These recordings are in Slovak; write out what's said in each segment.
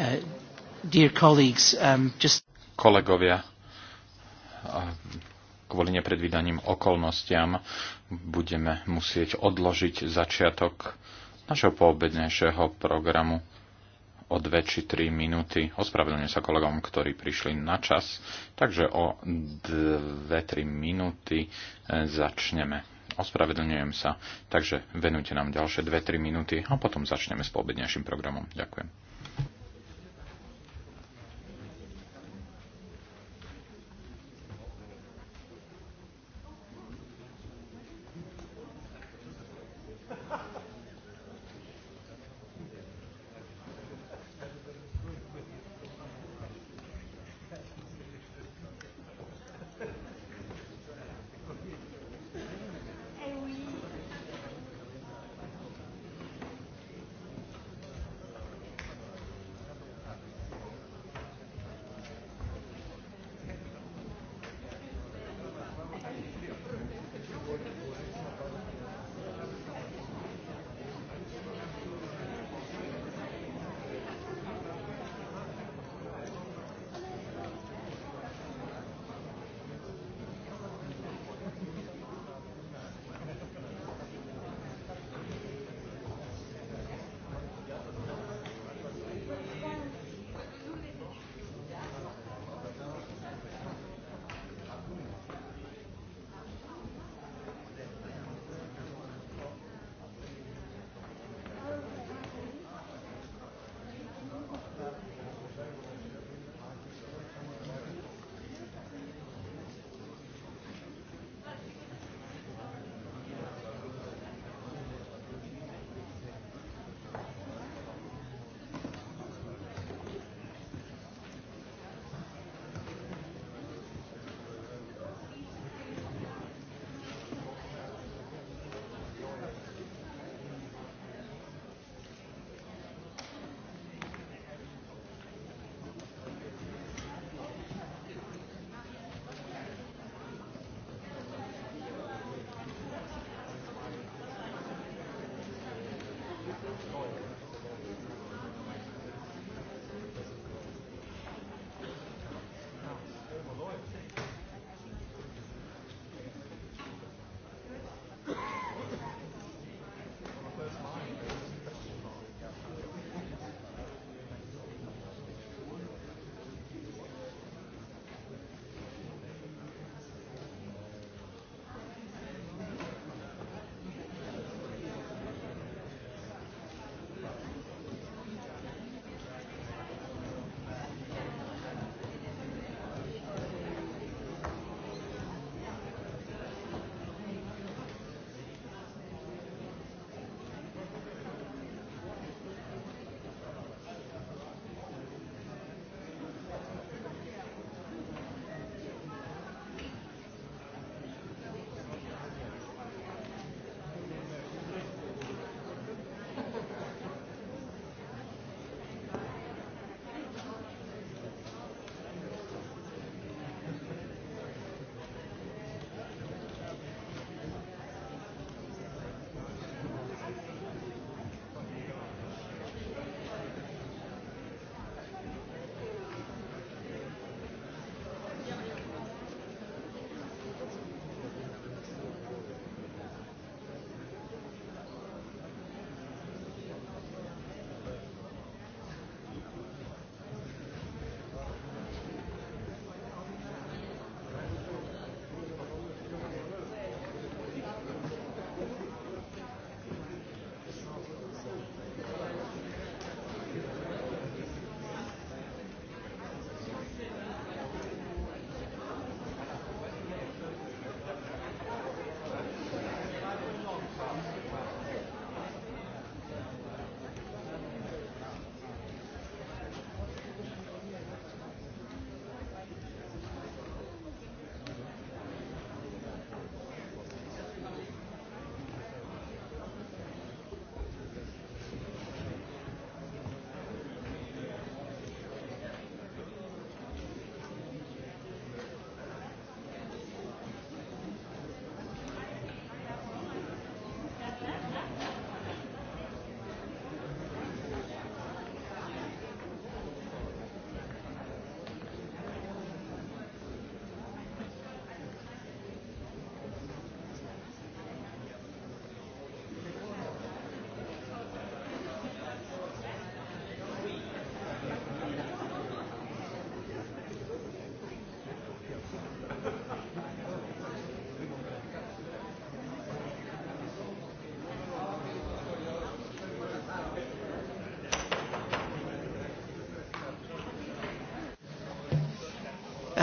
Uh, um, Kolegovia, uh, kvôli nepredvídaným okolnostiam budeme musieť odložiť začiatok našeho poobednejšieho programu o 2 či 3 minúty. Ospravedlňujem sa kolegom, ktorí prišli na čas, takže o 2-3 minúty uh, začneme. Ospravedlňujem sa, takže venujte nám ďalšie 2-3 minúty a potom začneme s poobednejším programom. Ďakujem.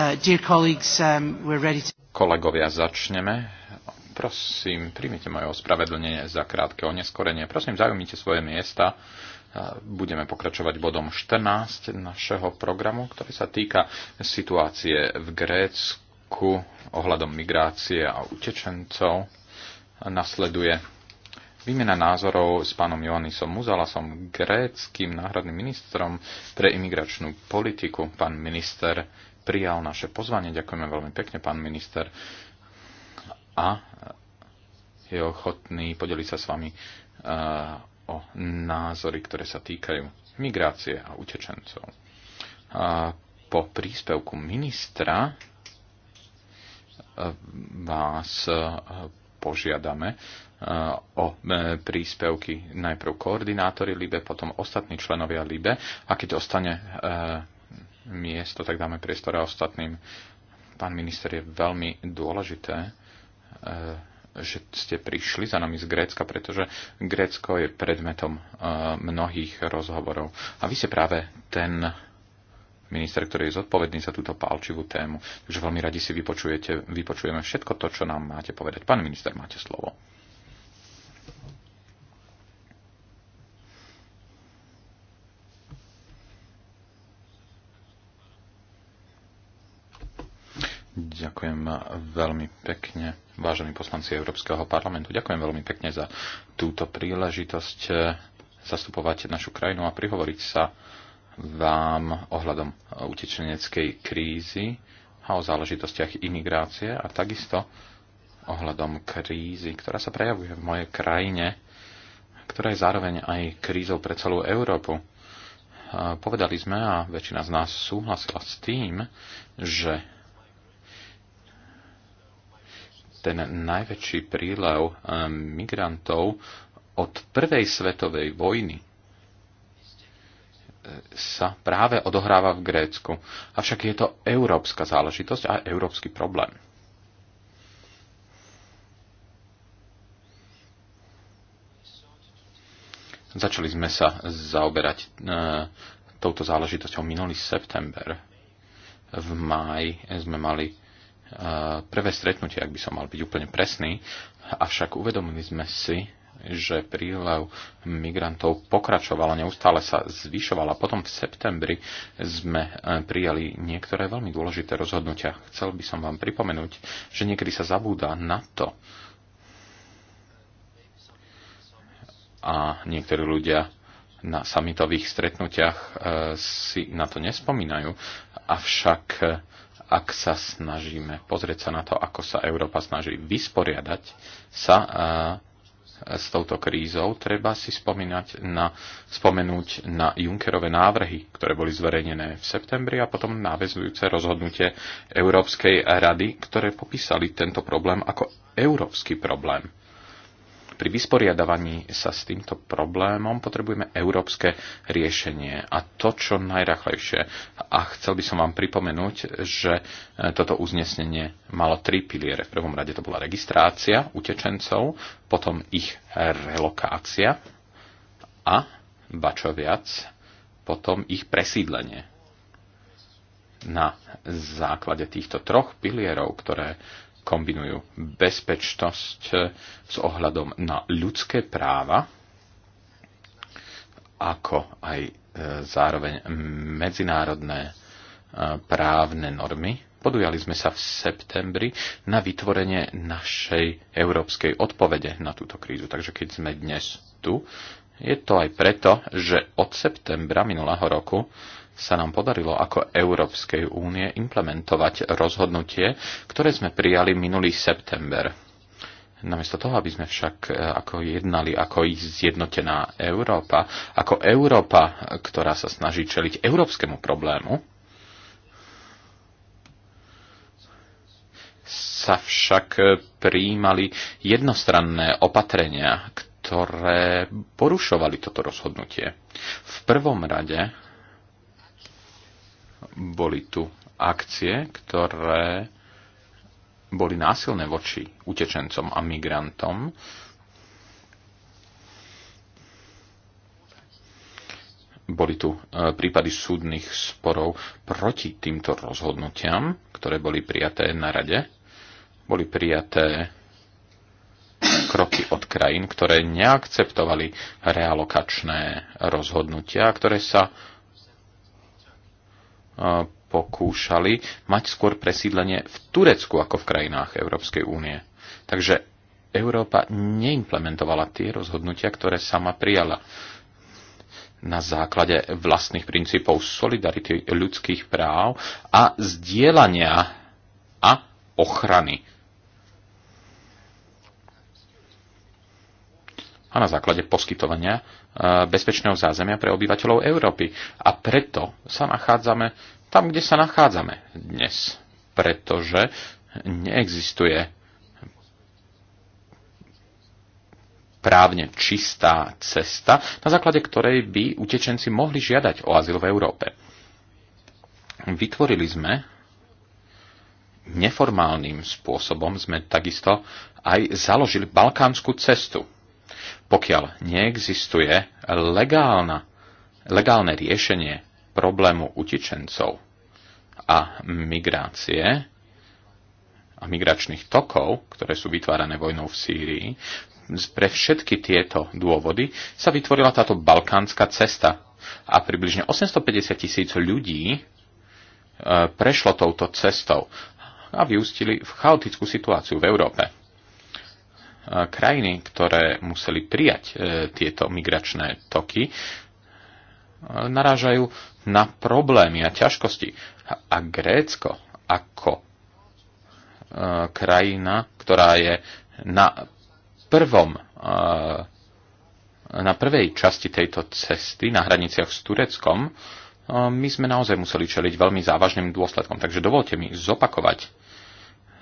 Uh, um, Kolegovia, začneme. Prosím, príjmite moje ospravedlnenie za krátke oneskorenie. Prosím, zaujímite svoje miesta. Uh, budeme pokračovať bodom 14 našeho programu, ktorý sa týka situácie v Grécku ohľadom migrácie a utečencov. Nasleduje Výmena názorov s pánom Joannisom Muzalasom, gréckým náhradným ministrom pre imigračnú politiku. Pán minister prijal naše pozvanie. Ďakujeme veľmi pekne, pán minister. A je ochotný podeliť sa s vami eh, o názory, ktoré sa týkajú migrácie a utečencov. Po príspevku ministra eh, vás eh, požiadame eh, o eh, príspevky najprv koordinátori LIBE, potom ostatní členovia LIBE a keď ostane eh, miesto, tak dáme priestor a ostatným. Pán minister, je veľmi dôležité, že ste prišli za nami z Grécka, pretože Grécko je predmetom mnohých rozhovorov. A vy ste práve ten minister, ktorý je zodpovedný za túto palčivú tému. Takže veľmi radi si vypočujete, vypočujeme všetko to, čo nám máte povedať. Pán minister, máte slovo. Ďakujem veľmi pekne, vážení poslanci Európskeho parlamentu. Ďakujem veľmi pekne za túto príležitosť eh, zastupovať našu krajinu a prihovoriť sa vám ohľadom e, utečeneckej krízy a o záležitostiach imigrácie a takisto ohľadom krízy, ktorá sa prejavuje v mojej krajine, ktorá je zároveň aj krízou pre celú Európu. E, povedali sme a väčšina z nás súhlasila s tým, že ten najväčší prílev e, migrantov od prvej svetovej vojny sa práve odohráva v Grécku. Avšak je to európska záležitosť a európsky problém. Začali sme sa zaoberať e, touto záležitosťou minulý september. V máji sme mali e, prvé stretnutie, ak by som mal byť úplne presný, avšak uvedomili sme si, že prílev migrantov pokračovala, neustále sa zvyšovala. Potom v septembri sme e, prijali niektoré veľmi dôležité rozhodnutia. Chcel by som vám pripomenúť, že niekedy sa zabúda na to, a niektorí ľudia na samitových stretnutiach e, si na to nespomínajú, avšak e, ak sa snažíme pozrieť sa na to, ako sa Európa snaží vysporiadať sa s touto krízou, treba si spomínať na, spomenúť na Junckerové návrhy, ktoré boli zverejnené v septembri a potom náväzujúce rozhodnutie Európskej rady, ktoré popísali tento problém ako európsky problém. Pri vysporiadavaní sa s týmto problémom potrebujeme európske riešenie a to čo najrachlejšie. A chcel by som vám pripomenúť, že e, toto uznesnenie malo tri piliere. V prvom rade to bola registrácia utečencov, potom ich relokácia a, ba čo viac, potom ich presídlenie na základe týchto troch pilierov, ktoré kombinujú bezpečnosť e, s ohľadom na ľudské práva, ako aj e, zároveň medzinárodné e, právne normy. Podujali sme sa v septembri na vytvorenie našej európskej odpovede na túto krízu. Takže keď sme dnes tu, je to aj preto, že od septembra minulého roku sa nám podarilo ako Európskej únie implementovať rozhodnutie, ktoré sme prijali minulý september. Namiesto toho, aby sme však e, ako jednali ako ich zjednotená Európa, ako Európa, ktorá sa snaží čeliť európskemu problému, sa však e, prijímali jednostranné opatrenia, ktoré porušovali toto rozhodnutie. V prvom rade boli tu akcie, ktoré boli násilné voči utečencom a migrantom. Boli tu e, prípady súdnych sporov proti týmto rozhodnutiam, ktoré boli prijaté na rade. Boli prijaté kroky od krajín, ktoré neakceptovali realokačné rozhodnutia, ktoré sa pokúšali mať skôr presídlenie v Turecku ako v krajinách Európskej únie. Takže Európa neimplementovala tie rozhodnutia, ktoré sama prijala na základe vlastných princípov solidarity ľudských práv a zdieľania a ochrany a na základe poskytovania e, bezpečného zázemia pre obyvateľov Európy. A preto sa nachádzame tam, kde sa nachádzame dnes, pretože neexistuje právne čistá cesta, na základe ktorej by utečenci mohli žiadať o azyl v Európe. Vytvorili sme neformálnym spôsobom, sme takisto aj založili balkánsku cestu, pokiaľ neexistuje legálna, legálne riešenie problému utečencov a migrácie a migračných tokov, ktoré sú vytvárané vojnou v Sýrii, pre všetky tieto dôvody sa vytvorila táto balkánska cesta a približne 850 tisíc ľudí e, prešlo touto cestou a vyústili v chaotickú situáciu v Európe krajiny, ktoré museli prijať e, tieto migračné toky, e, narážajú na problémy a ťažkosti. A Grécko ako e, krajina, ktorá je na prvom na prvej časti tejto cesty na hraniciach s Tureckom, my sme naozaj museli čeliť veľmi závažným dôsledkom. Takže dovolte mi zopakovať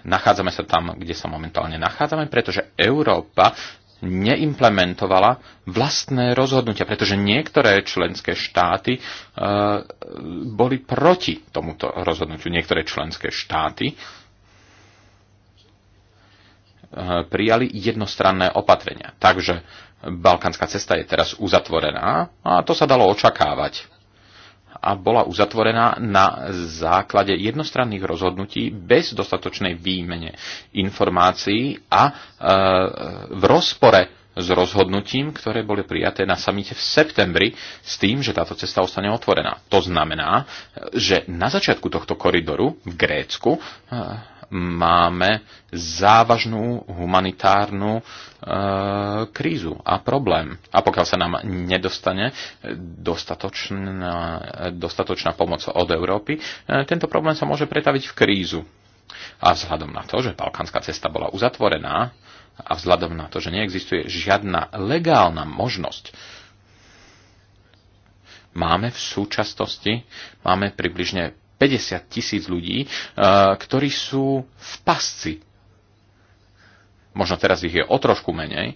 Nachádzame sa tam, kde sa momentálne nachádzame, pretože Európa neimplementovala vlastné rozhodnutia, pretože niektoré členské štáty e, boli proti tomuto rozhodnutiu. Niektoré členské štáty e, prijali jednostranné opatrenia. Takže balkánska cesta je teraz uzatvorená a to sa dalo očakávať a bola uzatvorená na základe jednostranných rozhodnutí bez dostatočnej výmene informácií a e, v rozpore s rozhodnutím, ktoré boli prijaté na samite v septembri s tým, že táto cesta ostane otvorená. To znamená, že na začiatku tohto koridoru v Grécku e, máme závažnú humanitárnu e, krízu a problém. A pokiaľ sa nám nedostane dostatočná, dostatočná pomoc od Európy, e, tento problém sa môže pretaviť v krízu. A vzhľadom na to, že balkánska cesta bola uzatvorená a vzhľadom na to, že neexistuje žiadna legálna možnosť, máme v súčasnosti máme približne 50 tisíc ľudí, eh, ktorí sú v pasci. Možno teraz ich je o trošku menej. Eh,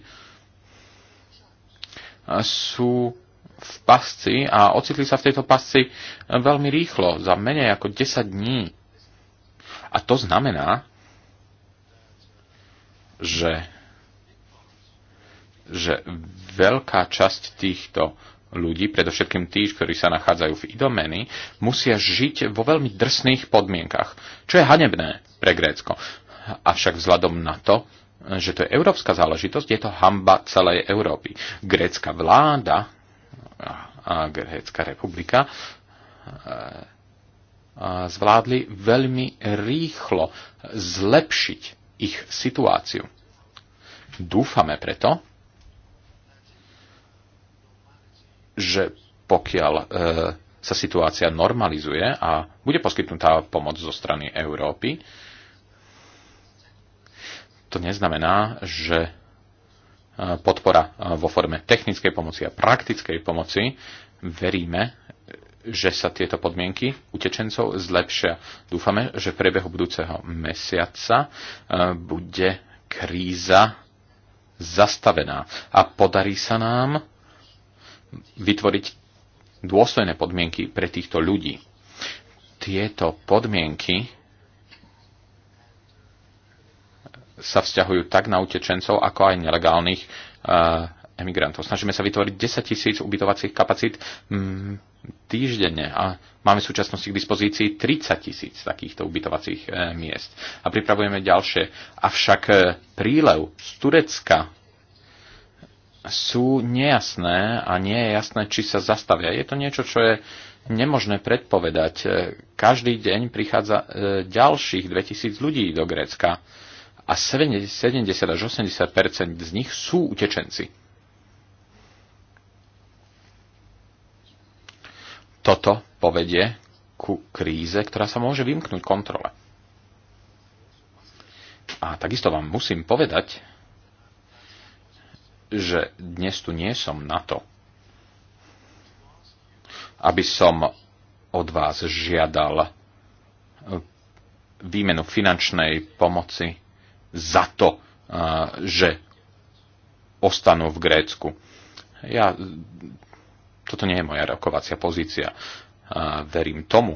sú v pasci a ocitli sa v tejto pasci eh, veľmi rýchlo, za menej ako 10 dní. A to znamená, že, že veľká časť týchto ľudí, predovšetkým tí, ktorí sa nachádzajú v idomeny, musia žiť vo veľmi drsných podmienkach, čo je hanebné pre Grécko. Avšak vzhľadom na to, že to je európska záležitosť, je to hamba celej Európy. Grécka vláda a Grécka republika e, e, zvládli veľmi rýchlo zlepšiť ich situáciu. Dúfame preto, že pokiaľ e, sa situácia normalizuje a bude poskytnutá pomoc zo strany Európy, to neznamená, že e, podpora e, vo forme technickej pomoci a praktickej pomoci, veríme, že sa tieto podmienky utečencov zlepšia. Dúfame, že v priebehu budúceho mesiaca e, bude kríza zastavená a podarí sa nám vytvoriť dôstojné podmienky pre týchto ľudí. Tieto podmienky sa vzťahujú tak na utečencov, ako aj nelegálnych eh, emigrantov. Snažíme sa vytvoriť 10 tisíc ubytovacích kapacít mm, týždenne a máme v súčasnosti k dispozícii 30 tisíc takýchto ubytovacích eh, miest a pripravujeme ďalšie. Avšak eh, prílev z Turecka sú nejasné a nie je jasné, či sa zastavia. Je to niečo, čo je nemožné predpovedať. E, každý deň prichádza e, ďalších 2000 ľudí do Grécka a 70 až 80 z nich sú utečenci. Toto povedie ku kríze, ktorá sa môže vymknúť kontrole. A takisto vám musím povedať, že dnes tu nie som na to, aby som od vás žiadal eh, výmenu finančnej pomoci za to, eh, že ostanú v Grécku. Ja, toto nie je moja rokovacia pozícia. Eh, verím tomu,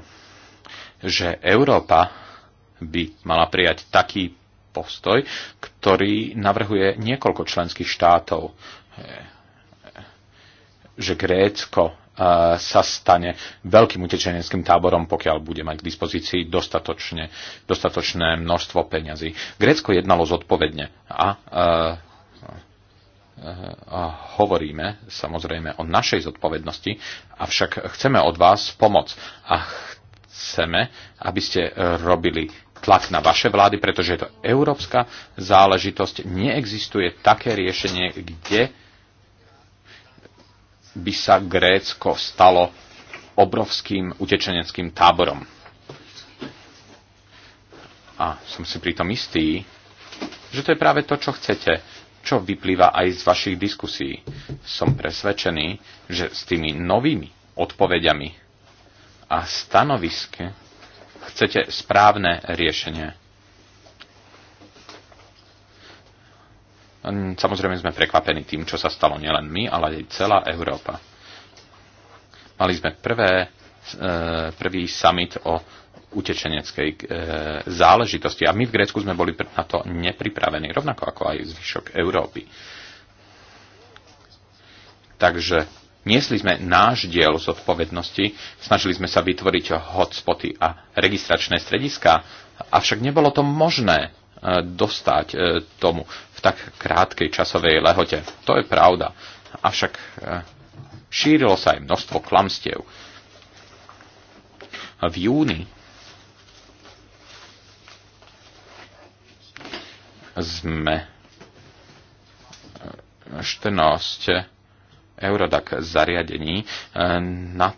že Európa by mala prijať taký postoj, ktorý navrhuje niekoľko členských štátov, že Grécko e, sa stane veľkým utečeneckým táborom, pokiaľ bude mať k dispozícii dostatočne, dostatočné množstvo peňazí. Grécko jednalo zodpovedne a e, e, hovoríme samozrejme o našej zodpovednosti, avšak chceme od vás pomoc a chceme, aby ste robili tlak na vaše vlády, pretože je to európska záležitosť. Neexistuje také riešenie, kde by sa Grécko stalo obrovským utečeneckým táborom. A som si pritom istý, že to je práve to, čo chcete, čo vyplýva aj z vašich diskusí. Som presvedčený, že s tými novými odpovediami a stanoviske chcete správne riešenie. Hm, samozrejme sme prekvapení tým, čo sa stalo nielen my, ale aj celá Európa. Mali sme prvé, e, prvý summit o utečeneckej e, záležitosti a my v Grécku sme boli na to nepripravení, rovnako ako aj zvyšok Európy. Takže Niesli sme náš diel zodpovednosti, snažili sme sa vytvoriť hotspoty a registračné strediska, avšak nebolo to možné e, dostať e, tomu v tak krátkej časovej lehote. To je pravda. Avšak e, šírilo sa aj množstvo klamstiev. V júni sme 14 Eurodac zariadení e, na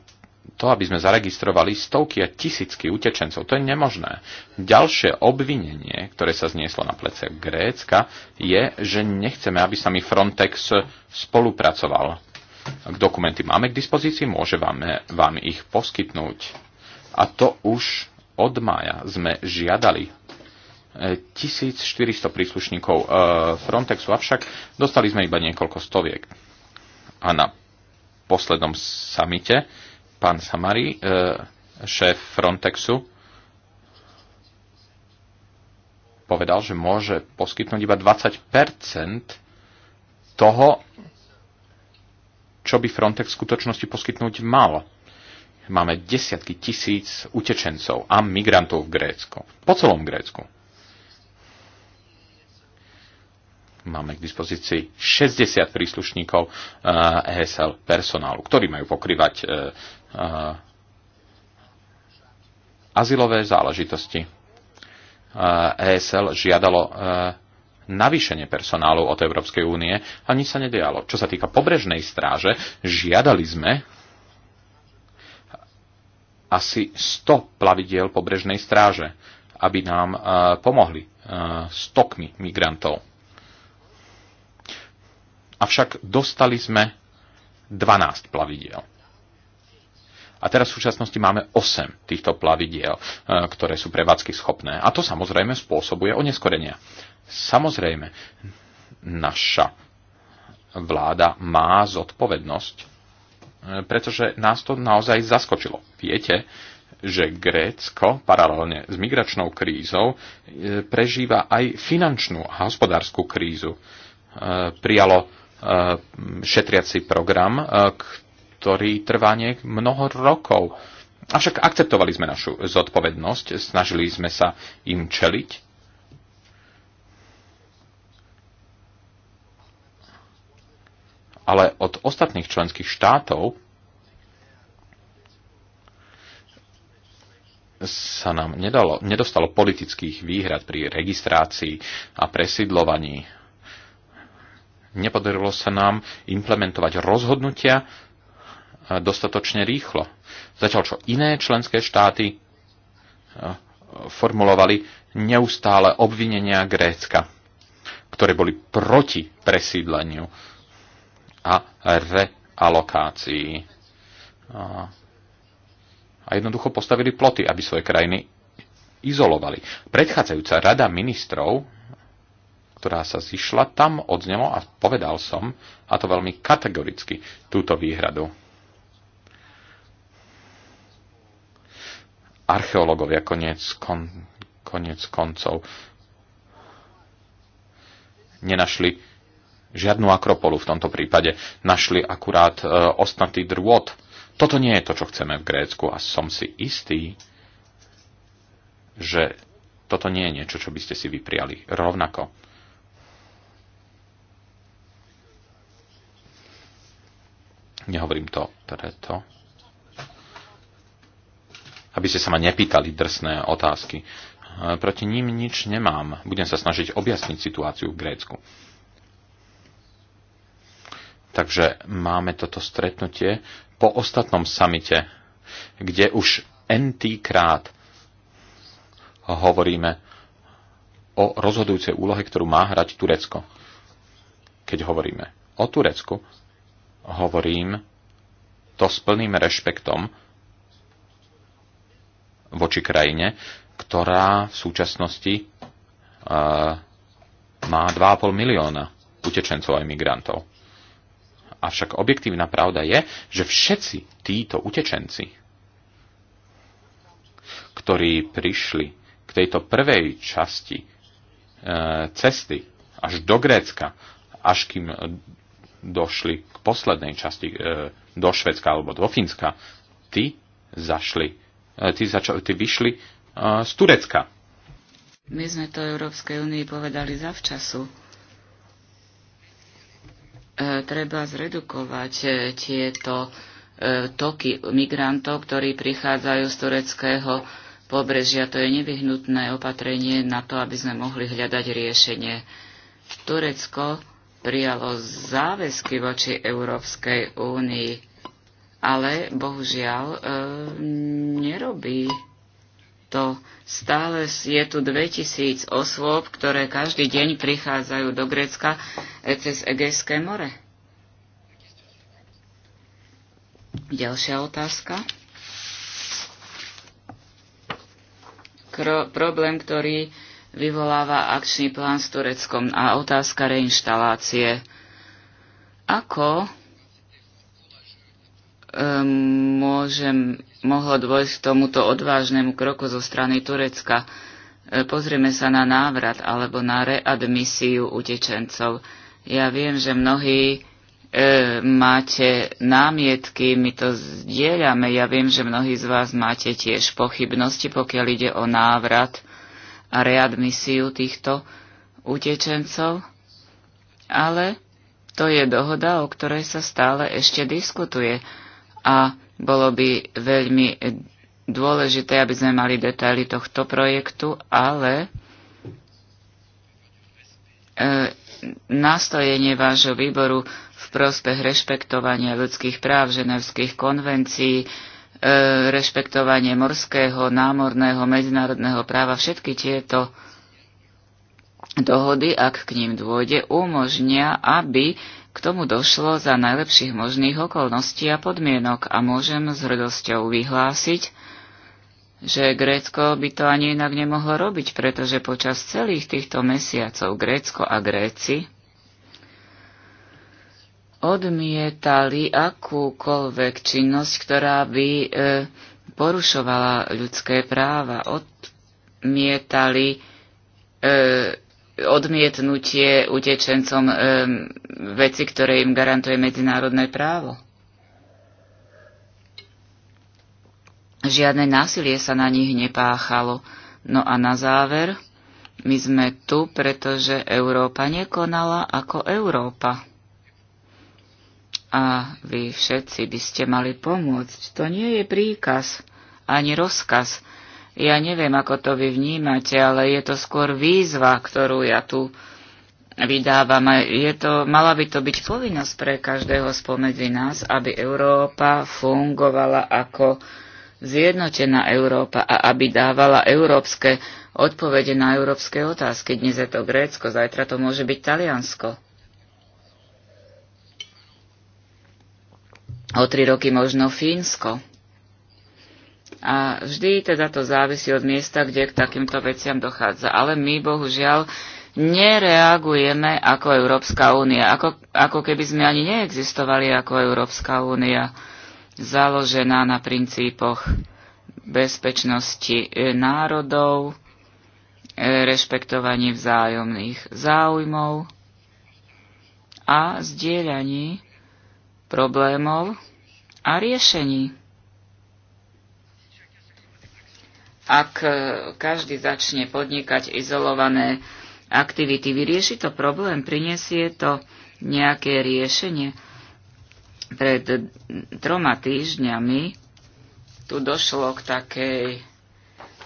to, aby sme zaregistrovali stovky a tisícky utečencov. To je nemožné. Ďalšie obvinenie, ktoré sa znieslo na plece Grécka, je, že nechceme, aby sa mi Frontex spolupracoval. Dokumenty máme k dispozícii, môže vám, vám ich poskytnúť. A to už od mája sme žiadali 1400 e, príslušníkov e, Frontexu, avšak dostali sme iba niekoľko stoviek a na poslednom samite pán Samari, e, šéf Frontexu, povedal, že môže poskytnúť iba 20 toho, čo by Frontex v skutočnosti poskytnúť mal. Máme desiatky tisíc utečencov a migrantov v Grécku. Po celom Grécku. máme k dispozícii 60 príslušníkov ESL eh, e personálu, ktorí majú pokrývať eh, eh, azylové záležitosti. ESL e žiadalo navýšenie personálu od Európskej únie a nič sa nedialo. Čo sa týka pobrežnej stráže, žiadali sme asi 100 plavidiel pobrežnej stráže, aby nám pomohli stokmi migrantov. Avšak dostali sme 12 plavidiel. A teraz v súčasnosti máme 8 týchto plavidiel, e, ktoré sú prevádzky schopné. A to samozrejme spôsobuje oneskorenia. Samozrejme, naša vláda má zodpovednosť, e, pretože nás to naozaj zaskočilo. Viete, že Grécko paralelne s migračnou krízou e, prežíva aj finančnú a hospodárskú krízu. Prijalo E, šetriaci program, e, ktorý trvá niek mnoho rokov. Avšak akceptovali sme našu zodpovednosť, snažili sme sa im čeliť. Ale od ostatných členských štátov sa nám nedalo, nedostalo politických výhrad pri registrácii a presidlovaní nepodarilo sa nám implementovať rozhodnutia e, dostatočne rýchlo. Zatiaľ čo iné členské štáty e, formulovali neustále obvinenia Grécka, ktoré boli proti presídleniu a realokácii. E, a jednoducho postavili ploty, aby svoje krajiny izolovali. Predchádzajúca rada ministrov ktorá sa zišla, tam odznelo a povedal som, a to veľmi kategoricky, túto výhradu. Archeológovia koniec, kon, koniec koncov nenašli žiadnu akropolu v tomto prípade. Našli akurát e, ostnatý drôt. Toto nie je to, čo chceme v Grécku a som si istý, že toto nie je niečo, čo by ste si vypriali. Rovnako Nehovorím to preto, aby ste sa ma nepýtali drsné otázky. Proti ním nič nemám. Budem sa snažiť objasniť situáciu v Grécku. Takže máme toto stretnutie po ostatnom samite, kde už NT krát hovoríme o rozhodujúcej úlohe, ktorú má hrať Turecko. Keď hovoríme o Turecku, hovorím to s plným rešpektom voči krajine, ktorá v súčasnosti uh, má 2,5 milióna utečencov a imigrantov. Avšak objektívna pravda je, že všetci títo utečenci, ktorí prišli k tejto prvej časti e, cesty až do Grécka, až kým došli k poslednej časti e, do Švedska alebo do Fínska, ty zašli, e, ty, zača, ty vyšli e, z Turecka. My sme to Európskej únii povedali zavčasu. Treba zredukovať tieto toky migrantov, ktorí prichádzajú z tureckého pobrežia. To je nevyhnutné opatrenie na to, aby sme mohli hľadať riešenie. Turecko prijalo záväzky voči Európskej únii, ale bohužiaľ e, nerobí to. Stále je tu 2000 osôb, ktoré každý deň prichádzajú do Grécka e, cez Egejské more. Ďalšia otázka. Kro, problém, ktorý vyvoláva akčný plán s Tureckom a otázka reinštalácie. Ako um, môžem, mohlo dôjsť k tomuto odvážnemu kroku zo strany Turecka? E, pozrieme sa na návrat alebo na readmisiu utečencov. Ja viem, že mnohí e, máte námietky, my to zdieľame. Ja viem, že mnohí z vás máte tiež pochybnosti, pokiaľ ide o návrat a readmisiu týchto utečencov, ale to je dohoda, o ktorej sa stále ešte diskutuje a bolo by veľmi dôležité, aby sme mali detaily tohto projektu, ale e, nastojenie vášho výboru v prospech rešpektovania ľudských práv, ženevských konvencií, E, rešpektovanie morského, námorného, medzinárodného práva, všetky tieto dohody, ak k ním dôjde, umožnia, aby k tomu došlo za najlepších možných okolností a podmienok a môžem s hrdosťou vyhlásiť, že Grécko by to ani inak nemohlo robiť, pretože počas celých týchto mesiacov Grécko a Gréci odmietali akúkoľvek činnosť, ktorá by e, porušovala ľudské práva. Odmietali e, odmietnutie utečencom e, veci, ktoré im garantuje medzinárodné právo. Žiadne násilie sa na nich nepáchalo. No a na záver, my sme tu, pretože Európa nekonala ako Európa. A vy všetci by ste mali pomôcť. To nie je príkaz, ani rozkaz. Ja neviem, ako to vy vnímate, ale je to skôr výzva, ktorú ja tu vydávam. Je to, mala by to byť povinnosť pre každého spomedzi nás, aby Európa fungovala ako zjednotená Európa a aby dávala európske odpovede na európske otázky. Dnes je to Grécko, zajtra to môže byť Taliansko. o tri roky možno Fínsko. A vždy teda to závisí od miesta, kde k takýmto veciam dochádza. Ale my bohužiaľ nereagujeme ako Európska únia, ako, ako keby sme ani neexistovali ako Európska únia, založená na princípoch bezpečnosti e, národov, e, rešpektovaní vzájomných záujmov a zdieľaní problémov a riešení. Ak e, každý začne podnikať izolované aktivity, vyrieši to problém, prinesie to nejaké riešenie. Pred troma týždňami tu došlo k takej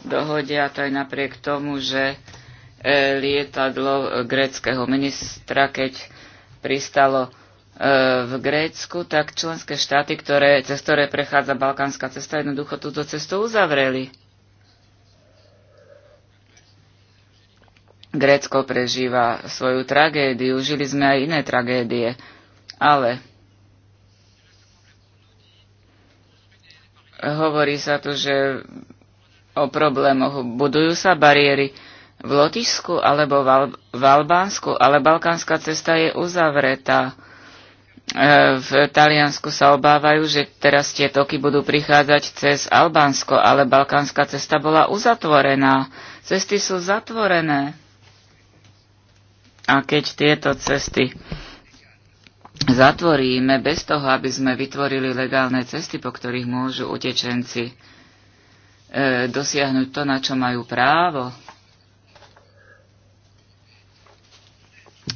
dohode a to aj napriek tomu, že e, lietadlo e, greckého ministra, keď pristalo v Grécku, tak členské štáty, ktoré, cez ktoré prechádza balkánska cesta, jednoducho túto cestu uzavreli. Grécko prežíva svoju tragédiu, žili sme aj iné tragédie, ale hovorí sa tu, že o problémoch budujú sa bariéry v Lotyšsku alebo v, Al- v Albánsku, ale balkánska cesta je uzavretá. E, v Taliansku sa obávajú, že teraz tie toky budú prichádzať cez Albánsko, ale balkánska cesta bola uzatvorená. Cesty sú zatvorené. A keď tieto cesty zatvoríme bez toho, aby sme vytvorili legálne cesty, po ktorých môžu utečenci e, dosiahnuť to, na čo majú právo,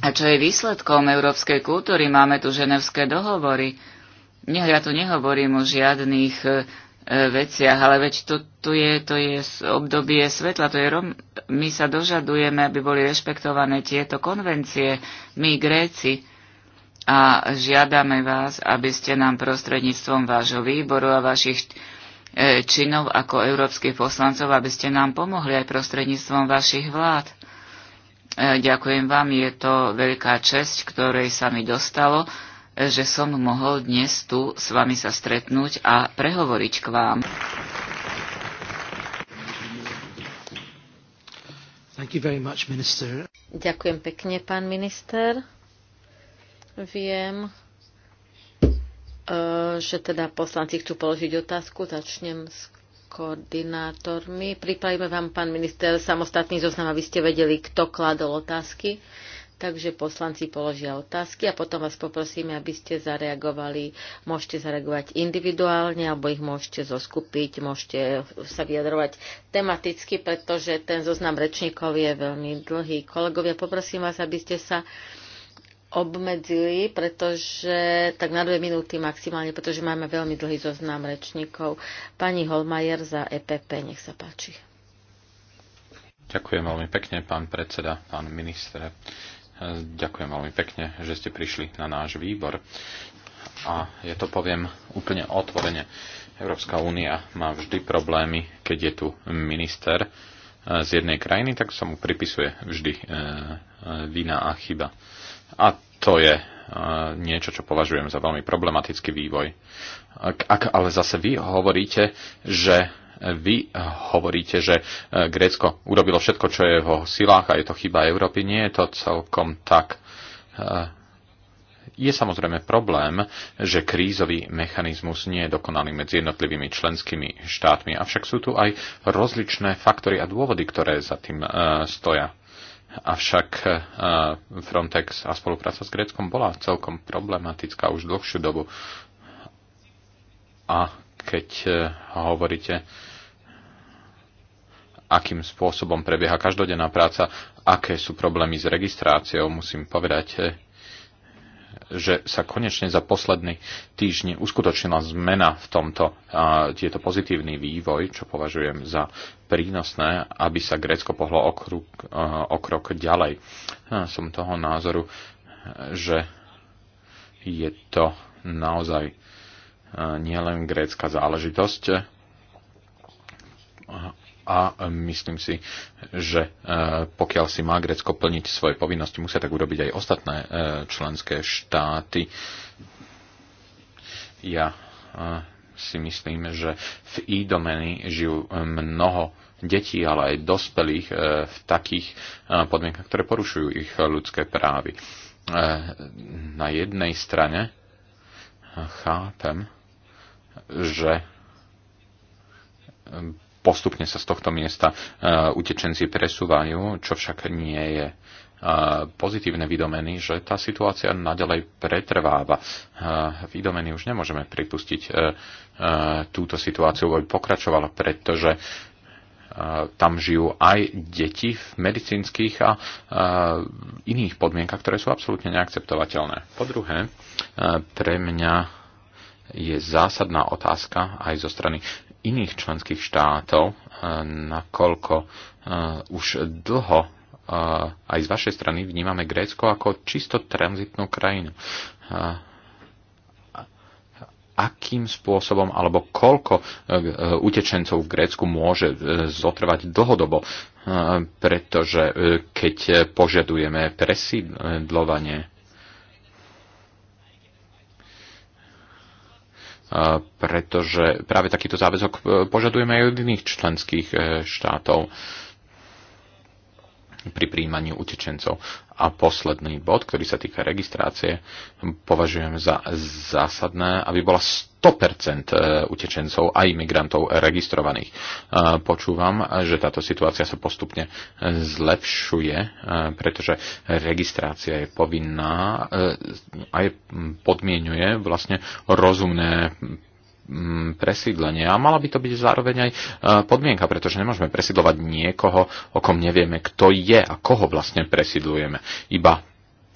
A čo je výsledkom európskej kultúry? Máme tu ženevské dohovory. Nie, ja tu nehovorím o žiadnych e, e veciach, ale veď to, tu je, to je obdobie svetla. To je rom... My sa dožadujeme, aby boli rešpektované tieto konvencie, my Gréci. A žiadame vás, aby ste nám prostredníctvom vášho výboru a vašich e, činov ako európskych poslancov, aby ste nám pomohli aj prostredníctvom vašich vlád. E, ďakujem vám, je to veľká česť, ktorej sa mi dostalo, e, že som mohol dnes tu s vami sa stretnúť a prehovoriť k vám. Much, Ďakujem pekne, pán minister. Viem, e, že teda poslanci chcú položiť otázku. Začnem s koordinátormi. Pripravíme vám, pán minister, samostatný zoznam, aby ste vedeli, kto kladol otázky. Takže poslanci položia otázky a potom vás poprosíme, aby ste zareagovali. Môžete zareagovať individuálne, alebo ich môžete zoskupiť, môžete sa vyjadrovať tematicky, pretože ten zoznam rečníkov je veľmi dlhý. Kolegovia, poprosím vás, aby ste sa obmedzili, pretože tak na dve minúty maximálne, pretože máme veľmi dlhý zoznam rečníkov. Pani Holmajer za EPP, nech sa páči. Ďakujem veľmi pekne, pán predseda, pán minister. Ďakujem veľmi pekne, že ste prišli na náš výbor. A ja to poviem úplne otvorene. Európska únia má vždy problémy, keď je tu minister eh, z jednej krajiny, tak sa mu pripisuje vždy eh, eh, vina a chyba. A to je e, niečo, čo považujem za veľmi problematický vývoj. Ak ale zase vy hovoríte, že e, vy hovoríte, že e, Grécko urobilo všetko, čo je vo silách a je to chyba Európy, nie je to celkom tak. Je samozrejme problém, že krízový mechanizmus nie je dokonalý medzi jednotlivými členskými štátmi, avšak sú tu aj rozličné faktory a dôvody, ktoré za tým stoja Avšak eh, Frontex a spolupráca s Gréckom bola celkom problematická už dlhšiu dobu. A keď eh, hovoríte, akým spôsobom prebieha každodenná práca, aké sú problémy s registráciou, musím povedať, eh, že sa konečne za posledný týždeň uskutočnila zmena v tomto, a, tieto pozitívny vývoj, čo považujem za prínosné, aby sa Grécko pohlo o, kruk, o krok ďalej. A som toho názoru, že je to naozaj nielen grécka záležitosť, a myslím si, že e, pokiaľ si má Grécko plniť svoje povinnosti, musia tak urobiť aj ostatné e, členské štáty. Ja e, si myslím, že v e-domeny žijú mnoho detí, ale aj dospelých v takých podmienkach, ktoré porušujú ich ľudské právy. Na jednej strane chápem, že postupne sa z tohto miesta e, utečenci presúvajú, čo však nie je e, pozitívne vydomeny, že tá situácia nadalej pretrváva. E, vydomeny už nemôžeme pripustiť túto situáciu, aby pokračovala, pretože tam žijú aj deti v medicínskych a iných podmienkach, ktoré sú absolútne neakceptovateľné. Po druhé, pre mňa je zásadná otázka aj zo strany iných členských štátov, eh, nakoľko eh, už dlho eh, aj z vašej strany vnímame Grécko ako čisto tranzitnú krajinu. Akým spôsobom alebo koľko utečencov v Grécku môže zotrvať dlhodobo? Pretože keď požadujeme presídlovanie pretože práve takýto záväzok e, požadujeme aj od iných členských e, štátov pri príjmaní utečencov. A posledný bod, ktorý sa týka registrácie, považujem za zásadné, aby bola 100% e, utečencov a imigrantov registrovaných. E, počúvam, že táto situácia sa postupne e, zlepšuje, pretože registrácia je povinná a podmienuje vlastne rozumné Mm, presídlenie. A mala by to byť zároveň aj e, podmienka, pretože nemôžeme presídlovať niekoho, o kom nevieme, kto je a koho vlastne presídlujeme. Iba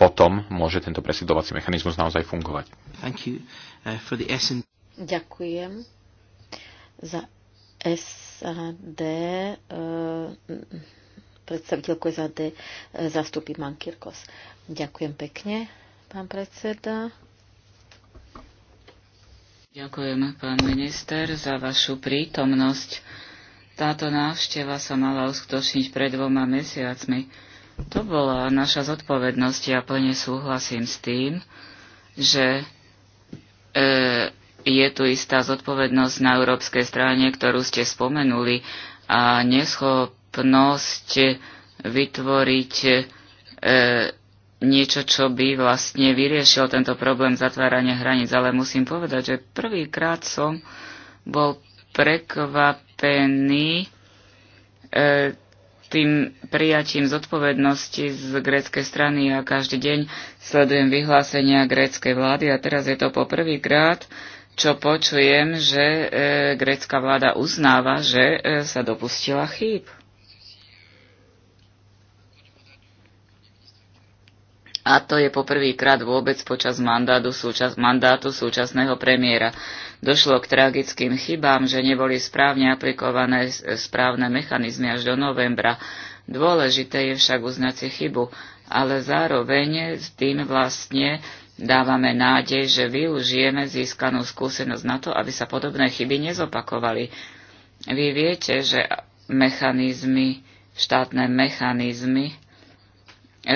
potom môže tento presídlovací mechanizmus naozaj fungovať. Uh, Ďakujem za SAD. predstaviteľko predstaviteľku SAD e, zastupí Mankirkos. Ďakujem pekne, pán predseda. Ďakujem, pán minister, za vašu prítomnosť. Táto návšteva sa mala uskutočniť pred dvoma mesiacmi. To bola naša zodpovednosť a ja plne súhlasím s tým, že e, je tu istá zodpovednosť na európskej strane, ktorú ste spomenuli, a neschopnosť vytvoriť e, niečo, čo by vlastne vyriešil tento problém zatvárania hraníc, ale musím povedať, že prvýkrát som bol prekvapený e, tým prijatím zodpovednosti z gréckej strany a ja každý deň sledujem vyhlásenia gréckej vlády a teraz je to poprvýkrát, čo počujem, že e, grécka vláda uznáva, že e, sa dopustila chýb. a to je poprvýkrát vôbec počas mandátu, súčas, mandátu súčasného premiéra. Došlo k tragickým chybám, že neboli správne aplikované správne mechanizmy až do novembra. Dôležité je však uznať si chybu, ale zároveň s tým vlastne dávame nádej, že využijeme získanú skúsenosť na to, aby sa podobné chyby nezopakovali. Vy viete, že mechanizmy, štátne mechanizmy, E,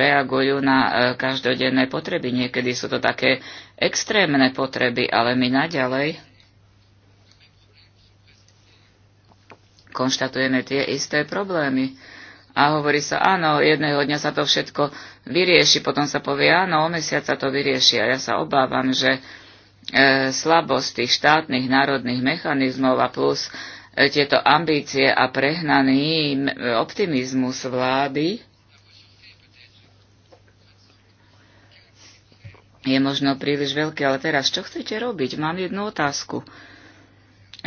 reagujú na e, každodenné potreby. Niekedy sú to také extrémne potreby, ale my naďalej konštatujeme tie isté problémy. A hovorí sa, áno, jedného dňa sa to všetko vyrieši, potom sa povie, áno, o mesiac sa to vyrieši. A ja sa obávam, že e, slabosť tých štátnych národných mechanizmov a plus e, tieto ambície a prehnaný optimizmus vlády je možno príliš veľké, ale teraz čo chcete robiť? Mám jednu otázku.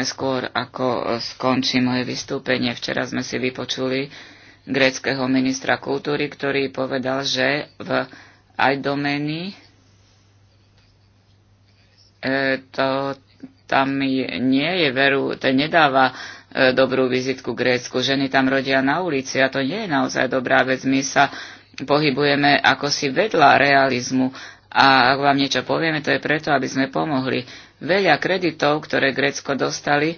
Skôr ako skončí moje vystúpenie, včera sme si vypočuli gréckého ministra kultúry, ktorý povedal, že v aj domény e, to tam nie je veru, to nedáva e, dobrú vizitku Grécku. Ženy tam rodia na ulici a to nie je naozaj dobrá vec. My sa pohybujeme ako si vedľa realizmu a ak vám niečo povieme, to je preto, aby sme pomohli. Veľa kreditov, ktoré Grécko dostali, e,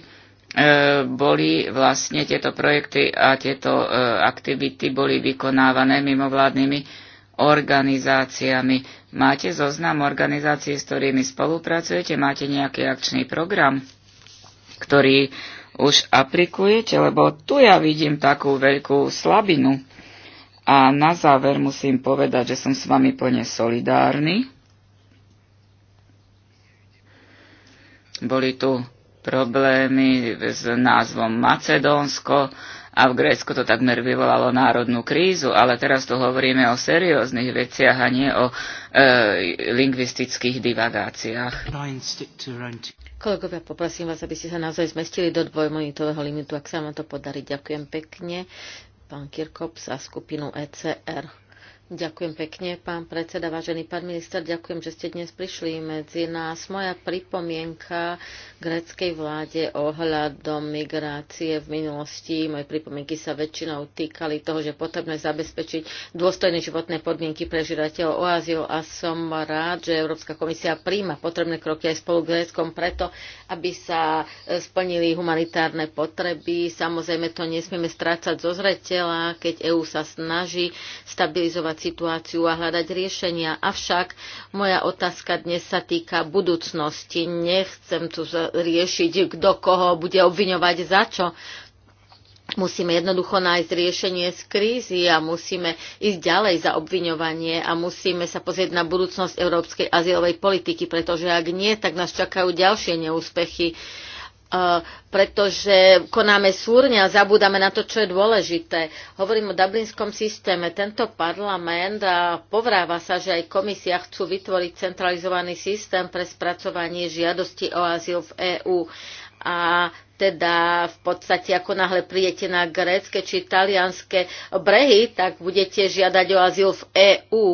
boli vlastne tieto projekty a tieto e, aktivity boli vykonávané mimovládnymi organizáciami. Máte zoznam organizácií, s ktorými spolupracujete? Máte nejaký akčný program, ktorý už aplikujete? Lebo tu ja vidím takú veľkú slabinu. A na záver musím povedať, že som s vami plne solidárny. Boli tu problémy s názvom Macedónsko a v Grécku to takmer vyvolalo národnú krízu, ale teraz tu hovoríme o serióznych veciach a nie o e, lingvistických divagáciách. Kolegovia, poprosím vás, aby ste sa naozaj zmestili do dvojmonitového limitu, ak sa vám to podarí. Ďakujem pekne pán Kirkop za skupinu ECR. Ďakujem pekne, pán predseda, vážený pán minister, ďakujem, že ste dnes prišli medzi nás. Moja pripomienka gréckej vláde ohľadom migrácie v minulosti, moje pripomienky sa väčšinou týkali toho, že potrebné zabezpečiť dôstojné životné podmienky pre žirateľov o azyl a som rád, že Európska komisia príjma potrebné kroky aj spolu Gréckom preto, aby sa e, splnili humanitárne potreby. Samozrejme, to nesmieme strácať zo zretela, keď EÚ sa snaží stabilizovať analyzovať situáciu a hľadať riešenia. Avšak moja otázka dnes sa týka budúcnosti. Nechcem tu riešiť, kto koho bude obviňovať za čo. Musíme jednoducho nájsť riešenie z krízy a musíme ísť ďalej za obviňovanie a musíme sa pozrieť na budúcnosť európskej azylovej politiky, pretože ak nie, tak nás čakajú ďalšie neúspechy pretože konáme súrne a zabúdame na to, čo je dôležité. Hovorím o dublinskom systéme. Tento parlament a povráva sa, že aj komisia chcú vytvoriť centralizovaný systém pre spracovanie žiadosti o azyl v EÚ. A teda v podstate ako náhle prijete na grécke či talianské brehy, tak budete žiadať o azyl v EÚ.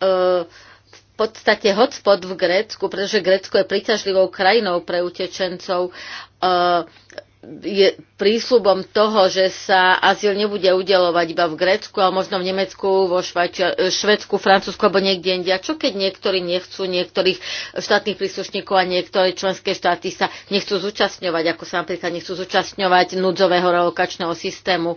Uh, e, podstate hotspot v Grécku, pretože Grécko je príťažlivou krajinou pre utečencov. Eh, je prísľubom toho, že sa azyl nebude udelovať iba v Grécku, ale možno v Nemecku, vo Švajčia, eh, Švedsku, Francúzsku alebo niekde inde. A čo keď niektorí nechcú, niektorých štátnych príslušníkov a niektoré členské štáty sa nechcú zúčastňovať, ako sa napríklad nechcú zúčastňovať núdzového relokačného systému.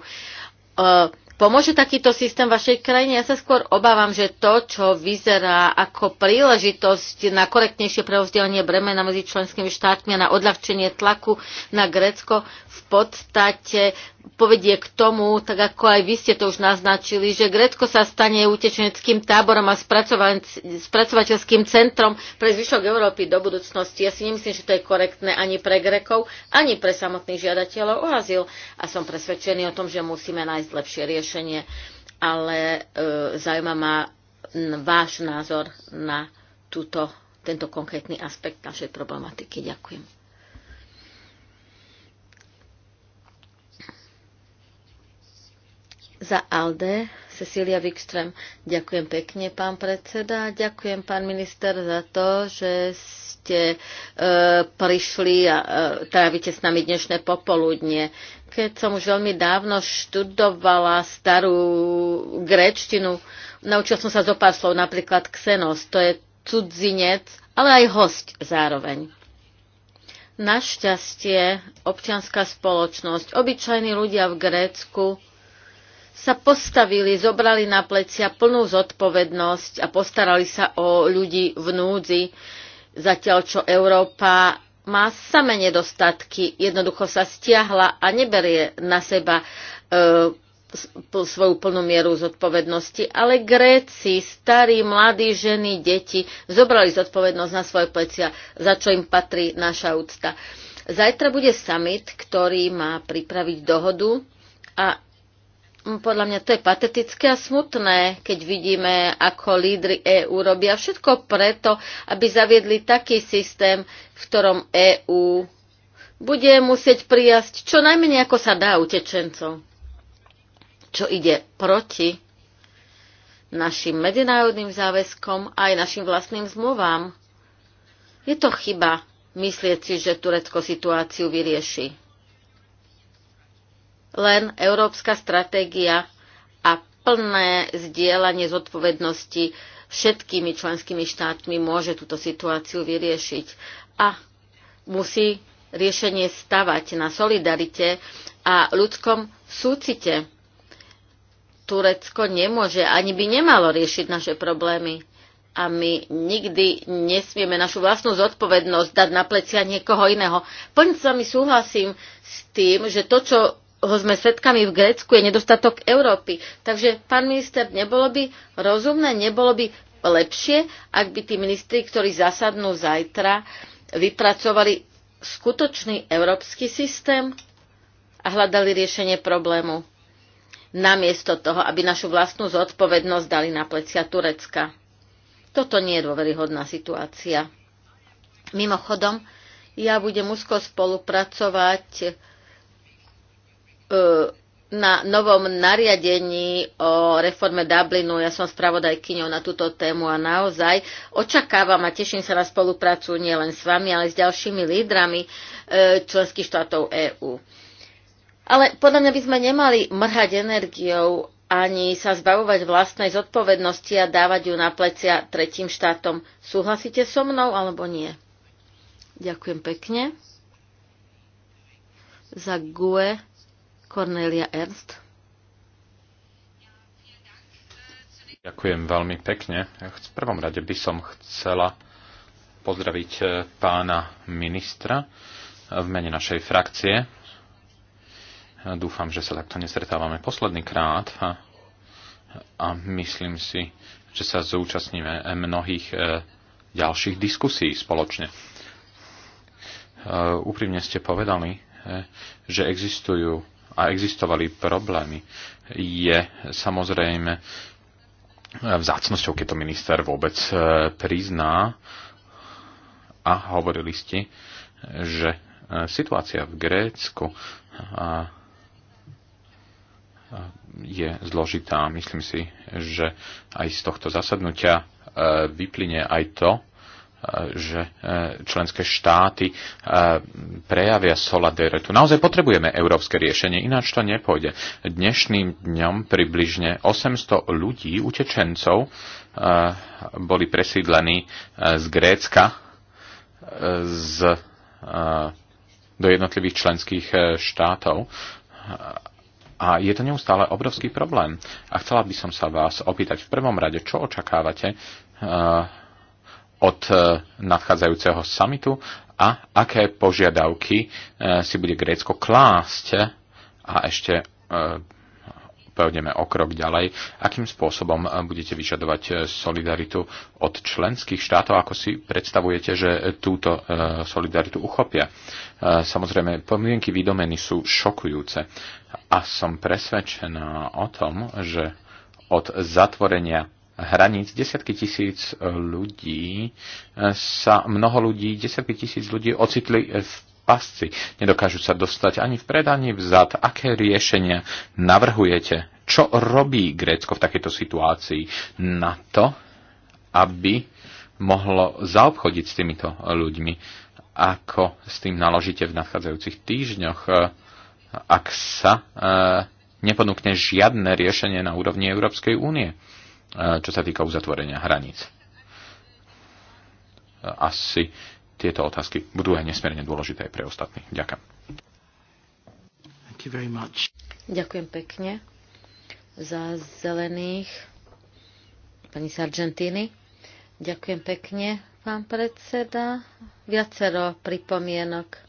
Uh, Pomôže takýto systém vašej krajine? Ja sa skôr obávam, že to, čo vyzerá ako príležitosť na korektnejšie preozdelenie bremena medzi členskými štátmi a na odľahčenie tlaku na Grécko, v podstate povedie k tomu, tak ako aj vy ste to už naznačili, že Grécko sa stane utečeneckým táborom a spracovateľským centrom pre zvyšok Európy do budúcnosti. Ja si nemyslím, že to je korektné ani pre Grékov, ani pre samotných žiadateľov o azyl a som presvedčený o tom, že musíme nájsť lepšie riešenie. Ale e, zaujíma ma váš názor na túto, tento konkrétny aspekt našej problematiky. Ďakujem. Za ALDE Cecília Wikström. Ďakujem pekne, pán predseda. Ďakujem, pán minister, za to, že ste e, prišli a e, trávite s nami dnešné popoludnie. Keď som už veľmi dávno študovala starú gréčtinu, naučil som sa zo pár slov, napríklad ksenos, to je cudzinec, ale aj host zároveň. Našťastie občianská spoločnosť, obyčajní ľudia v Grécku sa postavili, zobrali na plecia plnú zodpovednosť a postarali sa o ľudí v núdzi, zatiaľ čo Európa má same nedostatky, jednoducho sa stiahla a neberie na seba e, svoju plnú mieru zodpovednosti. Ale Gréci, starí, mladí, ženy, deti zobrali zodpovednosť na svoje plecia, za čo im patrí naša úcta. Zajtra bude summit, ktorý má pripraviť dohodu a Mm, podľa mňa to je patetické a smutné, keď vidíme, ako lídry EÚ robia všetko preto, aby zaviedli taký systém, v ktorom EÚ bude musieť prijať čo najmenej ako sa dá utečencov, čo ide proti našim medzinárodným záväzkom a aj našim vlastným zmluvám. Je to chyba myslieť si, že Turecko situáciu vyrieši len európska stratégia a plné zdieľanie zodpovednosti všetkými členskými štátmi môže túto situáciu vyriešiť. A musí riešenie stavať na solidarite a ľudskom súcite. Turecko nemôže ani by nemalo riešiť naše problémy. A my nikdy nesmieme našu vlastnú zodpovednosť dať na plecia niekoho iného. Plne s vami súhlasím s tým, že to, čo ho sme svetkami v Grécku, je nedostatok Európy. Takže, pán minister, nebolo by rozumné, nebolo by lepšie, ak by tí ministri, ktorí zasadnú zajtra, vypracovali skutočný európsky systém a hľadali riešenie problému. Namiesto toho, aby našu vlastnú zodpovednosť dali na plecia Turecka. Toto nie je dôveryhodná situácia. Mimochodom, ja budem úzko spolupracovať E, na novom nariadení o reforme Dublinu. Ja som spravodajkyňou na túto tému a naozaj očakávam a teším sa na spoluprácu nielen s vami, ale s ďalšími lídrami e, členských štátov EÚ. Ale podľa mňa by sme nemali mrhať energiou ani sa zbavovať vlastnej zodpovednosti a dávať ju na plecia tretím štátom. Súhlasíte so mnou alebo nie? Ďakujem pekne. Za GUE Cornelia Ernst. Ďakujem veľmi pekne. V prvom rade by som chcela pozdraviť eh, pána ministra v mene našej frakcie. Dúfam, že sa takto nestretávame posledný krát a, a myslím si, že sa zúčastníme eh, mnohých eh, ďalších diskusí spoločne. Úprimne ste povedali, že existujú a existovali problémy, je samozrejme vzácnosťou, keď to minister vôbec e, prizná. A hovorili ste, že e, situácia v Grécku je zložitá. Myslím si, že aj z tohto zasadnutia e, vyplyne aj to, že e, členské štáty e, prejavia solidaritu. Naozaj potrebujeme európske riešenie, ináč to nepôjde. Dnešným dňom približne 800 ľudí, utečencov, e, boli presídlení z Grécka z, do jednotlivých členských štátov. A je to neustále obrovský problém. A chcela by som sa vás opýtať v prvom rade, čo očakávate od e, nadchádzajúceho samitu a aké požiadavky e, si bude Grécko klásť a ešte e, pôjdeme o krok ďalej, akým spôsobom budete vyžadovať solidaritu od členských štátov, ako si predstavujete, že túto solidaritu uchopia. Samozrejme, pomienky výdomeny sú šokujúce a som presvedčená o tom, že od zatvorenia hraníc desiatky tisíc e, ľudí e, sa mnoho ľudí, desiatky tisíc ľudí ocitli v pasci. Nedokážu sa dostať ani vpred, ani vzad. Aké riešenia navrhujete? Čo robí Grécko v takejto situácii na to, aby mohlo zaobchodiť s týmito ľuďmi? Ako s tým naložíte v nadchádzajúcich týždňoch, e, ak sa neponúkne žiadne riešenie na úrovni Európskej únie? čo sa týka uzatvorenia hraníc. Asi tieto otázky budú aj nesmierne dôležité aj pre ostatných. Ďakujem. Ďakujem pekne za zelených pani Sargentini. Ďakujem pekne, pán predseda. Viacero pripomienok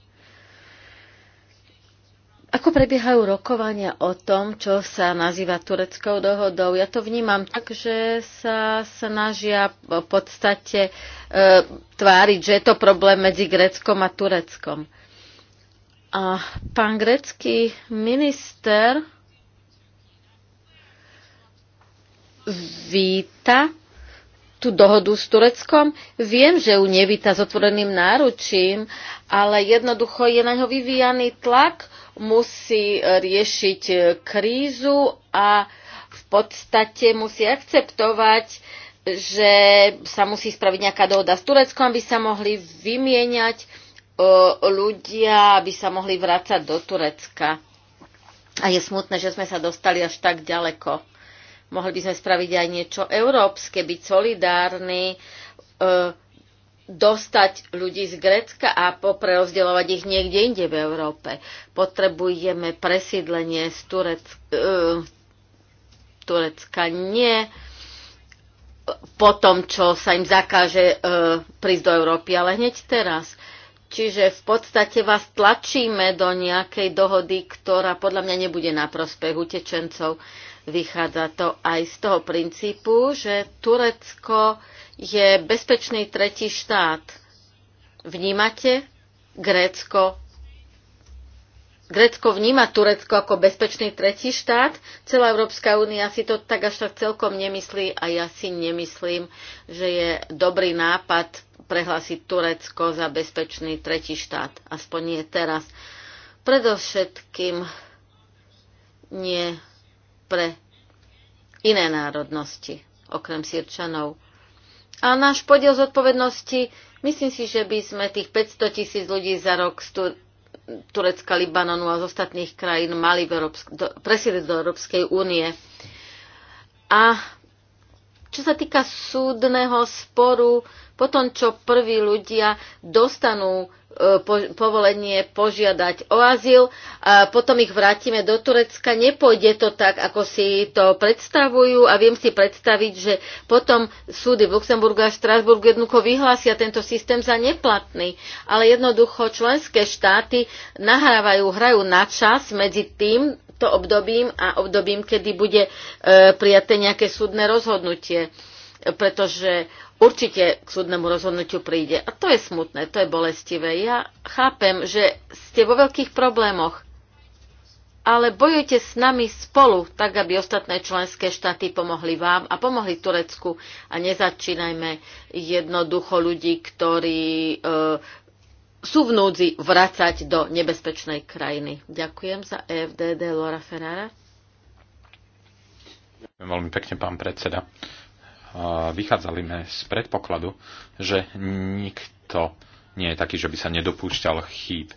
ako prebiehajú rokovania o tom, čo sa nazýva tureckou dohodou? Ja to vnímam tak, že sa snažia v podstate e, tváriť, že je to problém medzi Gréckom a Tureckom. A pán grecký minister víta tú dohodu s Tureckom. Viem, že ju nevíta s otvoreným náručím, ale jednoducho je na ňo vyvíjaný tlak, musí e, riešiť e, krízu a v podstate musí akceptovať, že sa musí spraviť nejaká dohoda s Tureckom, aby sa mohli vymieňať e, ľudia, aby sa mohli vrácať do Turecka. A je smutné, že sme sa dostali až tak ďaleko. Mohli by sme spraviť aj niečo európske, byť solidárni, e, dostať ľudí z Grécka a poprerozdeľovať ich niekde inde v Európe. Potrebujeme presídlenie z Turecka, e, Turecka nie po tom, čo sa im zakáže e, prísť do Európy, ale hneď teraz. Čiže v podstate vás tlačíme do nejakej dohody, ktorá podľa mňa nebude na prospech utečencov. Vychádza to aj z toho princípu, že Turecko je bezpečný tretí štát. Vnímate Grécko? Grécko vníma Turecko ako bezpečný tretí štát. Celá Európska únia si to tak až tak celkom nemyslí a ja si nemyslím, že je dobrý nápad prehlásiť Turecko za bezpečný tretí štát. Aspoň nie teraz. Predovšetkým nie pre iné národnosti, okrem Sirčanov. A náš podiel zodpovednosti, myslím si, že by sme tých 500 tisíc ľudí za rok z Turecka, Libanonu a z ostatných krajín mali v do- presiedliť do Európskej únie. A čo sa týka súdneho sporu, po tom, čo prví ľudia dostanú e, povolenie požiadať o azyl a potom ich vrátime do Turecka. Nepôjde to tak, ako si to predstavujú a viem si predstaviť, že potom súdy v Luxemburgu a Strasburgu jednoducho vyhlásia tento systém za neplatný. Ale jednoducho členské štáty nahrávajú, hrajú na čas medzi tým, týmto obdobím a obdobím, kedy bude e, prijaté nejaké súdne rozhodnutie, pretože určite k súdnemu rozhodnutiu príde. A to je smutné, to je bolestivé. Ja chápem, že ste vo veľkých problémoch, ale bojujte s nami spolu, tak aby ostatné členské štáty pomohli vám a pomohli Turecku. A nezačínajme jednoducho ľudí, ktorí e, sú v núdzi vracať do nebezpečnej krajiny. Ďakujem za EFDD Lora Ferrara. Ďakujem veľmi pekne, pán predseda. Vychádzali sme z predpokladu, že nikto nie je taký, že by sa nedopúšťal chýb.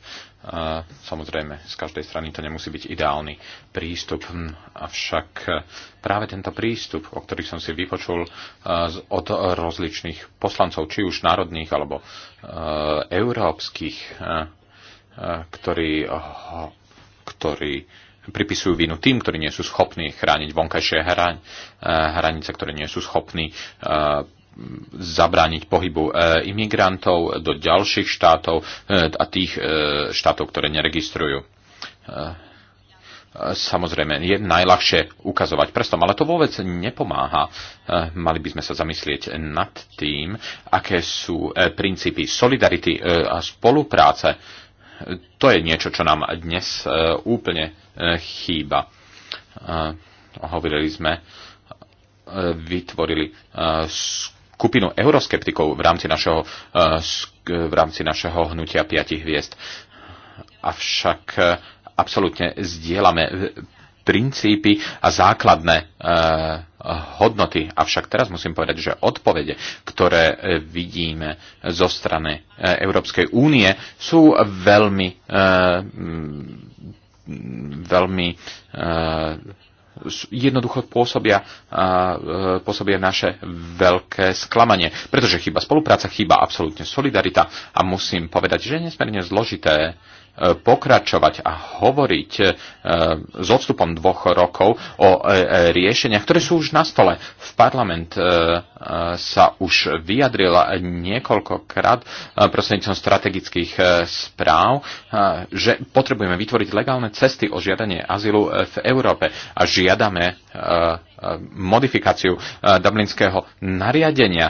Samozrejme, z každej strany to nemusí byť ideálny prístup, hm, avšak e, práve tento prístup, o ktorý som si vypočul e, od rozličných poslancov, či už národných alebo e, európskych, ktorí, ktorí pripisujú vinu tým, ktorí nie sú schopní chrániť vonkajšie hranice, ktoré nie sú schopní zabrániť pohybu e, imigrantov do ďalších štátov e, a tých e, štátov, ktoré neregistrujú. Samozrejme, je najľahšie ukazovať prstom, ale to vôbec nepomáha. Mali by sme sa zamyslieť nad tým, aké sú princípy solidarity a spolupráce. To je niečo, čo nám dnes úplne chýba. Hovorili sme, vytvorili skupinu euroskeptikov v rámci našeho, eh, v rámci našeho hnutia piatich hviezd. Avšak eh, absolútne zdieľame eh, princípy a základné hodnoty. Avšak teraz musím povedať, že odpovede, ktoré vidíme zo strany Európskej únie, sú veľmi, veľmi jednoducho pôsobia, e, pôsobia naše veľké sklamanie. Pretože chyba spolupráca, chyba absolútne solidarita a musím povedať, že je nesmierne zložité pokračovať a hovoriť e, s odstupom dvoch rokov o e, e, riešeniach, ktoré sú už na stole. V parlament sa už vyjadrila niekoľkokrát prostredníctvom strategických správ, že potrebujeme vytvoriť legálne cesty o žiadanie azylu v Európe a žiadame modifikáciu dublinského nariadenia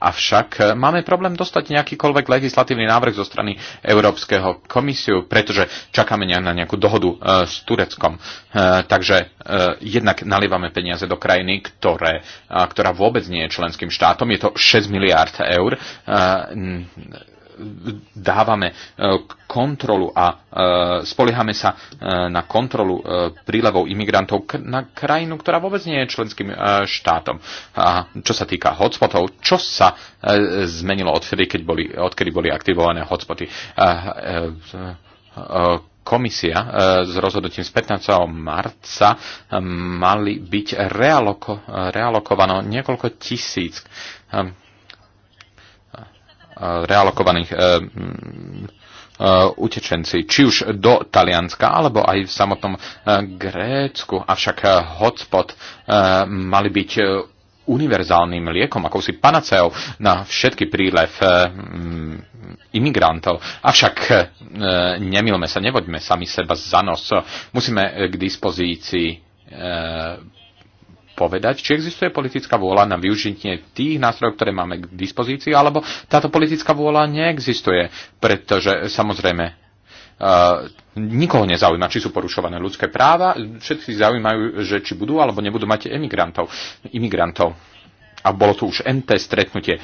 Avšak e, máme problém dostať nejakýkoľvek legislatívny návrh zo strany Európskeho komisiu, pretože čakáme na nejakú dohodu e, s Tureckom. E, takže jednak nalievame peniaze do krajiny, ktoré, ktorá vôbec nie je členským štátom. Je to 6 miliárd eur dávame e, kontrolu a e, spoliehame sa e, na kontrolu prílevov imigrantov na krajinu, ktorá vôbec nie je členským štátom. A čo sa týka hotspotov, čo sa zmenilo odvtedy, keď boli, odkedy boli aktivované hotspoty? komisia s rozhodnutím z 15. marca mali byť realoko, realokované niekoľko tisíc realokovaných eh, mm, eh, utečenci, či už do Talianska, alebo aj v samotnom eh, Grécku. Avšak hotspot mali byť univerzálnym liekom, akousi panaceou na všetky prílev mm, imigrantov. Avšak nemilme sa, nevoďme sami seba za nos. Musíme k dispozícii povedať, či existuje politická vôľa na využitie tých nástrojov, ktoré máme k dispozícii, alebo táto politická vôľa neexistuje, pretože samozrejme Uh, nikoho nezaujíma, či sú porušované ľudské práva, všetci zaujímajú, že či budú alebo nebudú mať emigrantov, imigrantov. A bolo to už NT stretnutie uh,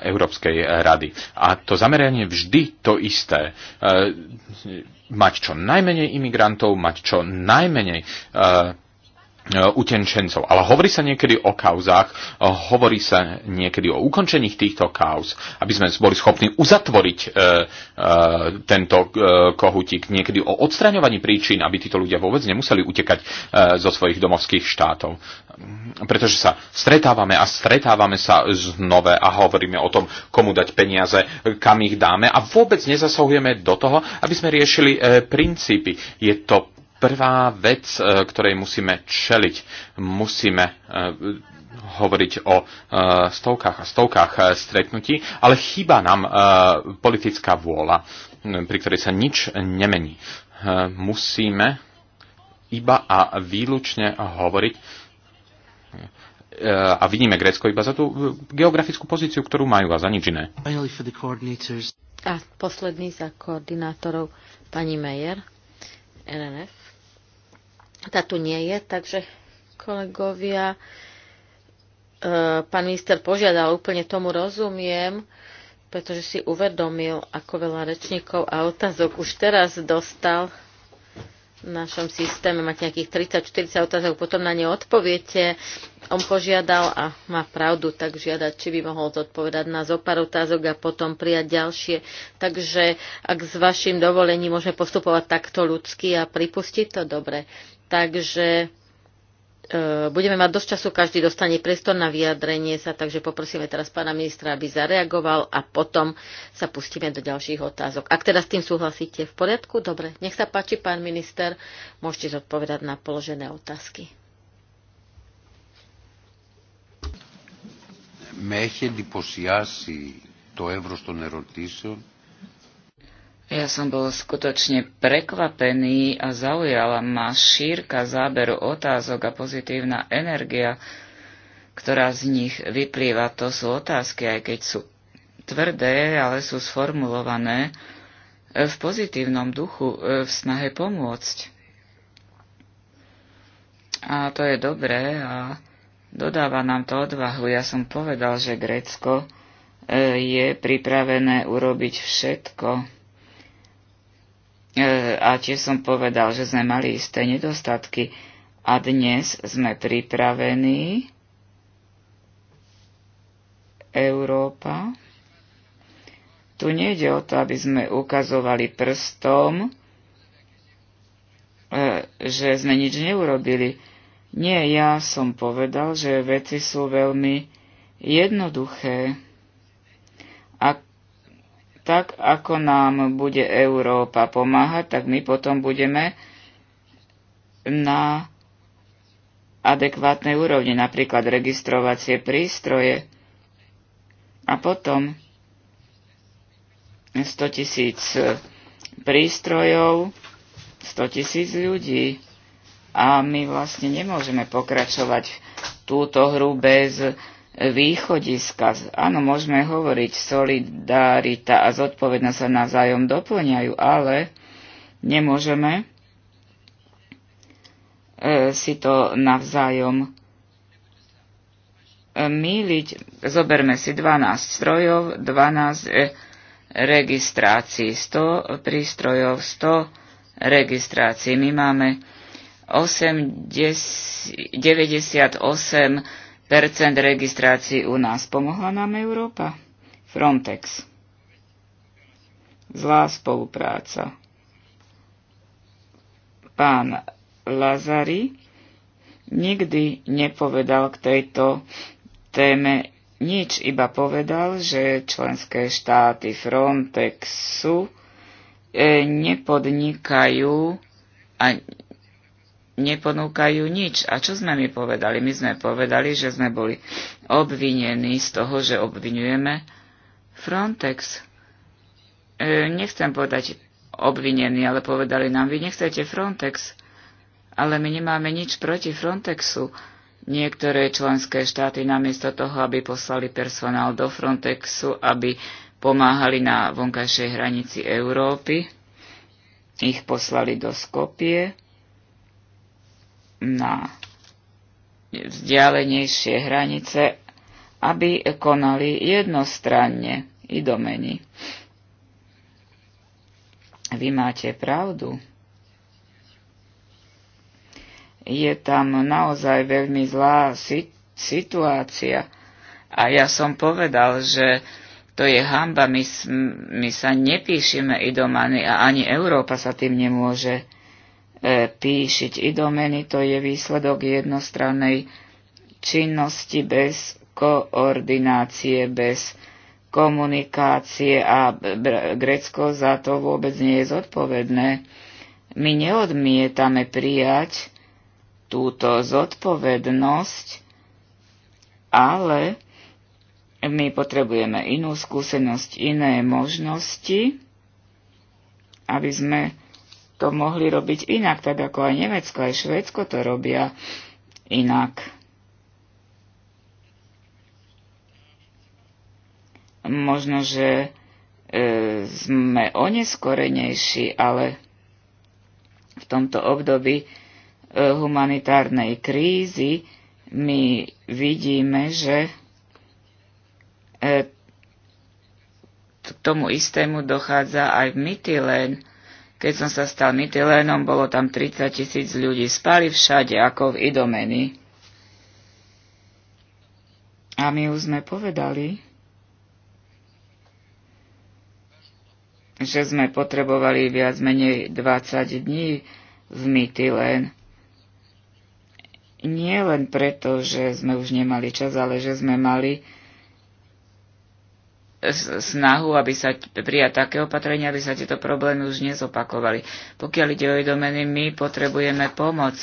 Európskej rady. A to zameranie vždy to isté. Uh, mať čo najmenej imigrantov, mať čo najmenej uh, E, utenčencov. Ale hovorí sa niekedy o kauzách, e, hovorí sa niekedy o ukončení týchto kauz, aby sme boli schopní uzatvoriť e, e, tento e, kohutík, niekedy o odstraňovaní príčin, aby títo ľudia vôbec nemuseli utekať e, zo svojich domovských štátov. Pretože sa stretávame a stretávame sa znova a hovoríme o tom, komu dať peniaze, kam ich dáme a vôbec nezasahujeme do toho, aby sme riešili e, princípy. Je to prvá vec, e, ktorej musíme čeliť. Musíme e, hovoriť o e, stovkách a stovkách stretnutí, ale chýba nám politická vôľa, pri ktorej sa nič nemení. Musíme iba a výlučne hovoriť a vidíme Grécko iba za tú geografickú pozíciu, ktorú majú a za nič iné. A posledný za koordinátorov pani Mejer, RNF tá tu nie je, takže kolegovia, e, pán minister požiadal, úplne tomu rozumiem, pretože si uvedomil, ako veľa rečníkov a otázok už teraz dostal v našom systéme. Máte nejakých 30-40 otázok, potom na ne odpoviete. On požiadal a má pravdu, tak žiadať, či by mohol zodpovedať na zo pár otázok a potom prijať ďalšie. Takže ak s vašim dovolením môžeme postupovať takto ľudsky a pripustiť to dobre takže e, budeme mať dosť času, každý dostane priestor na vyjadrenie sa, takže poprosíme teraz pána ministra, aby zareagoval a potom sa pustíme do ďalších otázok. Ak teda s tým súhlasíte v poriadku, dobre, nech sa páči, pán minister, môžete zodpovedať na položené otázky. Με έχει εντυπωσιάσει το εύρος των ερωτήσεων ja som bol skutočne prekvapený a zaujala ma šírka záberu otázok a pozitívna energia, ktorá z nich vyplýva. To sú otázky, aj keď sú tvrdé, ale sú sformulované v pozitívnom duchu, e, v snahe pomôcť. A to je dobré a dodáva nám to odvahu. Ja som povedal, že Grécko e, je pripravené urobiť všetko, E, a tiež som povedal, že sme mali isté nedostatky a dnes sme pripravení. Európa. Tu nejde o to, aby sme ukazovali prstom, e, že sme nič neurobili. Nie, ja som povedal, že veci sú veľmi jednoduché tak ako nám bude Európa pomáhať, tak my potom budeme na adekvátnej úrovni, napríklad registrovacie prístroje a potom 100 tisíc prístrojov, 100 tisíc ľudí. A my vlastne nemôžeme pokračovať túto hru bez východiska. Áno, môžeme hovoriť, solidarita a zodpovednosť sa navzájom doplňajú, ale nemôžeme e, si to navzájom e, míliť. Zoberme si 12 strojov, 12 e, registrácií, 100 prístrojov, 100 registrácií. My máme 8, 10, 98 Percent registrácií u nás. Pomohla nám Európa? Frontex. Zlá spolupráca. Pán Lazari nikdy nepovedal k tejto téme nič, iba povedal, že členské štáty Frontexu eh, nepodnikajú a neponúkajú nič. A čo sme my povedali? My sme povedali, že sme boli obvinení z toho, že obvinujeme Frontex. E, nechcem povedať obvinení, ale povedali nám, vy nechcete Frontex. Ale my nemáme nič proti Frontexu. Niektoré členské štáty namiesto toho, aby poslali personál do Frontexu, aby pomáhali na vonkajšej hranici Európy, ich poslali do Skopie na vzdialenejšie hranice, aby konali jednostranne domeni. Vy máte pravdu. Je tam naozaj veľmi zlá situácia. A ja som povedal, že to je hamba, my, my sa nepíšime domany a ani Európa sa tým nemôže E, píšiť idomeny, to je výsledok jednostrannej činnosti bez koordinácie, bez komunikácie a Grécko za to vôbec nie je zodpovedné. My neodmietame prijať túto zodpovednosť, ale my potrebujeme inú skúsenosť, iné možnosti, aby sme to mohli robiť inak, tak ako aj Nemecko, aj Švédsko to robia inak. Možno, že e, sme oneskorenejší, ale v tomto období e, humanitárnej krízy my vidíme, že e, k tomu istému dochádza aj v Mytilén, keď som sa stal mytilénom, bolo tam 30 tisíc ľudí. Spali všade, ako v Idomeni. A my už sme povedali, že sme potrebovali viac menej 20 dní v Mytilén. Nie len preto, že sme už nemali čas, ale že sme mali snahu, aby sa prijať také opatrenia, aby sa tieto problémy už nezopakovali. Pokiaľ ide o domeny, my potrebujeme pomoc.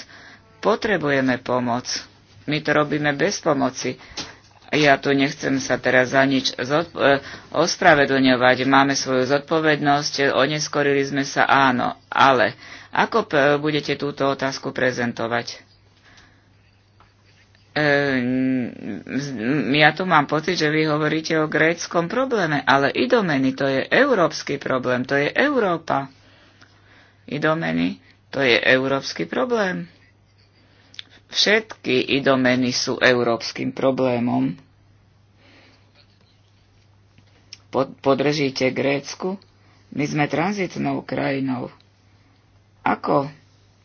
Potrebujeme pomoc. My to robíme bez pomoci. Ja tu nechcem sa teraz za nič e, ospravedlňovať. Máme svoju zodpovednosť, oneskorili sme sa, áno, ale ako budete túto otázku prezentovať? E, ja tu mám pocit, že vy hovoríte o gréckom probléme, ale idomeny to je európsky problém, to je Európa. Idomeny to je európsky problém. Všetky idomeny sú európskym problémom. Pod, podržíte Grécku? My sme tranzitnou krajinou. Ako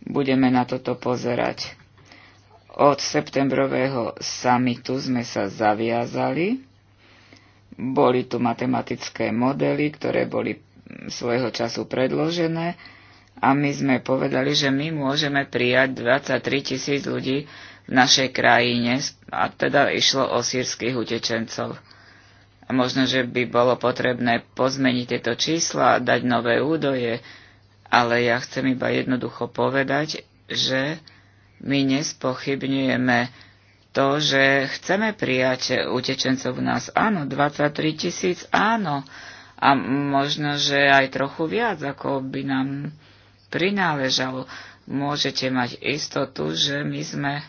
budeme na toto pozerať? Od septembrového samitu sme sa zaviazali. Boli tu matematické modely, ktoré boli svojho času predložené a my sme povedali, že my môžeme prijať 23 tisíc ľudí v našej krajine a teda išlo o sírskych utečencov. A možno, že by bolo potrebné pozmeniť tieto čísla a dať nové údoje, ale ja chcem iba jednoducho povedať, že my nespochybňujeme to, že chceme prijať utečencov u nás. Áno, 23 tisíc, áno. A možno, že aj trochu viac, ako by nám prináležalo. Môžete mať istotu, že my sme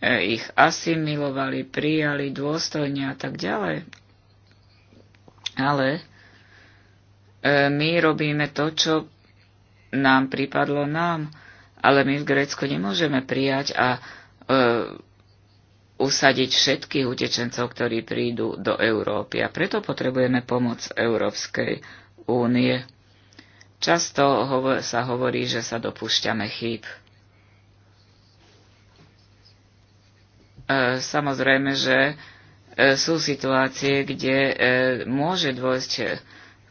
e, ich asimilovali, prijali dôstojne a tak ďalej. Ale e, my robíme to, čo nám pripadlo nám ale my v Grécku nemôžeme prijať a e, usadiť všetkých utečencov, ktorí prídu do Európy. A preto potrebujeme pomoc Európskej únie. Často hovor, sa hovorí, že sa dopúšťame chýb. E, samozrejme, že e, sú situácie, kde e, môže dôjsť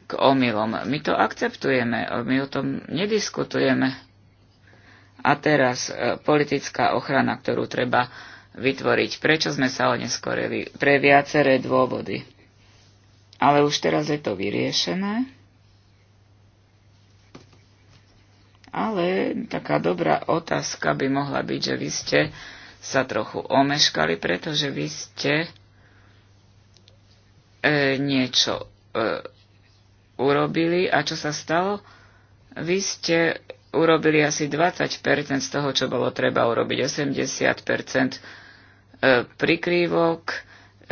k omylom. My to akceptujeme, my o tom nediskutujeme a teraz e, politická ochrana, ktorú treba vytvoriť. Prečo sme sa oneskoreli? Pre viaceré dôvody. Ale už teraz je to vyriešené. Ale taká dobrá otázka by mohla byť, že vy ste sa trochu omeškali, pretože vy ste e, niečo e, urobili. A čo sa stalo? Vy ste urobili asi 20% z toho, čo bolo treba urobiť. 80% e, prikrývok,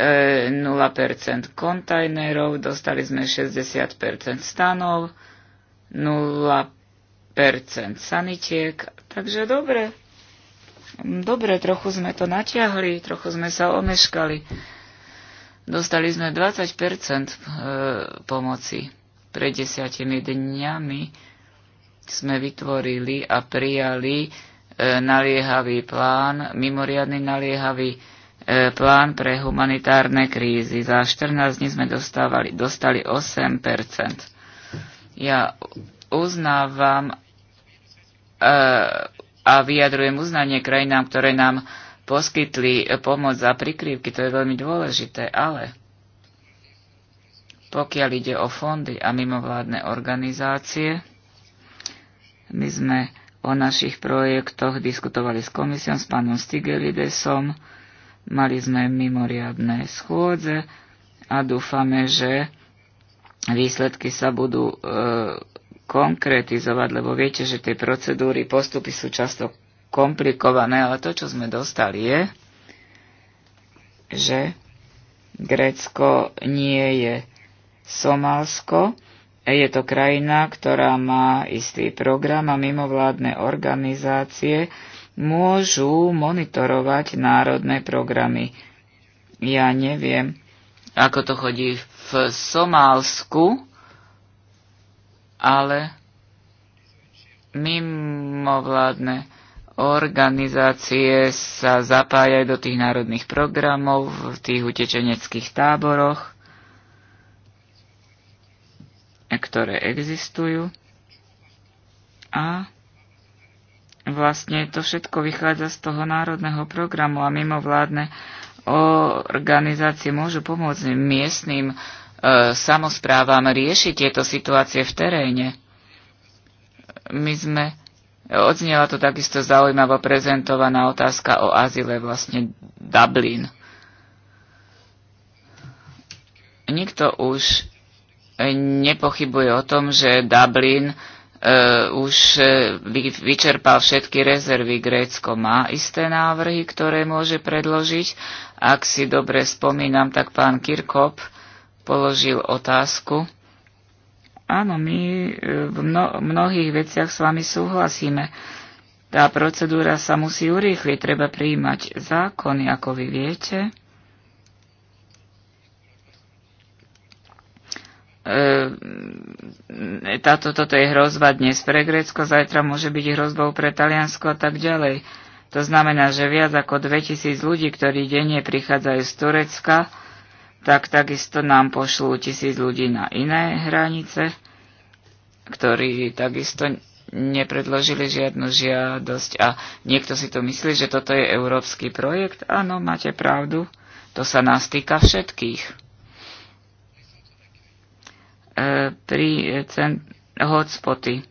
0% e, kontajnerov, dostali sme 60% stanov, 0% sanitiek, takže dobre. Dobre, trochu sme to natiahli, trochu sme sa omeškali. Dostali sme 20% e, pomoci pred desiatimi dňami sme vytvorili a prijali e, naliehavý plán, mimoriadny naliehavý e, plán pre humanitárne krízy. Za 14 dní sme dostávali, dostali 8 Ja uznávam e, a vyjadrujem uznanie krajinám, ktoré nám poskytli pomoc za prikrývky, to je veľmi dôležité, ale pokiaľ ide o fondy a mimovládne organizácie, my sme o našich projektoch diskutovali s komisiou, s pánom Stigelidesom, mali sme mimoriadné schôdze a dúfame, že výsledky sa budú e, konkretizovať, lebo viete, že tie procedúry, postupy sú často komplikované, ale to, čo sme dostali, je, že Grécko nie je Somálsko, E je to krajina, ktorá má istý program a mimovládne organizácie môžu monitorovať národné programy. Ja neviem, ako to chodí v Somálsku, ale mimovládne organizácie sa zapájajú do tých národných programov v tých utečeneckých táboroch ktoré existujú a vlastne to všetko vychádza z toho národného programu a mimovládne organizácie môžu pomôcť miestnym e, samozprávam riešiť tieto situácie v teréne. My sme, odznela to takisto zaujímavo prezentovaná otázka o azile, vlastne Dublin. Nikto už nepochybuje o tom, že Dublin e, už e, vyčerpal všetky rezervy. Grécko má isté návrhy, ktoré môže predložiť. Ak si dobre spomínam, tak pán Kirkop položil otázku. Áno, my e, v mno- mnohých veciach s vami súhlasíme. Tá procedúra sa musí urýchliť, treba prijímať zákony, ako vy viete. Ehm, táto, toto je hrozba dnes pre Grécko, zajtra môže byť hrozbou pre Taliansko a tak ďalej. To znamená, že viac ako 2000 ľudí, ktorí denne prichádzajú z Turecka, tak takisto nám pošlú tisíc ľudí na iné hranice, ktorí takisto nepredložili žiadnu žiadosť a niekto si to myslí, že toto je európsky projekt. Áno, máte pravdu, to sa nás týka všetkých pri e, cen, hotspoty.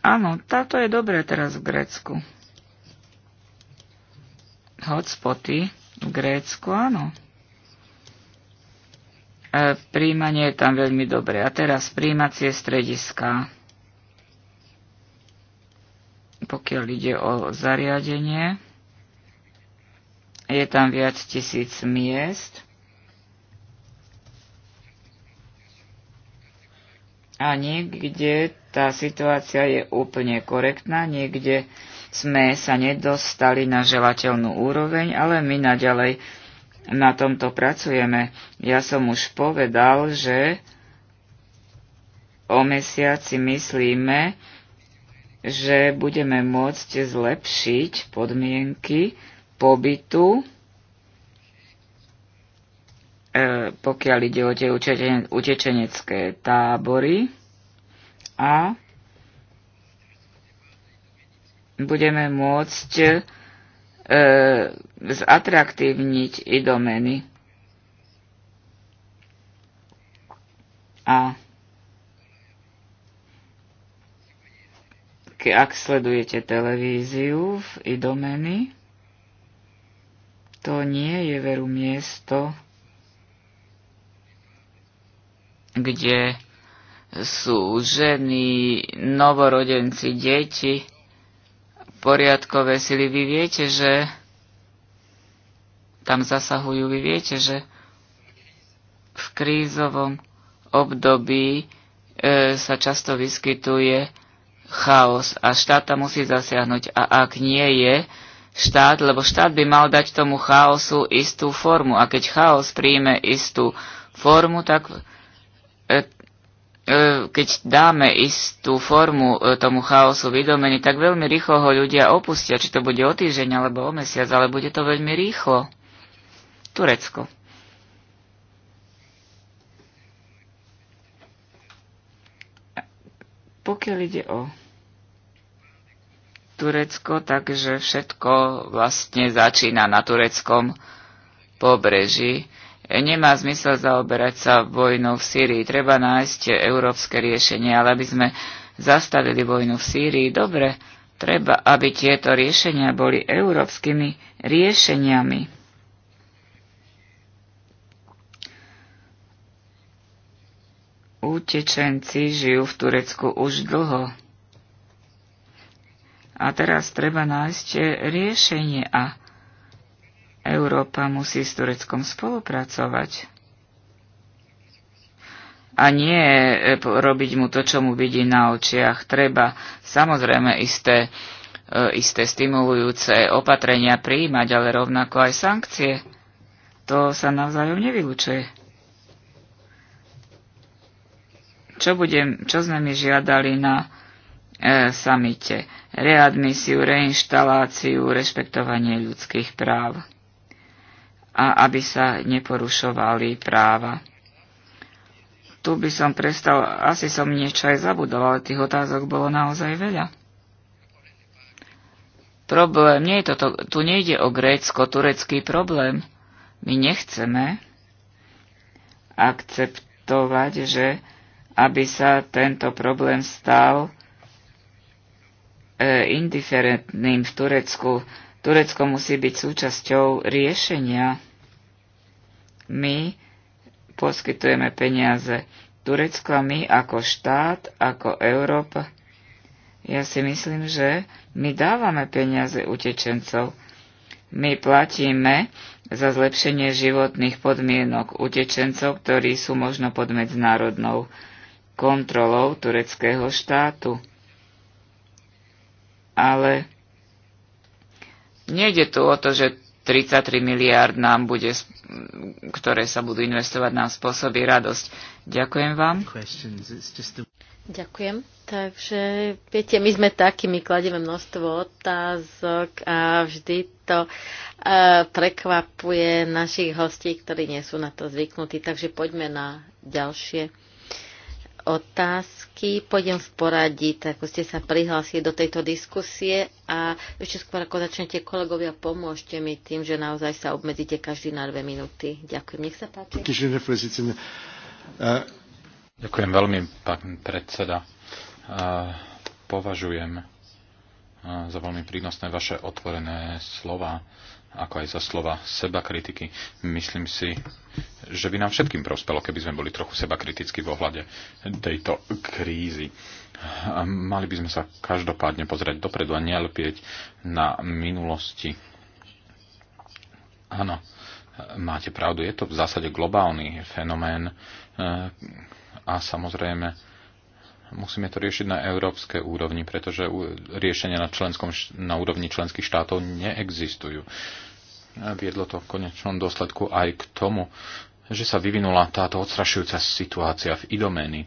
Áno, táto je dobré teraz v Grécku. Hotspoty v Grécku, áno. E, príjmanie je tam veľmi dobré. A teraz príjmacie strediská. Pokiaľ ide o zariadenie, je tam viac tisíc miest A niekde tá situácia je úplne korektná, niekde sme sa nedostali na želateľnú úroveň, ale my naďalej na tomto pracujeme. Ja som už povedal, že o mesiaci myslíme, že budeme môcť zlepšiť podmienky pobytu E, pokiaľ ide o tie utečenecké tábory. A budeme môcť e, zatraktívniť i domeny. A ak sledujete televíziu v idomeny, to nie je veru miesto, kde sú ženy, novorodenci, deti, poriadkové sily. Vy viete, že tam zasahujú. Vy viete, že v krízovom období e, sa často vyskytuje chaos a štát tam musí zasiahnuť. A ak nie je štát, lebo štát by mal dať tomu chaosu istú formu. A keď chaos príjme istú formu, tak E, e, keď dáme istú formu e, tomu chaosu vydomení, tak veľmi rýchlo ho ľudia opustia, či to bude o týždeň alebo o mesiac, ale bude to veľmi rýchlo. Turecko. Pokiaľ ide o Turecko, takže všetko vlastne začína na tureckom pobreží. Nemá zmysel zaoberať sa vojnou v Sýrii. Treba nájsť európske riešenie, ale aby sme zastavili vojnu v Sýrii, dobre, treba, aby tieto riešenia boli európskymi riešeniami. Utečenci žijú v Turecku už dlho. A teraz treba nájsť riešenie a Európa musí s Tureckom spolupracovať. A nie e, robiť mu to, čo mu vidí na očiach. Treba samozrejme isté, e, isté stimulujúce opatrenia prijímať, ale rovnako aj sankcie. To sa navzájom nevylučuje. čo, budem, čo sme my žiadali na e, samite. Readmisiu, reinštaláciu, rešpektovanie ľudských práv a aby sa neporušovali práva. Tu by som prestal, asi som niečo aj zabudol, ale tých otázok bolo naozaj veľa. Problém nie je toto, tu nejde o grécko-turecký problém. My nechceme akceptovať, že aby sa tento problém stal e, indiferentným v Turecku Turecko musí byť súčasťou riešenia. My poskytujeme peniaze Turecko a my ako štát, ako Európa. Ja si myslím, že my dávame peniaze utečencov. My platíme za zlepšenie životných podmienok utečencov, ktorí sú možno pod medzinárodnou kontrolou tureckého štátu. Ale Nejde tu o to, že 33 miliárd nám bude, ktoré sa budú investovať, nám spôsobí radosť. Ďakujem vám. Ďakujem. Takže, viete, my sme takí, my kladieme množstvo otázok a vždy to uh, prekvapuje našich hostí, ktorí nie sú na to zvyknutí. Takže poďme na ďalšie otázky. Pôjdem v poradí, tak ako ste sa prihlásili do tejto diskusie a ešte skôr ako začnete, kolegovia, pomôžte mi tým, že naozaj sa obmedzíte každý na dve minúty. Ďakujem. Nech sa páči. Ďakujem veľmi, pán predseda. Považujem za veľmi prínosné vaše otvorené slova ako aj za slova seba kritiky. Myslím si, že by nám všetkým prospelo, keby sme boli trochu seba kriticky v ohľade tejto krízy. Mali by sme sa každopádne pozrieť dopredu a nelpieť na minulosti. Áno, máte pravdu, je to v zásade globálny fenomén a samozrejme musíme to riešiť na európskej úrovni, pretože riešenia na, členskom, na úrovni členských štátov neexistujú. Viedlo to v konečnom dôsledku aj k tomu, že sa vyvinula táto odstrašujúca situácia v Idomeni.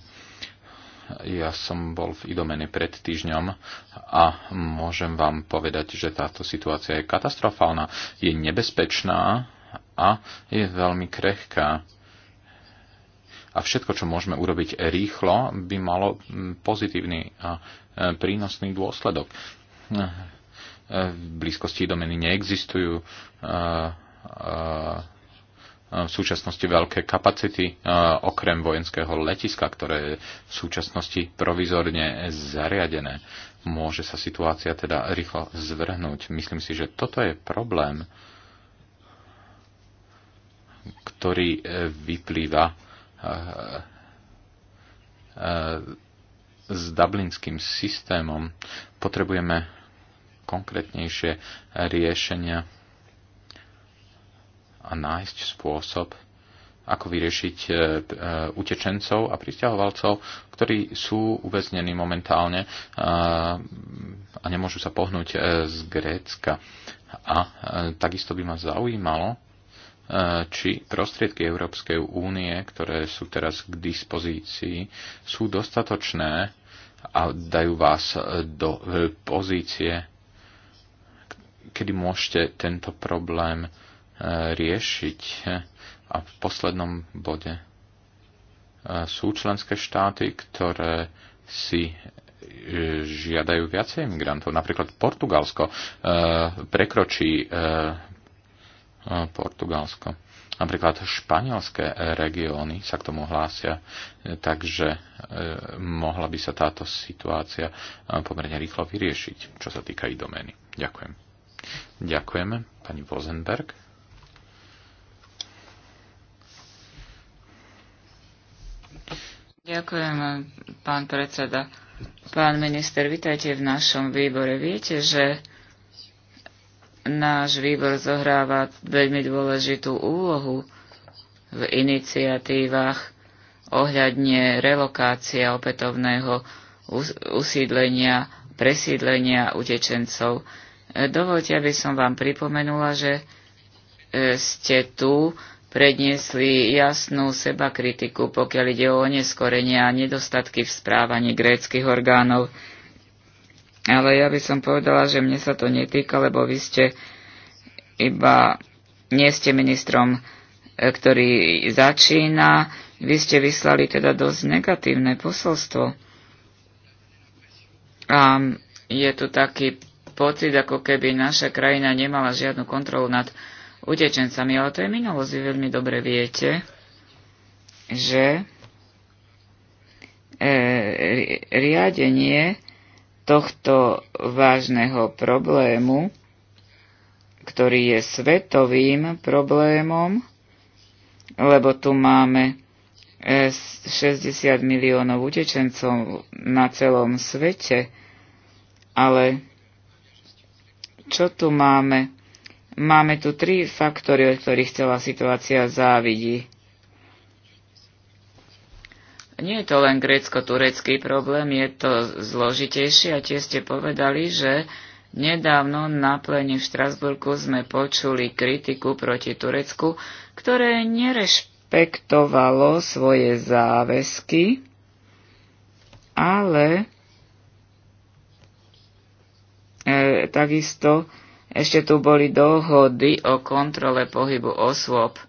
Ja som bol v Idomeni pred týždňom a môžem vám povedať, že táto situácia je katastrofálna, je nebezpečná a je veľmi krehká a všetko, čo môžeme urobiť rýchlo, by malo mm, pozitívny a e, prínosný dôsledok. E, e, v blízkosti domeny neexistujú v súčasnosti veľké kapacity, okrem vojenského letiska, ktoré je v súčasnosti provizorne zariadené. Môže sa situácia teda rýchlo zvrhnúť. Myslím si, že toto je problém, ktorý vyplýva s dublinským systémom. Potrebujeme konkrétnejšie riešenia a nájsť spôsob, ako vyriešiť e, e, utečencov a pristahovalcov, ktorí sú uväznení momentálne e, a nemôžu sa pohnúť z Grécka. A takisto by ma zaujímalo, E, či prostriedky Európskej únie, ktoré sú teraz k dispozícii, sú dostatočné a dajú vás e, do e, pozície, kedy môžete tento problém riešiť. A v poslednom bode sú členské štáty, ktoré si žiadajú viacej imigrantov. Napríklad Portugalsko prekročí Portugalsko. Napríklad španielské e, regióny sa k tomu hlásia, e, takže e, mohla by sa táto situácia pomerne rýchlo vyriešiť, čo sa týka i domény. Ďakujem. Ďakujeme, pani Vozenberg. Ďakujem, pán predseda. Pán minister, vitajte v našom výbore. Viete, že náš výbor zohráva veľmi dôležitú úlohu v iniciatívach ohľadne relokácie opätovného usídlenia, presídlenia utečencov. Dovolte, aby som vám pripomenula, že e, ste tu predniesli jasnú seba kritiku, pokiaľ ide o oneskorenie a nedostatky v správaní gréckych orgánov. Ale ja by som povedala, že mne sa to netýka, lebo vy ste iba, nie ste ministrom, e, ktorý začína. Vy ste vyslali teda dosť negatívne posolstvo. A je tu taký pocit, ako keby naša krajina nemala žiadnu kontrolu nad utečencami, ale to je minulosť. Vy veľmi dobre viete, že e, riadenie tohto vážneho problému, ktorý je svetovým problémom, lebo tu máme 60 e, miliónov utečencov na celom svete, ale čo tu máme? Máme tu tri faktory, od ktorých celá situácia závidí. Nie je to len grécko-turecký problém, je to zložitejšie a tie ste povedali, že nedávno na plene v Štrasburku sme počuli kritiku proti Turecku, ktoré nerešpektovalo svoje záväzky, ale e, takisto ešte tu boli dohody o kontrole pohybu osôb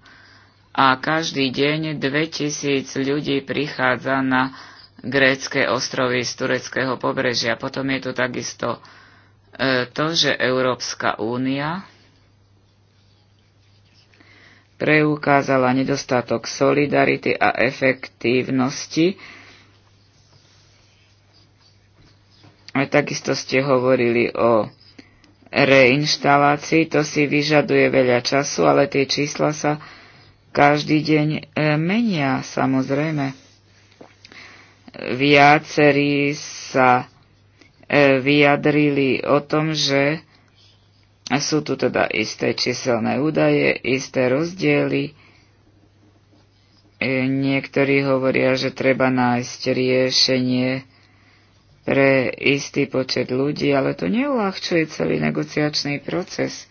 a každý deň 2000 ľudí prichádza na grécké ostrovy z tureckého pobrežia. Potom je tu takisto e, to, že Európska únia preukázala nedostatok solidarity a efektívnosti. A takisto ste hovorili o reinštalácii, to si vyžaduje veľa času, ale tie čísla sa každý deň e, menia, samozrejme. Viacerí sa e, vyjadrili o tom, že sú tu teda isté číselné údaje, isté rozdiely. E, niektorí hovoria, že treba nájsť riešenie pre istý počet ľudí, ale to neulahčuje celý negociačný proces.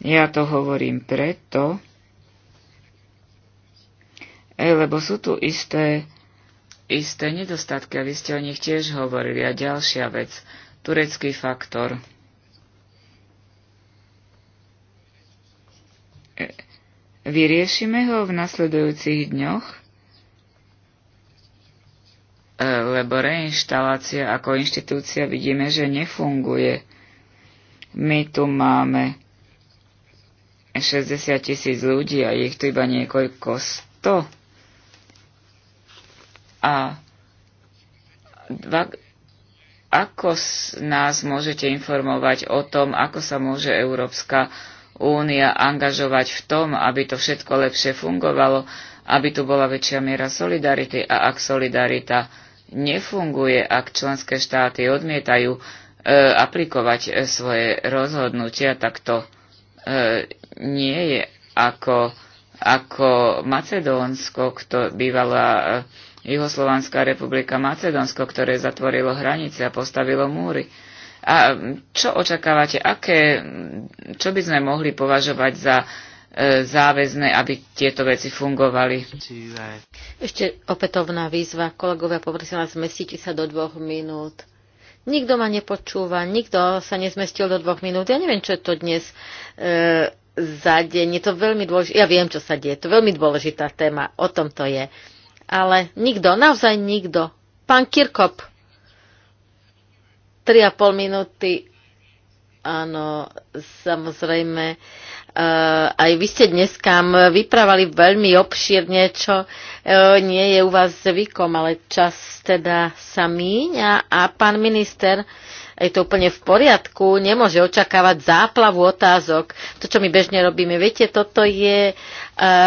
Ja to hovorím preto, E, lebo sú tu isté, isté nedostatky, a vy ste o nich tiež hovorili. A ďalšia vec, turecký faktor. E, vyriešime ho v nasledujúcich dňoch, e, lebo reinštalácia ako inštitúcia vidíme, že nefunguje. My tu máme 60 tisíc ľudí a ich tu iba niekoľko sto. A ako nás môžete informovať o tom, ako sa môže Európska únia angažovať v tom, aby to všetko lepšie fungovalo, aby tu bola väčšia miera solidarity a ak solidarita nefunguje, ak členské štáty odmietajú e, aplikovať e, svoje rozhodnutia, tak to e, nie je ako, ako Macedónsko, kto bývala e, Juhoslovanská republika Macedónsko, ktoré zatvorilo hranice a postavilo múry. A čo očakávate, aké, čo by sme mohli považovať za e, záväzné, aby tieto veci fungovali. Ešte opätovná výzva. Kolegovia, poprosila, vás, zmestite sa do dvoch minút. Nikto ma nepočúva, nikto sa nezmestil do dvoch minút. Ja neviem, čo je to dnes e, za deň. Je to veľmi dôležité. Ja viem, čo sa deje. To je veľmi dôležitá téma. O tom to je. E, ale nikto, naozaj nikto. Pán Kirkop, 3,5 minúty. Áno, samozrejme. E, aj vy ste dnes kam vyprávali veľmi obšírne, čo e, nie je u vás zvykom, ale čas teda sa míňa a pán minister je to úplne v poriadku, nemôže očakávať záplavu otázok. To, čo my bežne robíme, viete, toto je e,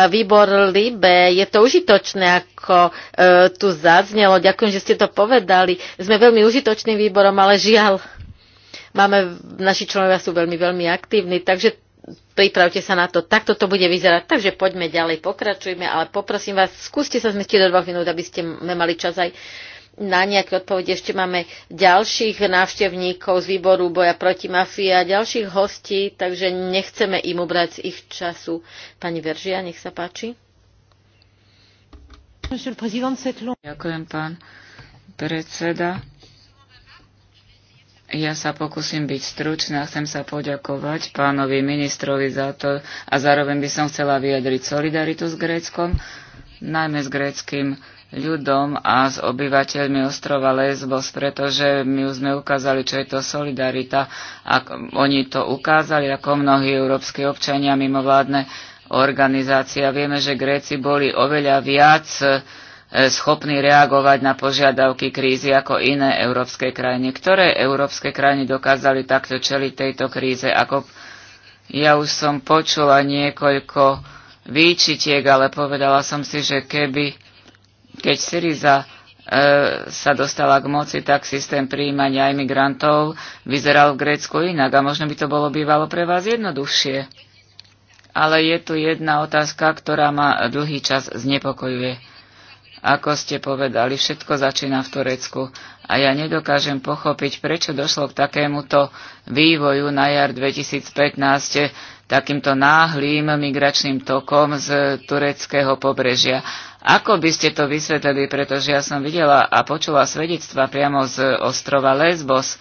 výbor Libe, je to užitočné, ako e, tu zaznelo. Ďakujem, že ste to povedali. Sme veľmi užitočným výborom, ale žiaľ, máme, naši členovia sú veľmi, veľmi aktívni, takže pripravte sa na to. Takto to bude vyzerať. Takže poďme ďalej, pokračujme, ale poprosím vás, skúste sa zmestiť do dvoch minút, aby ste mali čas aj na nejaké odpovede. Ešte máme ďalších návštevníkov z výboru boja proti mafii a ďalších hostí, takže nechceme im ubrať z ich času. Pani Veržia, nech sa páči. Ďakujem, pán predseda. Ja sa pokúsim byť stručná. Chcem sa poďakovať pánovi ministrovi za to a zároveň by som chcela vyjadriť solidaritu s Gréckom, najmä s gréckým ľudom a s obyvateľmi ostrova Lesbos, pretože my už sme ukázali, čo je to solidarita a oni to ukázali ako mnohí európsky občania mimovládne organizácie. A vieme, že Gréci boli oveľa viac e, schopní reagovať na požiadavky krízy ako iné európske krajiny. Ktoré európske krajiny dokázali takto čeliť tejto kríze? Ako ja už som počula niekoľko výčitiek, ale povedala som si, že keby keď Syriza e, sa dostala k moci, tak systém príjmania imigrantov vyzeral v Grécku inak a možno by to bolo bývalo pre vás jednoduchšie. Ale je tu jedna otázka, ktorá ma dlhý čas znepokojuje. Ako ste povedali, všetko začína v Turecku a ja nedokážem pochopiť, prečo došlo k takémuto vývoju na jar 2015 takýmto náhlým migračným tokom z tureckého pobrežia. Ako by ste to vysvetlili, pretože ja som videla a počula svedectva priamo z ostrova Lesbos,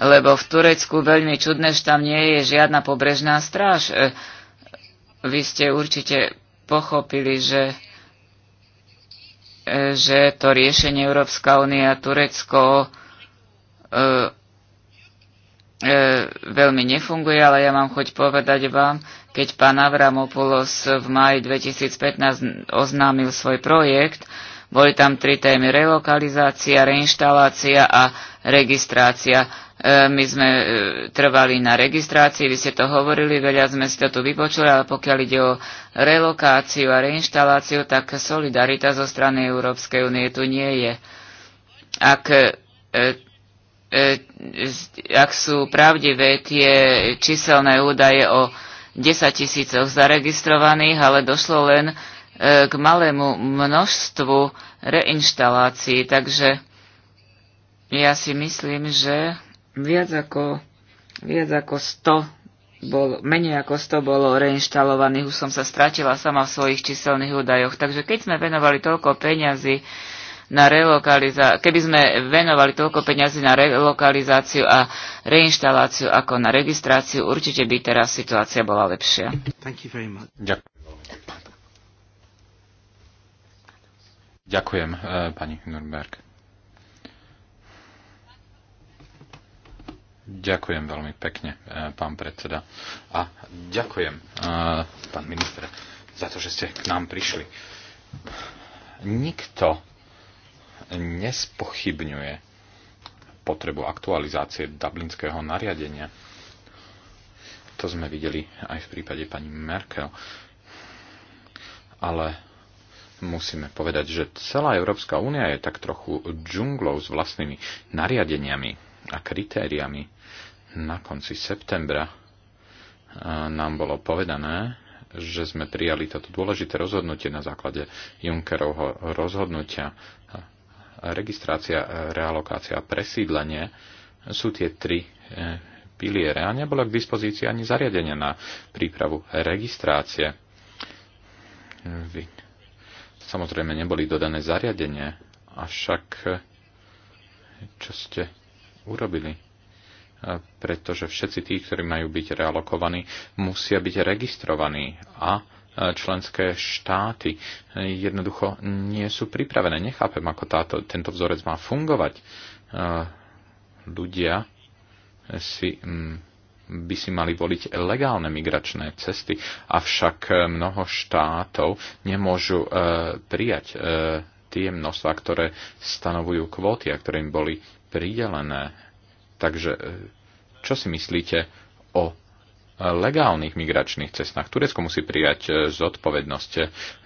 lebo v Turecku veľmi čudné, že tam nie je žiadna pobrežná stráž. E, vy ste určite pochopili, že že to riešenie Európska únia a Turecko e, e, veľmi nefunguje, ale ja mám choť povedať vám, keď pán Avramopoulos v maji 2015 oznámil svoj projekt, e, boli tam tri témy relokalizácia, reinštalácia a registrácia. E, my sme e, trvali na registrácii, vy ste to hovorili, veľa sme si to tu vypočuli, ale pokiaľ ide o relokáciu a reinštaláciu, tak solidarita zo strany Európskej únie tu nie je. Ak e, ak sú pravdivé tie číselné údaje o 10 tisícoch zaregistrovaných, ale došlo len k malému množstvu reinštalácií. Takže ja si myslím, že viac ako, viac ako 100 bol, menej ako 100 bolo reinštalovaných, už som sa stratila sama v svojich číselných údajoch. Takže keď sme venovali toľko peňazí na relokalizáciu, keby sme venovali toľko peňazí na relokalizáciu a reinštaláciu ako na registráciu, určite by teraz situácia bola lepšia. Ďakujem. Ďakujem, e, pani Nurberg. Ďakujem veľmi pekne, e, pán predseda. A ďakujem, e, pán minister, za to, že ste k nám prišli. Nikto nespochybňuje potrebu aktualizácie dublinského nariadenia. To sme videli aj v prípade pani Merkel. Ale musíme povedať, že celá Európska únia je tak trochu džunglou s vlastnými nariadeniami a kritériami. Na konci septembra eh, nám bolo povedané, že sme prijali toto dôležité rozhodnutie na základe Junckerovho rozhodnutia. Registrácia, eh, realokácia a presídlenie sú tie tri eh, piliere a nebolo k dispozícii ani zariadenie na prípravu registrácie. Samozrejme, neboli dodané zariadenie, avšak čo ste urobili? Pretože všetci tí, ktorí majú byť realokovaní, musia byť registrovaní a členské štáty jednoducho nie sú pripravené. Nechápem, ako táto, tento vzorec má fungovať. Ľudia si mm, by si mali voliť legálne migračné cesty, avšak e, mnoho štátov nemôžu e, prijať e, tie množstva, ktoré stanovujú kvóty a ktoré im boli pridelené. Takže čo si myslíte o legálnych migračných cestách. Turecko musí prijať e, zodpovednosť.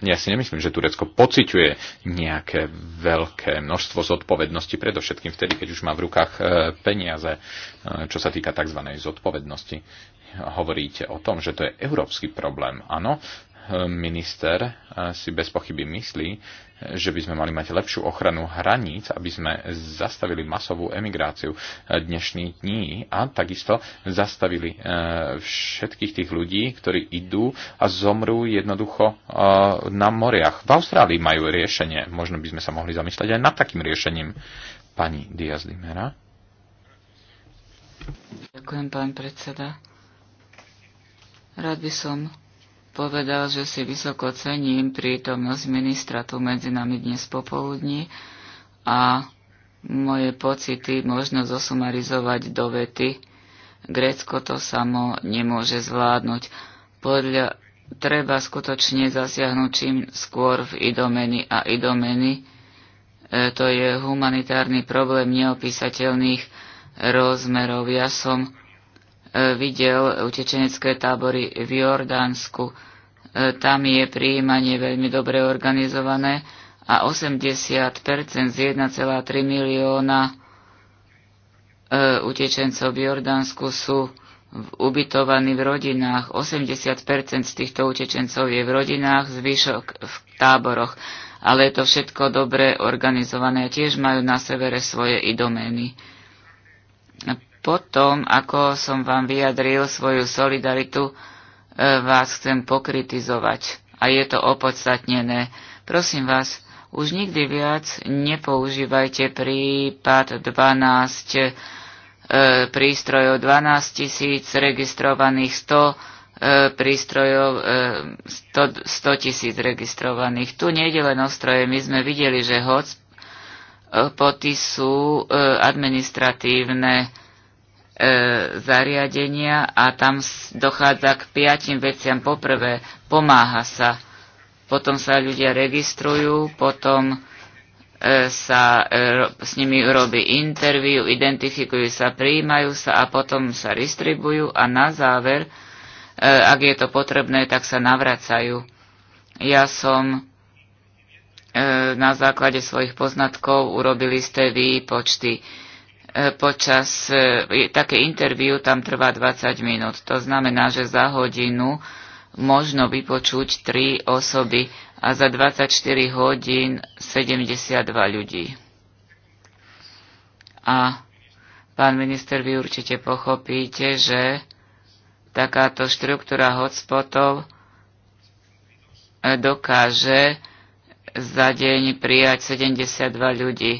Ja si nemyslím, že Turecko pociťuje nejaké veľké množstvo zodpovednosti, predovšetkým vtedy, keď už má v rukách e, peniaze, e, čo sa týka tzv. zodpovednosti. Hovoríte o tom, že to je európsky problém. Áno, minister si bez pochyby myslí, že by sme mali mať lepšiu ochranu hraníc, aby sme zastavili masovú emigráciu dnešných dní a takisto zastavili e, všetkých tých ľudí, ktorí idú a zomrú jednoducho e, na moriach. V Austrálii majú riešenie. Možno by sme sa mohli zamyslieť aj nad takým riešením. Pani Diaz Dimera. Ďakujem, pán predseda. Rád by som povedal, že si vysoko cením prítomnosť ministra tu medzi nami dnes popoludní a moje pocity možno zosumarizovať do vety. Grécko to samo nemôže zvládnuť. Podľa treba skutočne zasiahnuť čím skôr v idomeny a idomeny. E, to je humanitárny problém neopísateľných rozmerov. Ja som videl utečenecké tábory v Jordánsku. E, tam je prijímanie veľmi dobre organizované a 80 z 1,3 milióna e, utečencov v Jordánsku sú ubytovaní v rodinách. 80 z týchto utečencov je v rodinách, zvyšok v táboroch. Ale je to všetko dobre organizované. Tiež majú na severe svoje idomény potom, ako som vám vyjadril svoju solidaritu, e, vás chcem pokritizovať. A je to opodstatnené. Prosím vás, už nikdy viac nepoužívajte prípad 12 e, prístrojov, 12 tisíc registrovaných, 100 e, prístrojov, e, 100 tisíc registrovaných. Tu nejde len o stroje, my sme videli, že hoc e, poty sú e, administratívne E, zariadenia a tam dochádza k piatim veciam. Poprvé, pomáha sa, potom sa ľudia registrujú, potom e, sa e, s nimi robí interviu, identifikujú sa, prijímajú sa a potom sa distribujú a na záver, ak je to potrebné, tak sa navracajú. Ja som na základe svojich poznatkov urobil isté výpočty E, počas e, také interviu tam trvá 20 minút. To znamená, že za hodinu možno vypočuť 3 osoby a za 24 hodín 72 ľudí. A pán minister, vy určite pochopíte, že takáto štruktúra hotspotov e, dokáže za deň prijať 72 ľudí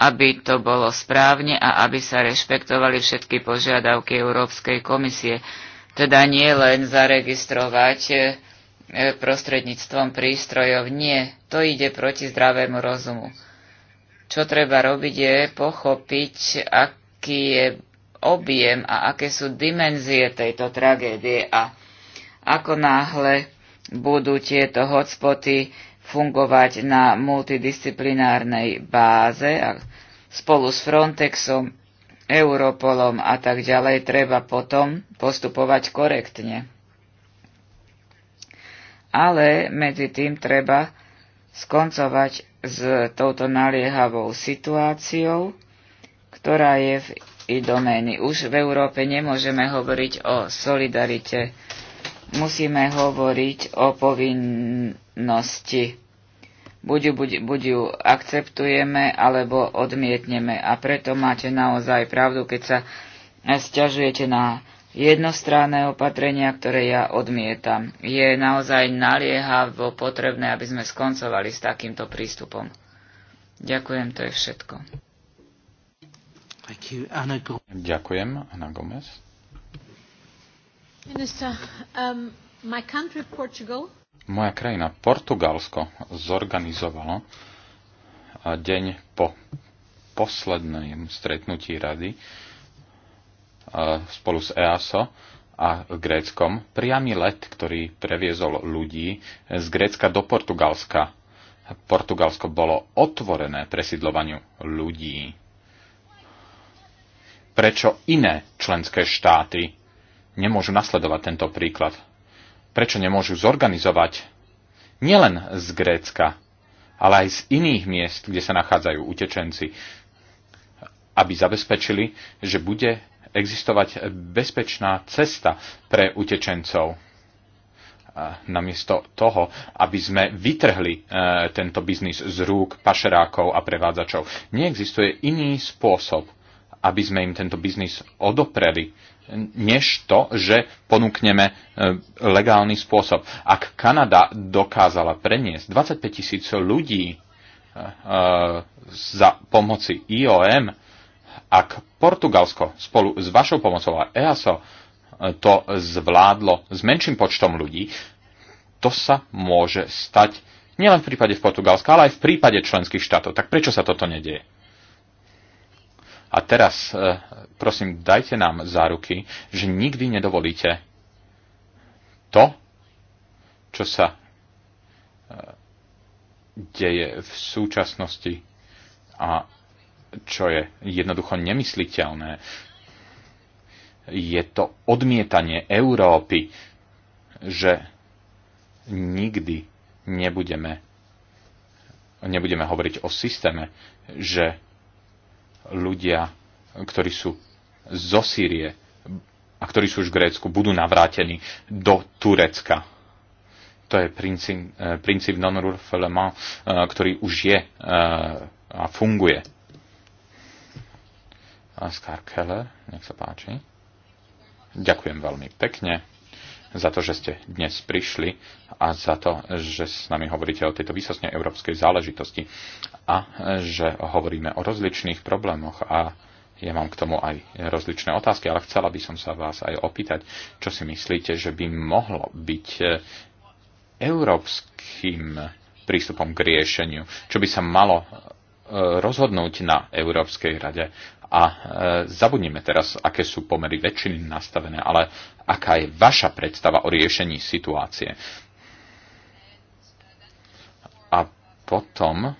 aby to bolo správne a aby sa rešpektovali všetky požiadavky Európskej komisie. Teda nie len zaregistrovať e, e, prostredníctvom prístrojov. Nie, to ide proti zdravému rozumu. Čo treba robiť je pochopiť, aký je objem a aké sú dimenzie tejto tragédie a ako náhle budú tieto hotspoty fungovať na multidisciplinárnej báze, spolu s Frontexom, Europolom a tak ďalej treba potom postupovať korektne. Ale medzi tým treba skoncovať s touto naliehavou situáciou, ktorá je v i domény. Už v Európe nemôžeme hovoriť o solidarite. Musíme hovoriť o povinnosti buď ju, buď, buď ju akceptujeme, alebo odmietneme. A preto máte naozaj pravdu, keď sa stiažujete na jednostranné opatrenia, ktoré ja odmietam. Je naozaj naliehavo potrebné, aby sme skoncovali s takýmto prístupom. Ďakujem, to je všetko. Ďakujem, Ana Gomez. Minister, um, my country, Portugal, moja krajina, Portugalsko, zorganizovalo eh, deň po poslednom stretnutí rady eh, spolu s EASO a Gréckom priamy let, ktorý previezol ľudí z Grécka do Portugalska. Portugalsko bolo otvorené presídlovaniu ľudí. Prečo iné členské štáty nemôžu nasledovať tento príklad? prečo nemôžu zorganizovať nielen z Grécka, ale aj z iných miest, kde sa nachádzajú utečenci, aby zabezpečili, že bude existovať bezpečná cesta pre utečencov. Namiesto toho, aby sme vytrhli e, tento biznis z rúk pašerákov a prevádzačov. Neexistuje iný spôsob, aby sme im tento biznis odopreli než to, že ponúkneme e, legálny spôsob. Ak Kanada dokázala preniesť 25 tisíc ľudí e, e, za pomoci IOM, ak Portugalsko spolu s vašou pomocou a EASO to zvládlo s menším počtom ľudí, to sa môže stať nielen v prípade v Portugalska, ale aj v prípade členských štátov. Tak prečo sa toto nedieje? A teraz, e, prosím, dajte nám záruky, že nikdy nedovolíte to, čo sa e, deje v súčasnosti a čo je jednoducho nemysliteľné. Je to odmietanie Európy, že nikdy nebudeme, nebudeme hovoriť o systéme, že ľudia, ktorí sú zo Sýrie a ktorí sú už v Grécku, budú navrátení do Turecka. To je princíp, eh, princíp non-refoulement, eh, ktorý už je eh, a funguje. Oscar Keller, nech sa páči. Ďakujem veľmi pekne za to, že ste dnes prišli a za to, že s nami hovoríte o tejto výsostne európskej záležitosti a že hovoríme o rozličných problémoch a ja mám k tomu aj rozličné otázky, ale chcela by som sa vás aj opýtať, čo si myslíte, že by mohlo byť e, európskym prístupom k riešeniu, čo by sa malo e, rozhodnúť na Európskej rade. A e, zabudnime teraz, aké sú pomery väčšiny nastavené, ale aká je vaša predstava o riešení situácie. A potom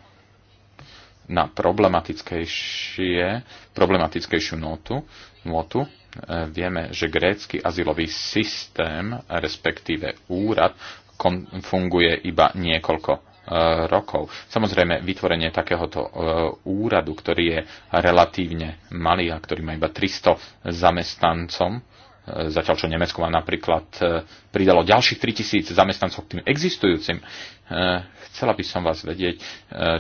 na problematickejšie, problematickejšiu notu, notu. E, vieme, že grécky azylový systém, respektíve úrad, funguje iba niekoľko e, rokov. Samozrejme, vytvorenie takéhoto e, úradu, ktorý je relatívne malý a ktorý má iba 300 zamestnancom, zatiaľ čo Nemecko má napríklad e, pridalo ďalších 3000 zamestnancov k tým existujúcim. E, chcela by som vás vedieť, e,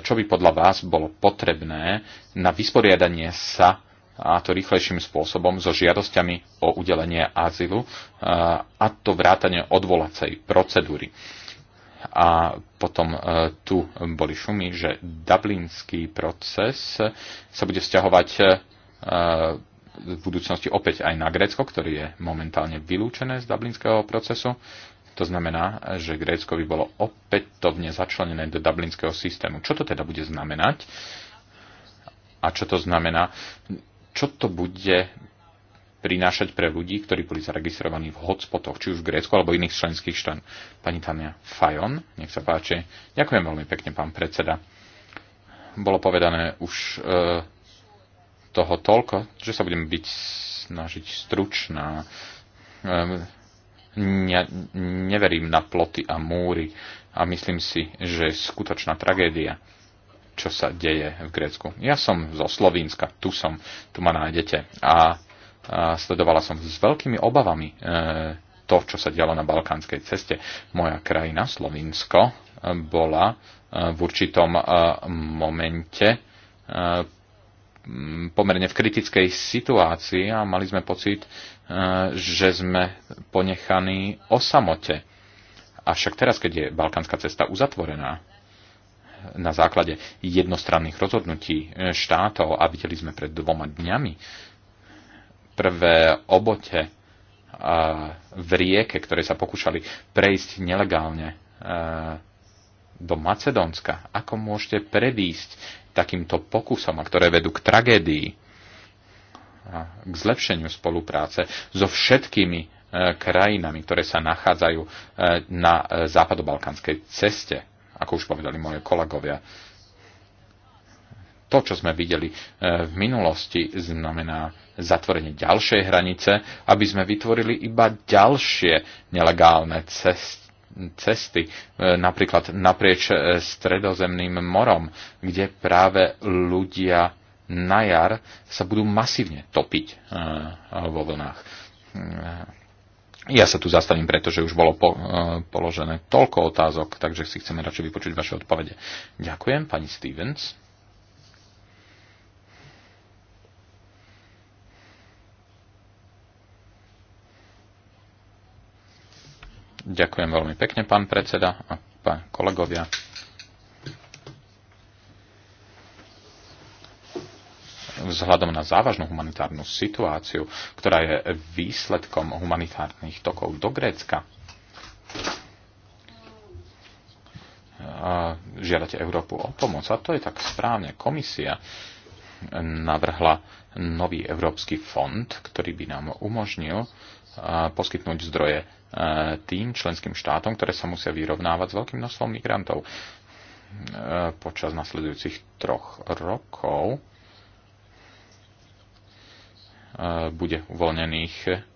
čo by podľa vás bolo potrebné na vysporiadanie sa a to rýchlejším spôsobom so žiadosťami o udelenie azylu a to vrátanie odvolacej procedúry. A potom tu boli šumy, že dublinský proces sa bude vzťahovať v budúcnosti opäť aj na Grécko, ktoré je momentálne vylúčené z dublinského procesu. To znamená, že Grécko by bolo opätovne začlenené do dublinského systému. Čo to teda bude znamenať? A čo to znamená? Čo to bude prinášať pre ľudí, ktorí boli zaregistrovaní v hotspotoch, či už v Grécku alebo iných členských štán. Pani Tania Fajon, nech sa páči. Ďakujem veľmi pekne, pán predseda. Bolo povedané už e, toho toľko, že sa budem byť snažiť stručná. Ehm, ne, neverím na ploty a múry a myslím si, že je skutočná tragédia, čo sa deje v Grécku. Ja som zo Slovínska, tu som, tu ma nájdete a, a sledovala som s veľkými obavami e, to, čo sa dialo na balkánskej ceste. Moja krajina, Slovinsko, e, bola e, v určitom e, momente Mm, pomerne v kritickej situácii a mali sme pocit, e, že sme ponechaní o samote. Avšak teraz, keď je balkánska cesta uzatvorená e, na základe jednostranných rozhodnutí e, štátov a videli sme pred dvoma dňami prvé obote v rieke, ktoré sa pokúšali prejsť nelegálne do Macedónska. Ako môžete predísť takýmto pokusom, a ktoré vedú k tragédii, a k zlepšeniu spolupráce so všetkými e, krajinami, ktoré sa nachádzajú e, na e, západobalkánskej ceste, ako už povedali moje kolegovia. To, čo sme videli v minulosti, znamená zatvorenie ďalšej hranice, aby sme vytvorili iba ďalšie nelegálne cesty cesty, e, napríklad naprieč e, stredozemným morom, kde práve ľudia na jar sa budú masívne topiť e, vo vlnách. Ja sa tu zastavím, pretože už bolo po, položené toľko otázok, takže si chceme radšej vypočuť vaše odpovede. Ďakujem, pani Stevens. Ďakujem veľmi pekne, pán predseda a pán kolegovia. Vzhľadom na závažnú humanitárnu situáciu, ktorá je výsledkom humanitárnych tokov do Grécka, žiadate Európu o pomoc. A to je tak správne. Komisia navrhla nový Európsky fond, ktorý by nám umožnil poskytnúť zdroje e, tým členským štátom, ktoré sa musia vyrovnávať s veľkým množstvom migrantov. E, počas nasledujúcich troch rokov e, bude uvoľnených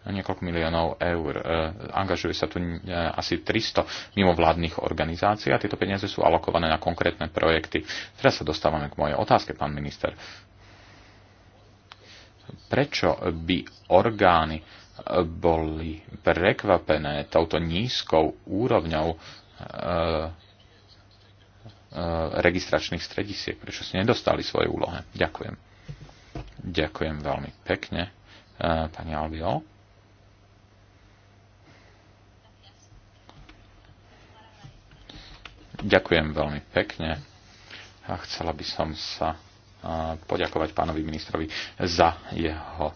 niekoľko miliónov eur. Angažuje sa tu asi 300 mimovládnych organizácií a tieto peniaze sú alokované na konkrétne projekty. Teraz sa dostávame k mojej otázke, pán minister. Prečo by orgány boli prekvapené touto nízkou úrovňou e, e, registračných stredisiek, prečo si nedostali svoje úlohe. Ďakujem. Ďakujem veľmi pekne, e, pani Albio. Ďakujem veľmi pekne a chcela by som sa poďakovať pánovi ministrovi za jeho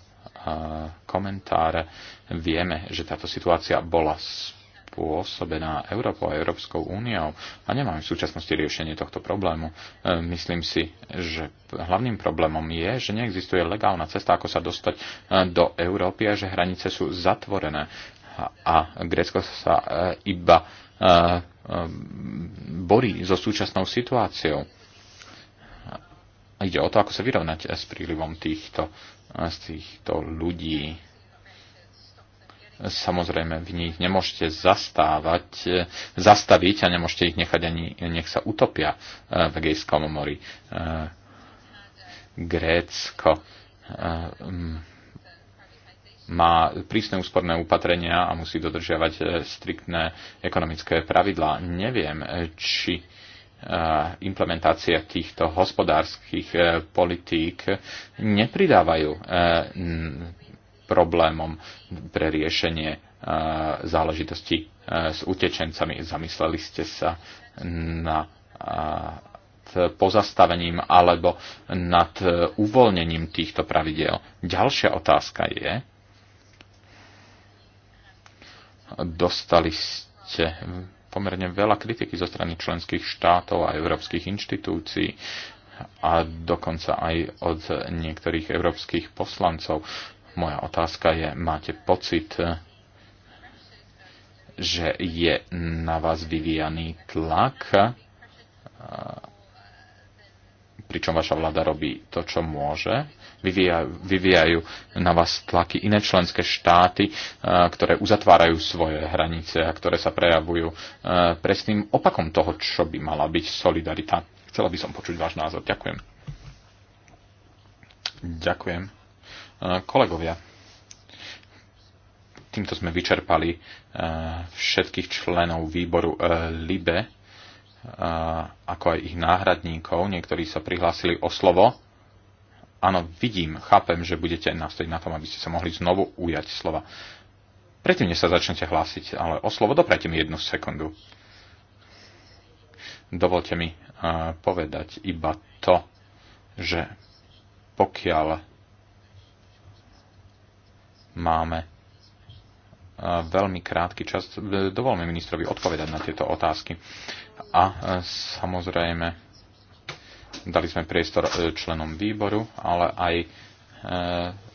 komentáre. Vieme, že táto situácia bola spôsobená Európou a Európskou úniou a nemáme v súčasnosti riešenie tohto problému. E, myslím si, že hlavným problémom je, že neexistuje legálna cesta, ako sa dostať e, do Európy a že hranice sú zatvorené a Grécko sa e, iba borí so súčasnou situáciou. Ide o to, ako sa vyrovnať s prílivom týchto z týchto ľudí. Samozrejme, v nich nemôžete zastávať, zastaviť a nemôžete ich nechať ani, nech sa utopia e, v Egejskom mori. E, Grécko e, mm, má prísne úsporné opatrenia a musí dodržiavať striktné ekonomické pravidlá. Neviem, či implementácia týchto hospodárskych e, politík nepridávajú e, problémom pre riešenie e, záležitosti s utečencami. Zamysleli ste sa na pozastavením alebo nad uvoľnením týchto pravidel. Ďalšia otázka je, dostali ste pomerne veľa kritiky zo strany členských štátov a európskych inštitúcií a dokonca aj od niektorých európskych poslancov. Moja otázka je, máte pocit, že je na vás vyvíjaný tlak, pričom vaša vláda robí to, čo môže, vyvíjajú, vyvíjajú na vás tlaky iné členské štáty, eh, ktoré uzatvárajú svoje hranice a ktoré sa prejavujú eh, presným opakom toho, čo by mala byť solidarita. Chcela by som počuť váš názor. Ďakujem. Ďakujem. Eh, kolegovia, týmto sme vyčerpali všetkých členov výboru LIBE, ako aj ich náhradníkov. Niektorí sa prihlásili o slovo. Áno, vidím, chápem, že budete nastojiť na tom, aby ste sa mohli znovu ujať slova. Predtým, než sa začnete hlásiť, ale o slovo doprajte mi jednu sekundu. Dovolte mi uh, povedať iba to, že pokiaľ máme veľmi krátky čas. E, dovolme ministrovi odpovedať na tieto otázky. A e, samozrejme, Dali sme priestor e, členom výboru, ale aj e,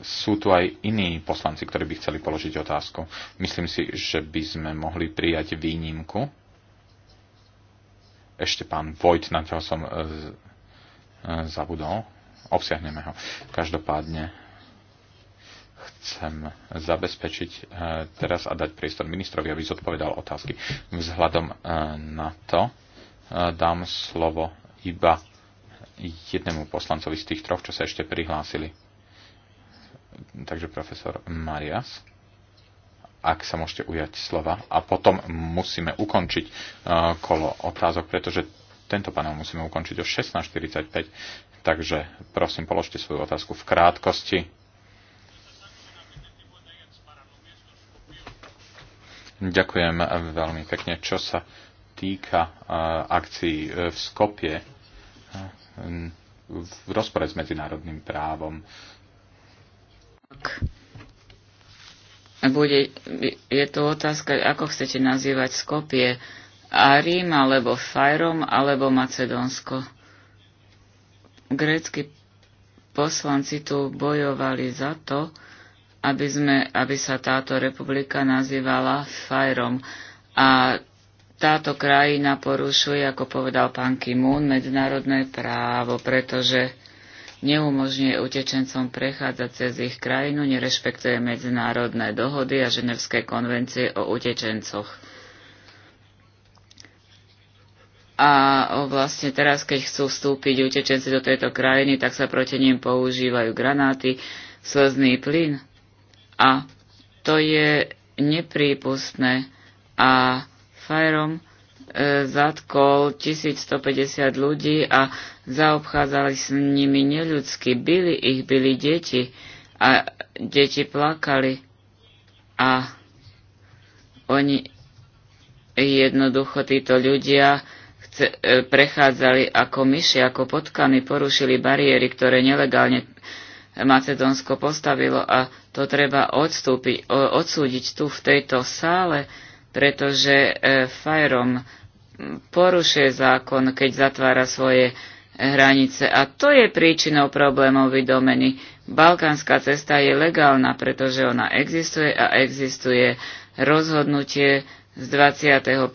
sú tu aj iní poslanci, ktorí by chceli položiť otázku. Myslím si, že by sme mohli prijať výnimku. Ešte pán Vojt, na toho som e, zabudol. Obsiahneme ho. Každopádne chcem zabezpečiť teraz a dať priestor ministrovi, aby zodpovedal otázky. Vzhľadom na to dám slovo iba jednému poslancovi z tých troch, čo sa ešte prihlásili. Takže profesor Marias, ak sa môžete ujať slova. A potom musíme ukončiť uh, kolo otázok, pretože tento panel musíme ukončiť o 16.45. Takže prosím, položte svoju otázku v krátkosti. Ďakujem veľmi pekne. Čo sa týka uh, akcií uh, v Skopie, v rozpore s medzinárodným právom. Ak bude, je tu otázka, ako chcete nazývať Skopie, a Rím, alebo Fajrom, alebo Macedónsko. Grécky poslanci tu bojovali za to, aby, sme, aby sa táto republika nazývala Fajrom. A táto krajina porušuje, ako povedal pán Kimún, medzinárodné právo, pretože neumožňuje utečencom prechádzať cez ich krajinu, nerešpektuje medzinárodné dohody a ženevské konvencie o utečencoch. A vlastne teraz, keď chcú vstúpiť utečenci do tejto krajiny, tak sa proti ním používajú granáty, slzný plyn. A to je neprípustné. A Fajrom e, zatkol 1150 ľudí a zaobchádzali s nimi neľudsky, byli ich, byli deti a deti plakali a oni jednoducho títo ľudia chce, e, prechádzali ako myši, ako potkany, porušili bariéry, ktoré nelegálne Macedónsko postavilo a to treba odstúpiť, odsúdiť tu v tejto sále, pretože e, Fajrom porušuje zákon, keď zatvára svoje hranice. A to je príčinou problémov vydomeny. Balkánska cesta je legálna, pretože ona existuje a existuje rozhodnutie z 25.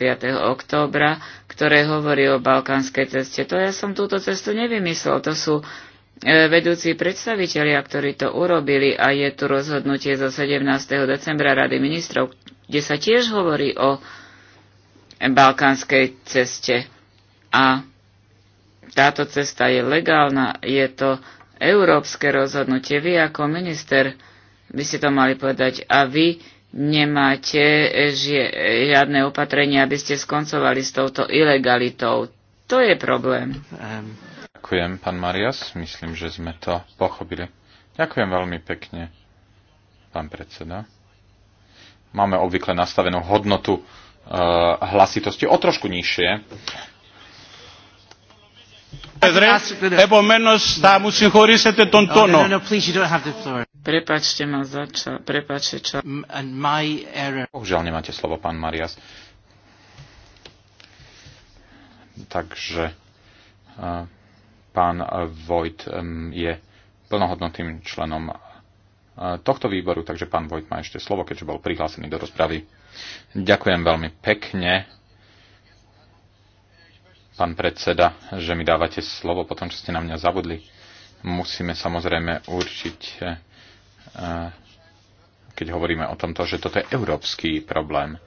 októbra, ktoré hovorí o balkánskej ceste. To ja som túto cestu nevymyslel. To sú E, vedúci predstavitelia, ktorí to urobili a je tu rozhodnutie zo 17. decembra Rady ministrov, kde sa tiež hovorí o balkánskej ceste. A táto cesta je legálna, je to európske rozhodnutie. Vy ako minister by ste to mali povedať a vy nemáte žiadne opatrenia, aby ste skoncovali s touto ilegalitou. To je problém. Um. Ďakujem, pán Marias. Myslím, že sme to pochopili. Ďakujem veľmi pekne, pán predseda. Máme obvykle nastavenú hodnotu e, hlasitosti o trošku nižšie. Prepačte ma za čas. Prepačte čas. Bohužiaľ nemáte slovo, pán Marias. Takže uh, Pán Vojt je plnohodnotným členom eh, tohto výboru, takže pán Vojt má ešte slovo, keďže bol prihlásený do rozpravy. Ďakujem veľmi pekne, pán predseda, že mi dávate slovo po tom, čo ste na mňa zabudli. Musíme samozrejme určiť, eh, keď hovoríme o tomto, že toto je európsky problém.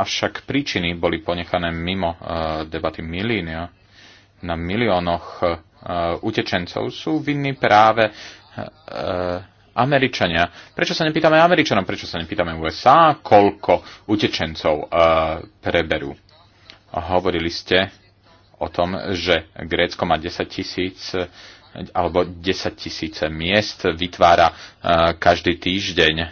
Avšak príčiny boli ponechané mimo eh, debaty milénia na miliónoch e, utečencov sú vinní práve e, Američania. Prečo sa nepýtame Američanom? Prečo sa nepýtame USA, koľko utečencov e, preberú? Hovorili ste o tom, že Grécko má 10 tisíc alebo 10 tisíce miest vytvára každý týždeň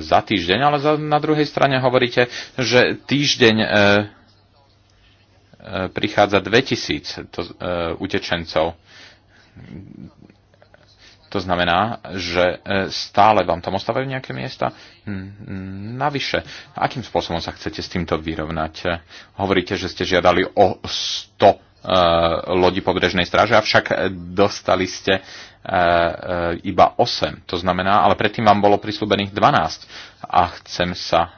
za týždeň, ale za, na druhej strane hovoríte, že týždeň prichádza 2000 to, uh, utečencov. To znamená, že e, stále vám tam ostávajú nejaké miesta? Hm, hm, navyše, akým spôsobom sa chcete s týmto vyrovnať? Hovoríte, že ste žiadali o 100 e, lodi pobrežnej stráže, avšak dostali ste iba 8. To znamená, ale predtým vám bolo prislúbených 12. A chcem sa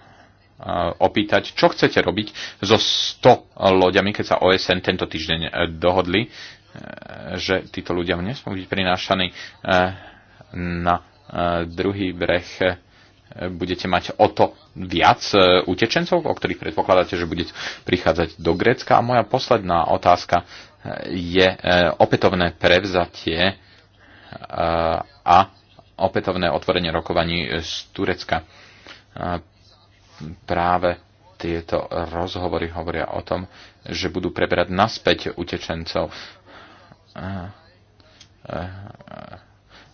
opýtať, čo chcete robiť so 100 loďami, keď sa OSN tento týždeň e, dohodli, e, že títo ľudia nesmú byť prinášaní e, na druhý breh. Budete mať o to viac utečencov, o ktorých predpokladáte, že budete prichádzať do Grécka. A moja posledná otázka je opätovné prevzatie a opätovné otvorenie rokovaní z Turecka práve tieto rozhovory hovoria o tom, že budú preberať naspäť utečencov.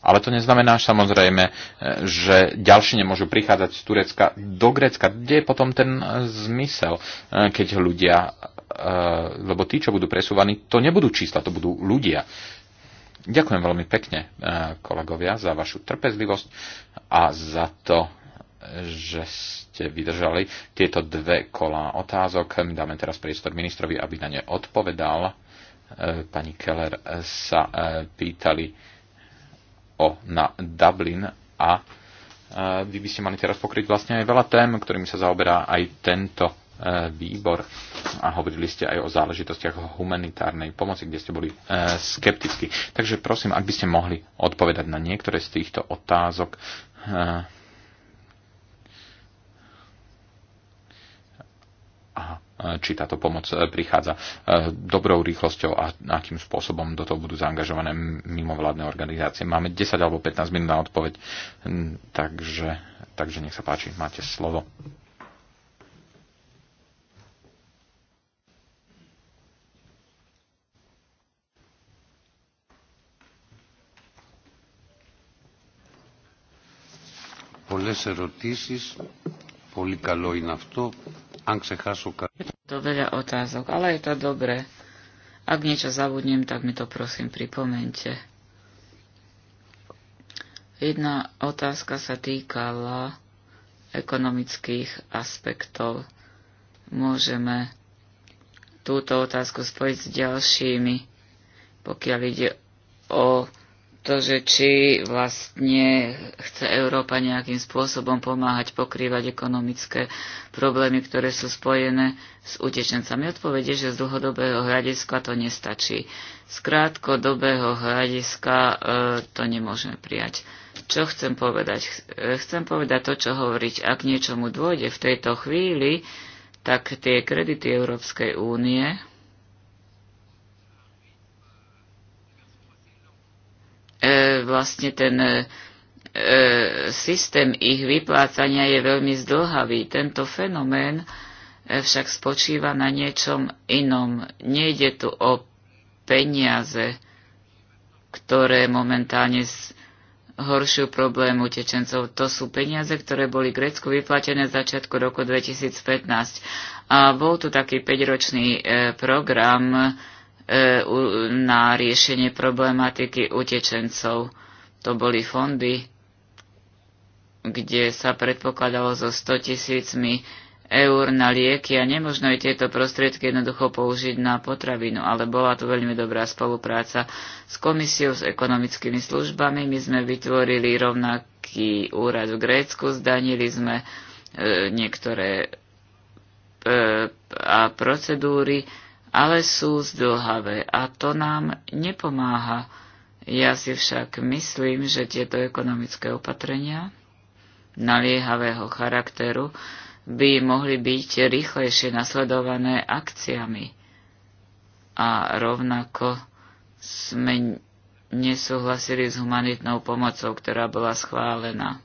Ale to neznamená samozrejme, že ďalší nemôžu prichádzať z Turecka do Grécka. Kde je potom ten zmysel, keď ľudia, lebo tí, čo budú presúvaní, to nebudú čísla, to budú ľudia. Ďakujem veľmi pekne, kolegovia, za vašu trpezlivosť a za to, že ste vydržali tieto dve kolá otázok. My dáme teraz priestor ministrovi, aby na ne odpovedal. E, pani Keller sa e, pýtali o, na Dublin a e, vy by ste mali teraz pokryť vlastne aj veľa tém, ktorými sa zaoberá aj tento výbor a hovorili ste aj o záležitostiach humanitárnej pomoci, kde ste boli skeptickí. Takže prosím, ak by ste mohli odpovedať na niektoré z týchto otázok, a e, či táto pomoc e, prichádza e, dobrou rýchlosťou a akým spôsobom do toho budú zaangažované mimovládne organizácie. Máme 10 alebo 15 minút na odpoveď, takže, takže nech sa páči, máte slovo. Πολλές ερωτήσεις Πολύ καλό είναι αυτό. Αν ξεχάσω κάτι... To veľa otázok, ale je to dobré. Ak niečo zabudnem, tak mi to prosím pripomente. Jedna otázka sa týkala ekonomických aspektov. Môžeme túto otázku spojiť s ďalšími, pokiaľ ide o to, že či vlastne chce Európa nejakým spôsobom pomáhať pokrývať ekonomické problémy, ktoré sú spojené s utečencami. Odpovede, že z dlhodobého hľadiska to nestačí. Z krátkodobého hľadiska e, to nemôžeme prijať. Čo chcem povedať? E, chcem povedať to, čo hovoriť. Ak niečomu dôjde v tejto chvíli, tak tie kredity Európskej únie vlastne ten e, e, systém ich vyplácania je veľmi zdlhavý. Tento fenomén e, však spočíva na niečom inom. Nejde tu o peniaze, ktoré momentálne horšiu problém utečencov. To sú peniaze, ktoré boli Grécku vyplatené začiatku roku 2015. A bol tu taký 5-ročný e, program E, na riešenie problematiky utečencov. To boli fondy, kde sa predpokladalo so 100 tisícmi eur na lieky a nemožno i tieto prostriedky jednoducho použiť na potravinu, ale bola to veľmi dobrá spolupráca s komisiou, s ekonomickými službami. My sme vytvorili rovnaký úrad v Grécku, zdanili sme e, niektoré e, a procedúry ale sú zdlhavé a to nám nepomáha. Ja si však myslím, že tieto ekonomické opatrenia naliehavého charakteru by mohli byť rýchlejšie nasledované akciami. A rovnako sme nesúhlasili s humanitnou pomocou, ktorá bola schválená.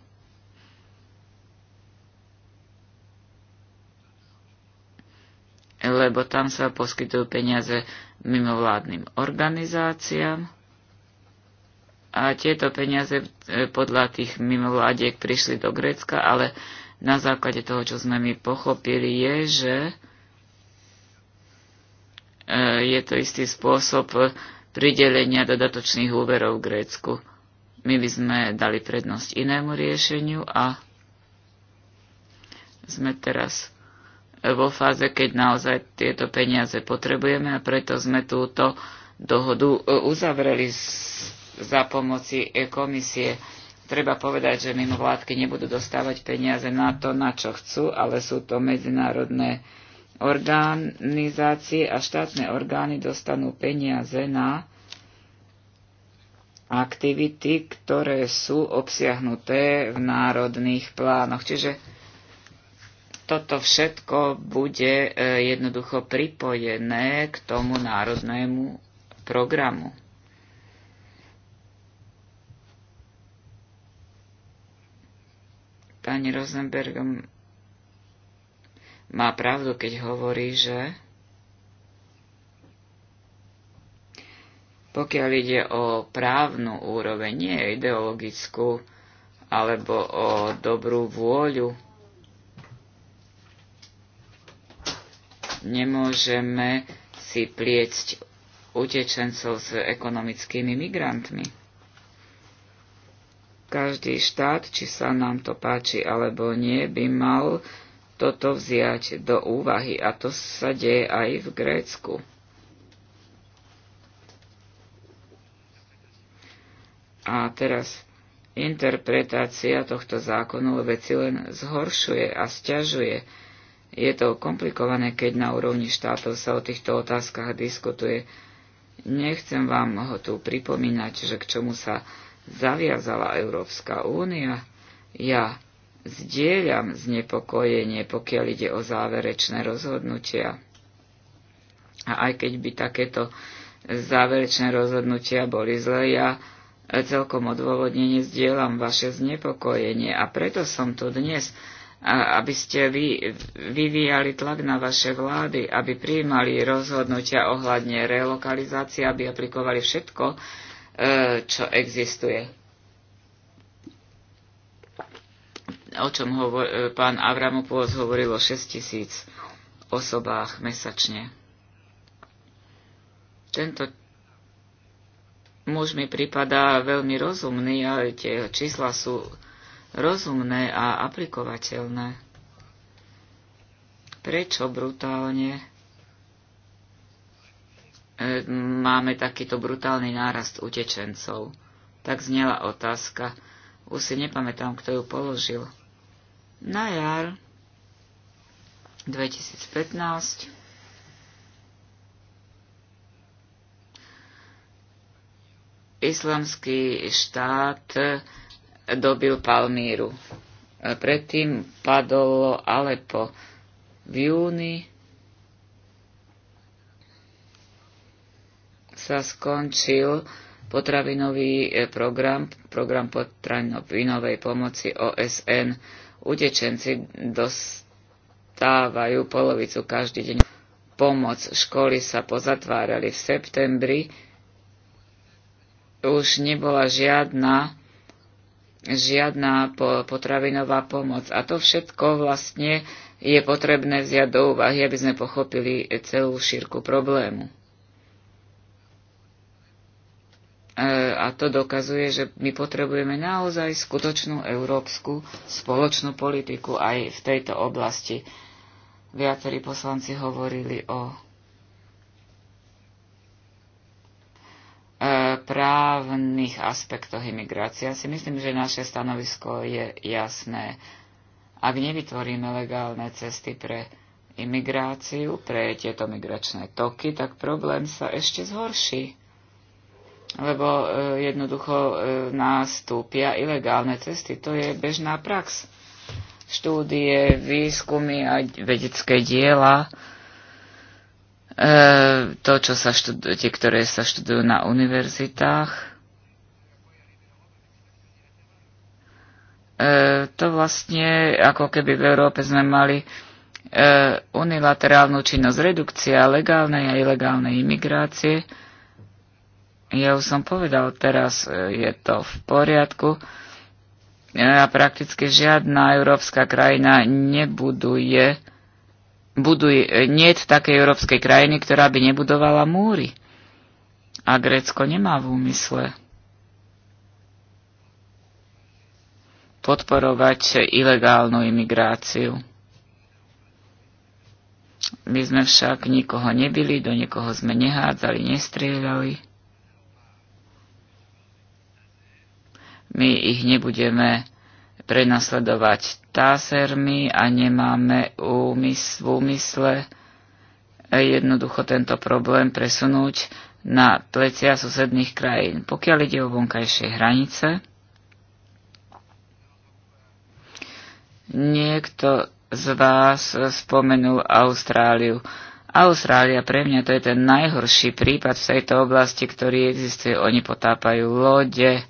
lebo tam sa poskytujú peniaze mimovládnym organizáciám a tieto peniaze e, podľa tých mimovládiek prišli do Grécka, ale na základe toho, čo sme my pochopili, je, že e, je to istý spôsob pridelenia dodatočných úverov v Grécku. My by sme dali prednosť inému riešeniu a sme teraz vo fáze, keď naozaj tieto peniaze potrebujeme a preto sme túto dohodu e, uzavreli za pomoci e, komisie. Treba povedať, že mimo vládky nebudú dostávať peniaze na to, na čo chcú, ale sú to medzinárodné organizácie a štátne orgány dostanú peniaze na aktivity, ktoré sú obsiahnuté v národných plánoch. Čiže toto všetko bude e, jednoducho pripojené k tomu národnému programu. Pani Rosenberg má pravdu, keď hovorí, že pokiaľ ide o právnu úroveň, nie ideologickú, alebo o dobrú vôľu, nemôžeme si pliecť utečencov s ekonomickými migrantmi. Každý štát, či sa nám to páči alebo nie, by mal toto vziať do úvahy a to sa deje aj v Grécku. A teraz interpretácia tohto zákonu veci len zhoršuje a stiažuje je to komplikované, keď na úrovni štátov sa o týchto otázkach diskutuje. Nechcem vám ho tu pripomínať, že k čomu sa zaviazala Európska únia. Ja zdieľam znepokojenie, pokiaľ ide o záverečné rozhodnutia. A aj keď by takéto záverečné rozhodnutia boli zlé, ja celkom odôvodnene zdieľam vaše znepokojenie a preto som tu dnes, aby ste vy, vyvíjali tlak na vaše vlády, aby prijímali rozhodnutia ohľadne relokalizácie, aby aplikovali všetko, e, čo existuje. O čom hovor, e, pán Avramopoulos hovoril o 6 tisíc osobách mesačne. Tento muž mi pripadá veľmi rozumný, ale tie čísla sú rozumné a aplikovateľné. Prečo brutálne e, máme takýto brutálny nárast utečencov? Tak znela otázka. Už si nepamätám, kto ju položil. Na jar 2015 islamský štát dobil Palmíru. Predtým padlo Alepo v júni sa skončil potravinový e, program, program potravinovej pomoci OSN. Utečenci dostávajú polovicu každý deň. Pomoc školy sa pozatvárali v septembri. Už nebola žiadna žiadna potravinová pomoc. A to všetko vlastne je potrebné vziať do úvahy, aby sme pochopili celú šírku problému. E, a to dokazuje, že my potrebujeme naozaj skutočnú európsku spoločnú politiku aj v tejto oblasti. Viacerí poslanci hovorili o E, právnych aspektoch imigrácie. Ja si myslím, že naše stanovisko je jasné. Ak nevytvoríme legálne cesty pre imigráciu, pre tieto migračné toky, tak problém sa ešte zhorší. Lebo e, jednoducho e, nástúpia ilegálne cesty. To je bežná prax. Štúdie, výskumy a vedecké diela E, to, čo sa študujú, tie, ktoré sa študujú na univerzitách. E, to vlastne, ako keby v Európe sme mali e, unilaterálnu činnosť redukcia legálnej a ilegálnej imigrácie. Ja už som povedal, teraz je to v poriadku a prakticky žiadna európska krajina nebuduje buduj, e, nie také takej európskej krajiny, ktorá by nebudovala múry. A Grécko nemá v úmysle podporovať ilegálnu imigráciu. My sme však nikoho nebili, do nikoho sme nehádzali, nestrieľali. My ich nebudeme prenasledovať tásermi a nemáme úmysl, v úmysle jednoducho tento problém presunúť na plecia susedných krajín. Pokiaľ ide o vonkajšie hranice, niekto z vás spomenul Austráliu. Austrália pre mňa to je ten najhorší prípad v tejto oblasti, ktorý existuje. Oni potápajú lode,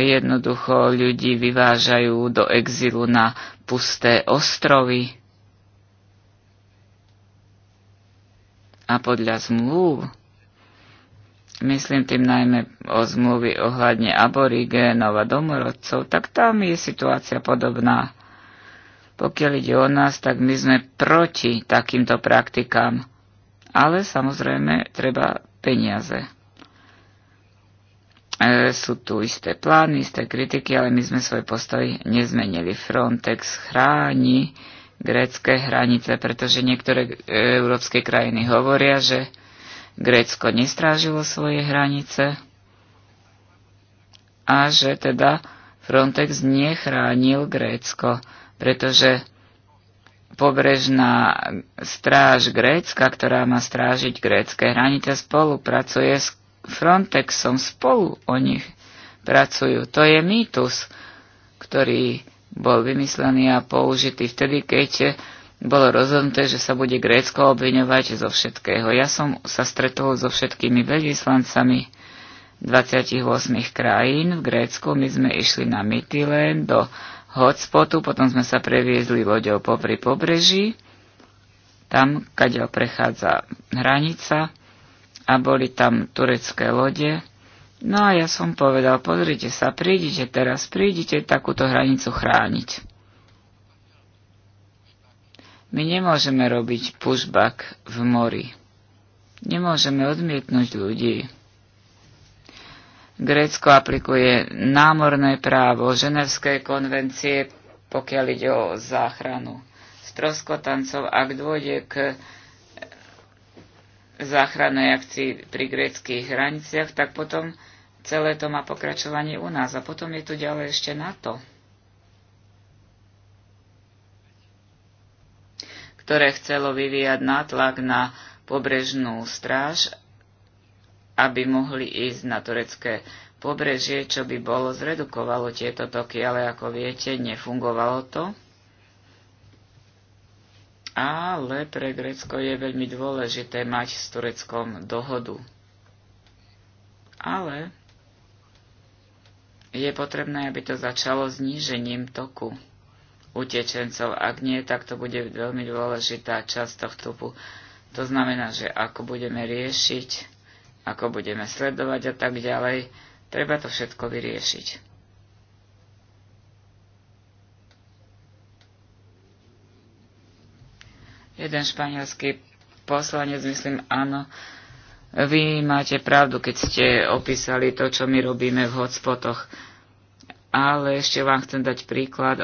Jednoducho ľudí vyvážajú do exilu na pusté ostrovy. A podľa zmluv, myslím tým najmä o zmluvy ohľadne aborigénov a domorodcov, tak tam je situácia podobná. Pokiaľ ide o nás, tak my sme proti takýmto praktikám. Ale samozrejme treba peniaze. E, sú tu isté plány, isté kritiky, ale my sme svoj postoj nezmenili. Frontex chráni grécké hranice, pretože niektoré e, európske krajiny hovoria, že Grécko nestrážilo svoje hranice a že teda Frontex nechránil Grécko, pretože pobrežná stráž Grécka, ktorá má strážiť grécké hranice, spolupracuje s Frontexom spolu o nich pracujú. To je mýtus, ktorý bol vymyslený a použitý vtedy, keď bolo rozhodnuté, že sa bude Grécko obviňovať zo všetkého. Ja som sa stretol so všetkými veľvyslancami 28 krajín v Grécku. My sme išli na Mytilén do hotspotu, potom sme sa previezli loďou popri pobreží, tam, kadeľ prechádza hranica a boli tam turecké lode. No a ja som povedal, pozrite sa, prídite teraz, prídite takúto hranicu chrániť. My nemôžeme robiť pushback v mori. Nemôžeme odmietnúť ľudí. Grécko aplikuje námorné právo, ženevské konvencie, pokiaľ ide o záchranu stroskotancov, ak dôjde k záchrannej akcii pri gréckých hraniciach, tak potom celé to má pokračovanie u nás. A potom je tu ďalej ešte NATO, ktoré chcelo vyvíjať nátlak na pobrežnú stráž, aby mohli ísť na turecké pobrežie, čo by bolo zredukovalo tieto toky, ale ako viete, nefungovalo to ale pre Grécko je veľmi dôležité mať s Tureckom dohodu. Ale je potrebné, aby to začalo znížením toku utečencov. Ak nie, tak to bude veľmi dôležitá časť tohto vstupu. To znamená, že ako budeme riešiť, ako budeme sledovať a tak ďalej, treba to všetko vyriešiť. Jeden španielský poslanec, myslím, áno, vy máte pravdu, keď ste opísali to, čo my robíme v hotspotoch. Ale ešte vám chcem dať príklad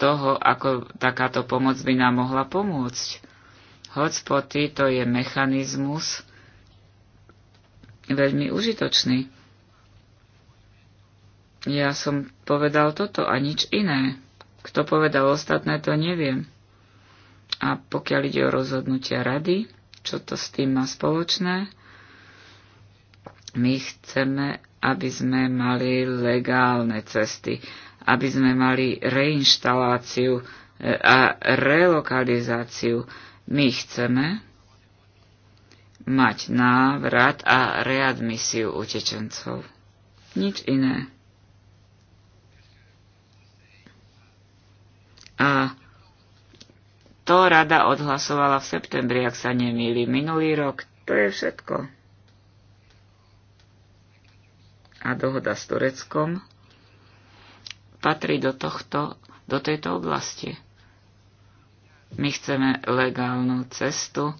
toho, ako takáto pomoc by nám mohla pomôcť. Hotspoty to je mechanizmus veľmi užitočný. Ja som povedal toto a nič iné. Kto povedal ostatné, to neviem. A pokiaľ ide o rozhodnutia rady, čo to s tým má spoločné, my chceme, aby sme mali legálne cesty, aby sme mali reinštaláciu e, a relokalizáciu. My chceme mať návrat a readmisiu utečencov. Nič iné. A to rada odhlasovala v septembri, ak sa nemýli, minulý rok. To je všetko. A dohoda s Tureckom patrí do, tohto, do tejto oblasti. My chceme legálnu cestu,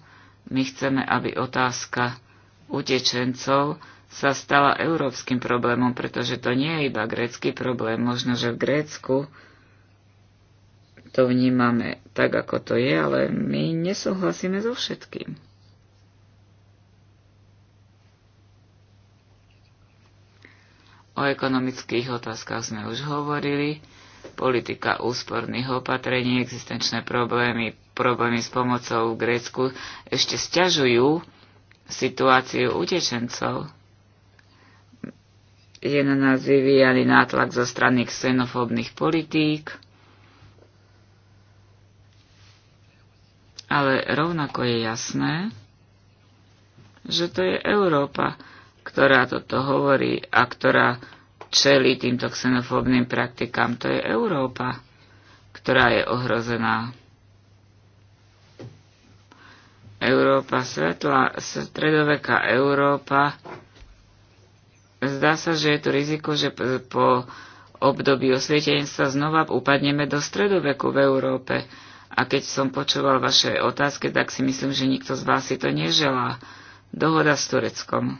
my chceme, aby otázka utečencov sa stala európskym problémom, pretože to nie je iba grécky problém. Možno, že v Grécku to vnímame tak, ako to je, ale my nesúhlasíme so všetkým. O ekonomických otázkach sme už hovorili, politika úsporných opatrení, existenčné problémy, problémy s pomocou v Grécku ešte stiažujú situáciu utečencov. Je na nás vyvíjali nátlak zo strany xenofóbnych politík, Ale rovnako je jasné, že to je Európa, ktorá toto hovorí a ktorá čelí týmto xenofóbnym praktikám. To je Európa, ktorá je ohrozená. Európa svetla, stredoveká Európa. Zdá sa, že je tu riziko, že po období osvietenstva znova upadneme do stredoveku v Európe. A keď som počúval vaše otázky, tak si myslím, že nikto z vás si to neželá. Dohoda s Tureckom.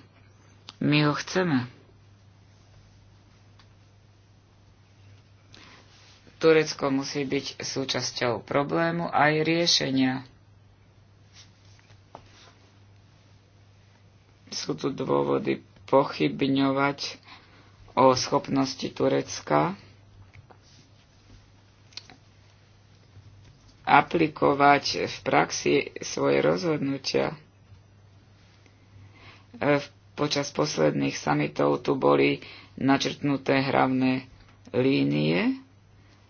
My ho chceme. Turecko musí byť súčasťou problému aj riešenia. Sú tu dôvody pochybňovať o schopnosti Turecka aplikovať v praxi svoje rozhodnutia. E, počas posledných samitov tu boli načrtnuté hravné línie,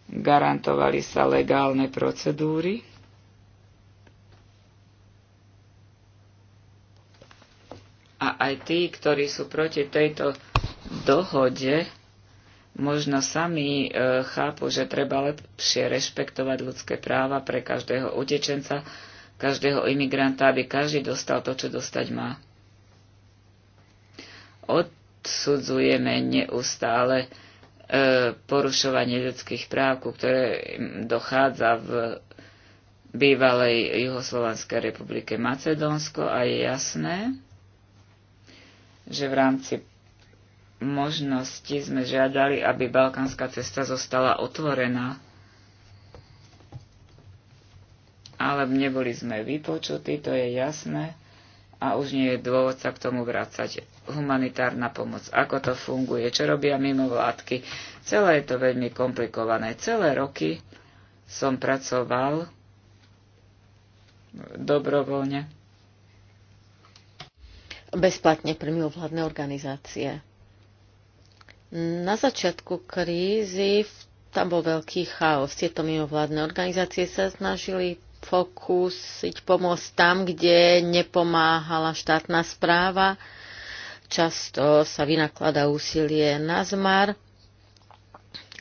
garantovali sa legálne procedúry, a aj tí, ktorí sú proti tejto dohode, možno sami e, chápu, že treba lepšie rešpektovať ľudské práva pre každého utečenca, každého imigranta, aby každý dostal to, čo dostať má. Odsudzujeme neustále e, porušovanie ľudských práv, ku ktoré dochádza v bývalej Juhoslovanskej republike Macedónsko a je jasné, že v rámci možnosti sme žiadali, aby balkánska cesta zostala otvorená. Ale neboli sme vypočutí, to je jasné, a už nie je dôvod sa k tomu vrácať. Humanitárna pomoc, ako to funguje, čo robia mimo vládky. Celé je to veľmi komplikované. Celé roky som pracoval dobrovoľne. Bezplatne pre mimovládne organizácie na začiatku krízy tam bol veľký chaos. Tieto mimovládne organizácie sa snažili pokúsiť pomôcť tam, kde nepomáhala štátna správa. Často sa vynakladá úsilie na zmar.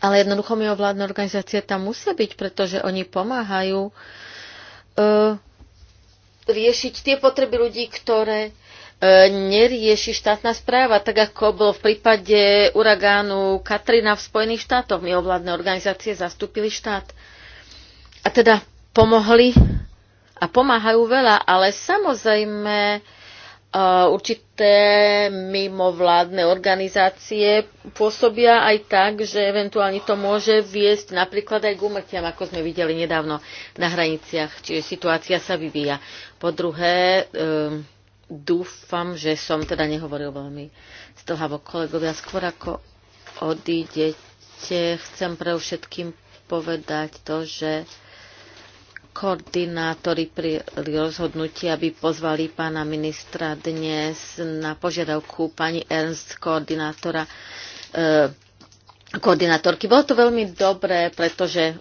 Ale jednoducho mimovládne organizácie tam musia byť, pretože oni pomáhajú uh, riešiť tie potreby ľudí, ktoré E, nerieši štátna správa, tak ako bolo v prípade uragánu Katrina v Spojených štátoch. Mimovládne organizácie zastúpili štát. A teda pomohli a pomáhajú veľa, ale samozrejme e, určité mimovládne organizácie pôsobia aj tak, že eventuálne to môže viesť napríklad aj k umrtiam, ako sme videli nedávno na hraniciach, čiže situácia sa vyvíja. Po druhé, e, Dúfam, že som teda nehovoril veľmi zdlhavo. Kolegovia, skôr ako odídete, chcem pre všetkým povedať to, že koordinátori pri rozhodnutí, aby pozvali pána ministra dnes na požiadavku pani Ernst, koordinátora, eh, koordinátorky. Bolo to veľmi dobré, pretože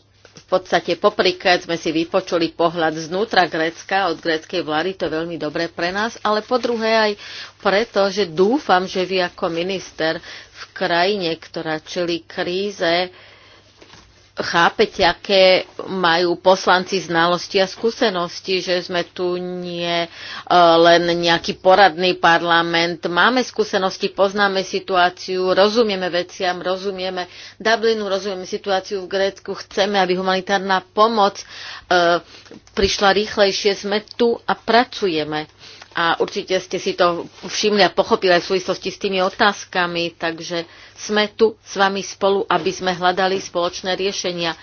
podstate poprýkrát sme si vypočuli pohľad znútra Grécka od gréckej vlády, to je veľmi dobré pre nás, ale po druhé aj preto, že dúfam, že vy ako minister v krajine, ktorá čeli kríze, chápete, aké majú poslanci znalosti a skúsenosti, že sme tu nie e, len nejaký poradný parlament. Máme skúsenosti, poznáme situáciu, rozumieme veciam, rozumieme Dublinu, rozumieme situáciu v Grécku, chceme, aby humanitárna pomoc e, prišla rýchlejšie. Sme tu a pracujeme a určite ste si to všimli a pochopili aj v súvislosti s tými otázkami, takže sme tu s vami spolu, aby sme hľadali spoločné riešenia.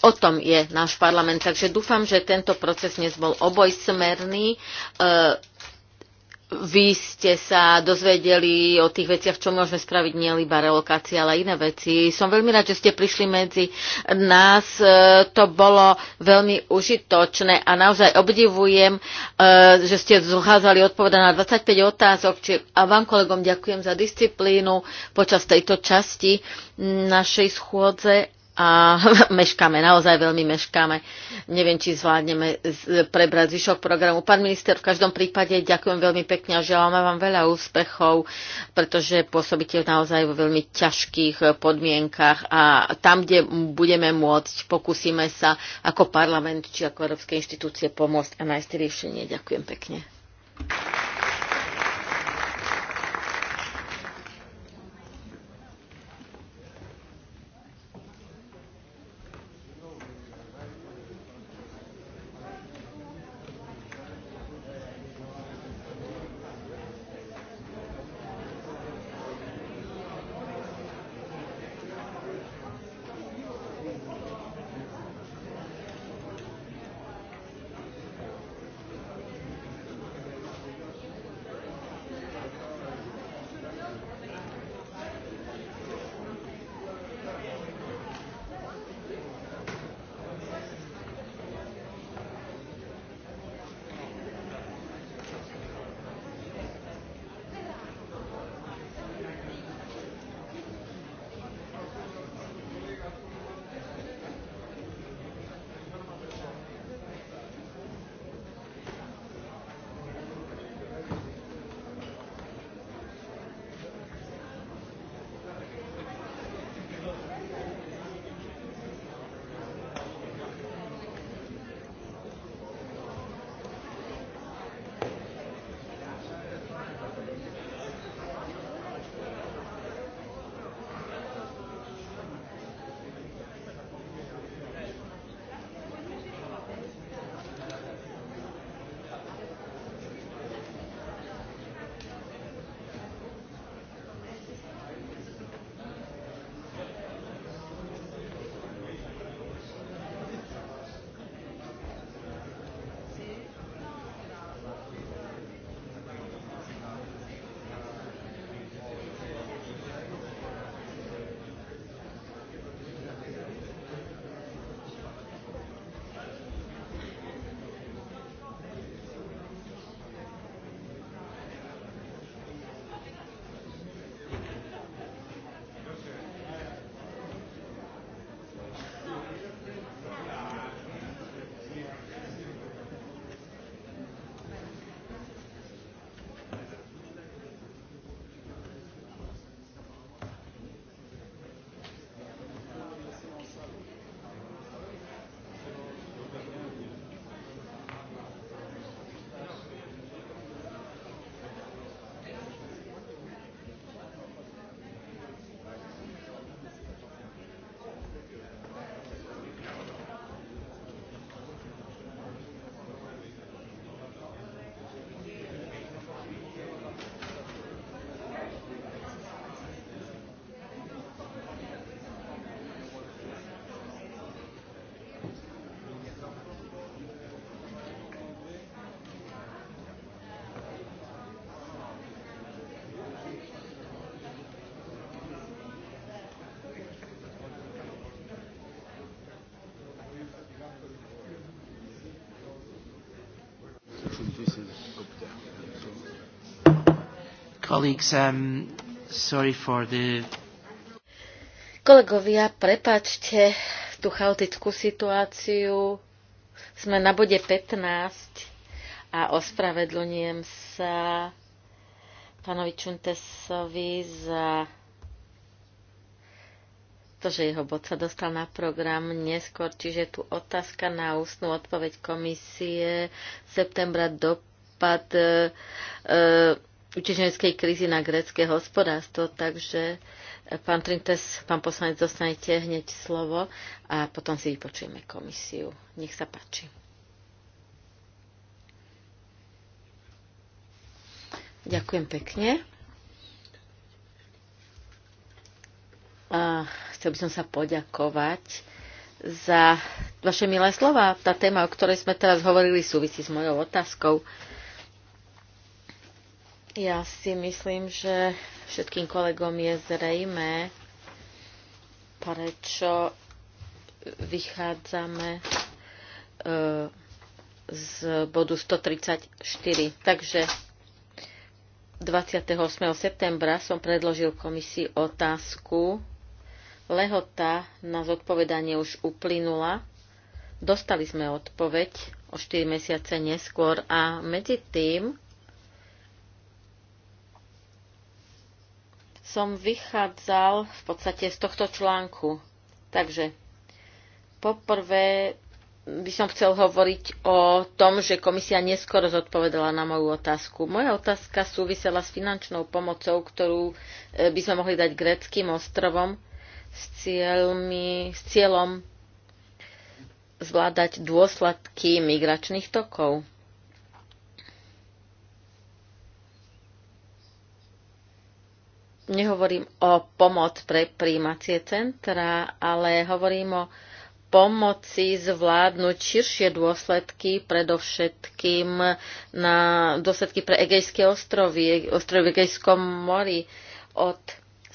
O tom je náš parlament, takže dúfam, že tento proces dnes bol obojsmerný. E, vy ste sa dozvedeli o tých veciach, čo môžeme spraviť, nie iba relokácie, ale iné veci. Som veľmi rád, že ste prišli medzi nás. E, to bolo veľmi užitočné a naozaj obdivujem, e, že ste zochádzali odpoveda na 25 otázok. Či, a vám kolegom ďakujem za disciplínu počas tejto časti našej schôdze a meškáme, naozaj veľmi meškáme. Neviem, či zvládneme prebrať zvyšok programu. Pán minister, v každom prípade ďakujem veľmi pekne a želáme vám veľa úspechov, pretože pôsobíte naozaj vo veľmi ťažkých eh, podmienkach a tam, kde budeme môcť, pokúsime sa ako parlament či ako európske inštitúcie pomôcť a nájsť riešenie. Ďakujem pekne. Colleagues, um, sorry for the... Kolegovia, prepačte tú chaotickú situáciu. Sme na bode 15 a ospravedlňujem sa pánovi Čuntesovi za to, že jeho bod sa dostal na program neskôr, čiže tu otázka na ústnu odpoveď komisie septembra dopad e, e utečeneckej krízy na grécké hospodárstvo, takže e, pán Trintes, pán poslanec, dostanete hneď slovo a potom si vypočujeme komisiu. Nech sa páči. Ďakujem pekne. Uh, Chcel by som sa poďakovať za vaše milé slova. Tá téma, o ktorej sme teraz hovorili, súvisí s mojou otázkou. Ja si myslím, že všetkým kolegom je zrejme, prečo vychádzame e, z bodu 134. Takže 28. septembra som predložil komisii otázku Lehota na zodpovedanie už uplynula. Dostali sme odpoveď o 4 mesiace neskôr a medzi tým som vychádzal v podstate z tohto článku. Takže poprvé by som chcel hovoriť o tom, že komisia neskoro zodpovedala na moju otázku. Moja otázka súvisela s finančnou pomocou, ktorú e, by sme mohli dať greckým ostrovom s, cieľmi, s cieľom zvládať dôsledky migračných tokov. Nehovorím o pomoc pre príjmacie centra, ale hovorím o pomoci zvládnuť širšie dôsledky, predovšetkým na dôsledky pre Egejské ostrovy, ostrovy v Egejskom mori od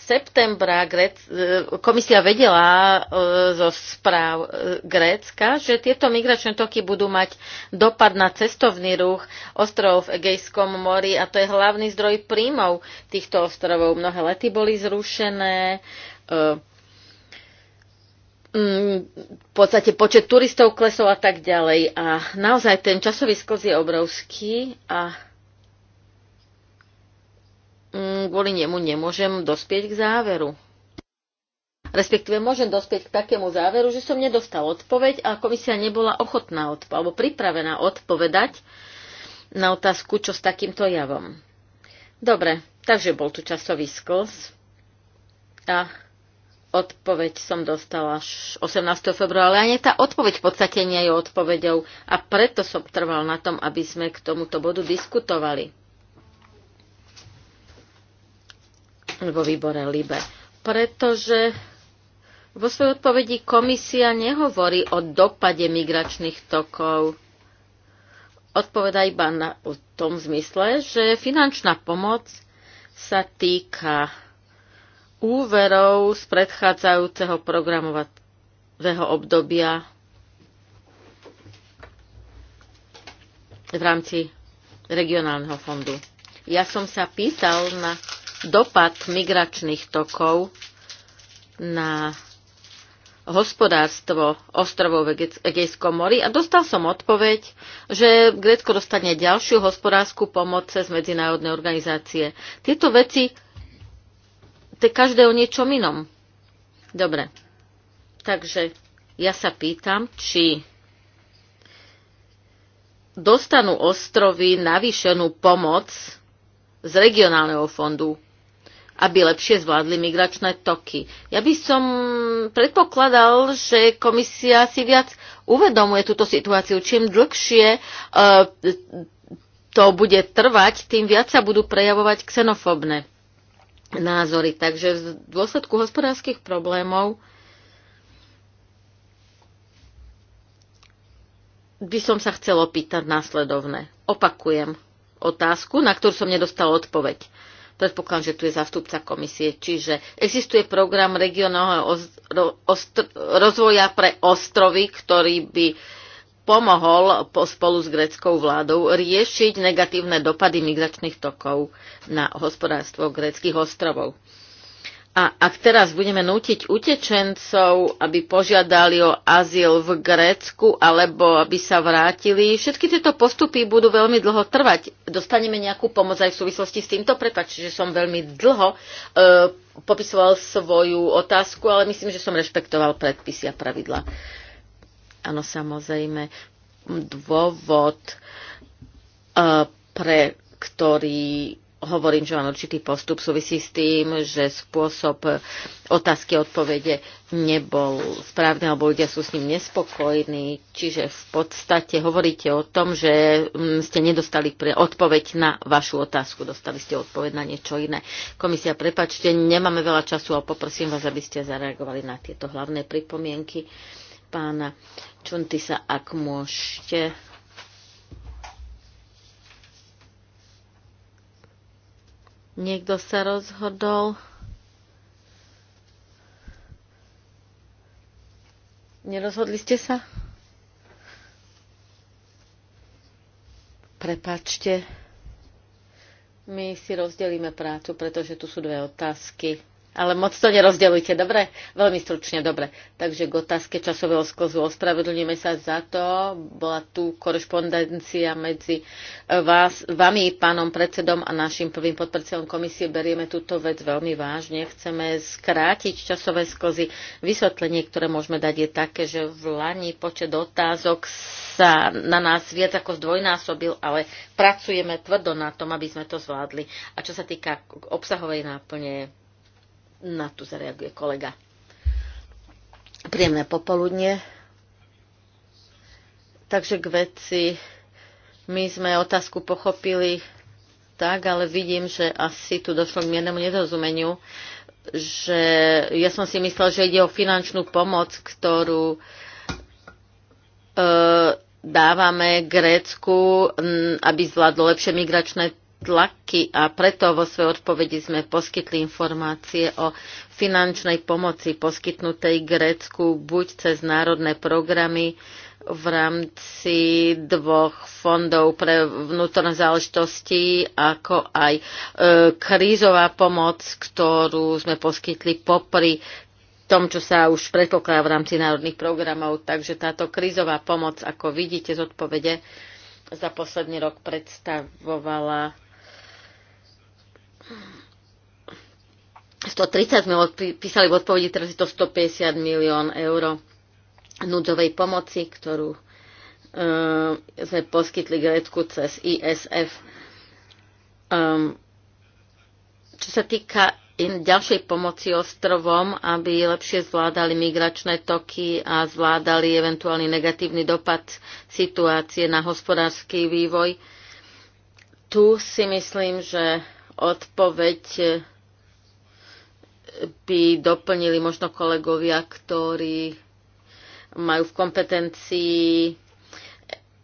septembra e, komisia vedela e, zo správ e, Grécka, že tieto migračné toky budú mať dopad na cestovný ruch ostrovov v Egejskom mori a to je hlavný zdroj príjmov týchto ostrovov. Mnohé lety boli zrušené, v podstate počet turistov klesol a tak ďalej. A naozaj ten časový sklz je obrovský a Mm, kvôli nemu nemôžem dospieť k záveru. Respektíve môžem dospieť k takému záveru, že som nedostal odpoveď a komisia nebola ochotná odpo- alebo pripravená odpovedať na otázku, čo s takýmto javom. Dobre, takže bol tu časový sklz a odpoveď som dostala až 18. februára, ale ani tá odpoveď v podstate nie je odpoveďou a preto som trval na tom, aby sme k tomuto bodu diskutovali. vo výbore LIBE. Pretože vo svojej odpovedi komisia nehovorí o dopade migračných tokov. Odpoveda iba na, v tom zmysle, že finančná pomoc sa týka úverov z predchádzajúceho programového obdobia v rámci regionálneho fondu. Ja som sa pýtal na dopad migračných tokov na hospodárstvo ostrovov v Egejskom mori a dostal som odpoveď, že Grécko dostane ďalšiu hospodárskú pomoc cez medzinárodné organizácie. Tieto veci, to je každé o niečom inom. Dobre, takže ja sa pýtam, či dostanú ostrovy navýšenú pomoc z regionálneho fondu aby lepšie zvládli migračné toky. Ja by som predpokladal, že komisia si viac uvedomuje túto situáciu. Čím dlhšie e, to bude trvať, tým viac sa budú prejavovať xenofobné názory. Takže v dôsledku hospodárskych problémov by som sa chcel opýtať následovné. Opakujem otázku, na ktorú som nedostal odpoveď Predpokladám, že tu je zastupca komisie. Čiže existuje program regionálneho rozvoja pre ostrovy, ktorý by pomohol po, spolu s greckou vládou riešiť negatívne dopady migračných tokov na hospodárstvo greckých ostrovov. A ak teraz budeme nútiť utečencov, aby požiadali o azyl v Grécku alebo aby sa vrátili, všetky tieto postupy budú veľmi dlho trvať. Dostaneme nejakú pomoc aj v súvislosti s týmto. Prepačte, že som veľmi dlho e, popisoval svoju otázku, ale myslím, že som rešpektoval predpisy a pravidla. Áno, samozrejme, dôvod, e, pre ktorý hovorím, že mám určitý postup súvisí s tým, že spôsob otázky a odpovede nebol správny, alebo ľudia sú s ním nespokojní. Čiže v podstate hovoríte o tom, že mm, ste nedostali pre odpoveď na vašu otázku, dostali ste odpoveď na niečo iné. Komisia, prepačte, nemáme veľa času, ale poprosím vás, aby ste zareagovali na tieto hlavné pripomienky pána sa, ak môžete Niekto sa rozhodol Nerozhodli ste sa? Prepačte. My si rozdelíme prácu, pretože tu sú dve otázky ale moc to nerozdelujte, dobre? Veľmi stručne, dobre. Takže k otázke časového sklzu ospravedlníme sa za to. Bola tu korešpondencia medzi eh, vás, vami, pánom predsedom a našim prvým podpredsedom komisie. Berieme túto vec veľmi vážne. Chceme skrátiť časové sklzy. Vysvetlenie, ktoré môžeme dať, je také, že v Lani počet otázok sa na nás viac ako zdvojnásobil, ale pracujeme tvrdo na tom, aby sme to zvládli. A čo sa týka obsahovej náplne, na tu zareaguje kolega. Príjemné popoludne. Takže k veci. My sme otázku pochopili tak, ale vidím, že asi tu došlo k miernému nedozumeniu, že ja som si myslel, že ide o finančnú pomoc, ktorú e, dávame Grécku, aby zvládlo lepšie migračné tlaky a preto vo svojej odpovedi sme poskytli informácie o finančnej pomoci poskytnutej Grécku buď cez národné programy v rámci dvoch fondov pre vnútorné záležitosti, ako aj e, krízová pomoc, ktorú sme poskytli popri tom, čo sa už predpokladá v rámci národných programov. Takže táto krízová pomoc, ako vidíte z odpovede, za posledný rok predstavovala 130 sme písali v odpovedi, teraz je to 150 milión eur núdzovej pomoci, ktorú eh, sme poskytli Grécku cez ISF. Um, ehm, čo sa týka in, ďalšej pomoci ostrovom, aby lepšie zvládali migračné toky a zvládali eventuálny negatívny dopad situácie na hospodársky vývoj, tu si myslím, že odpoveď by doplnili možno kolegovia, ktorí majú v kompetencii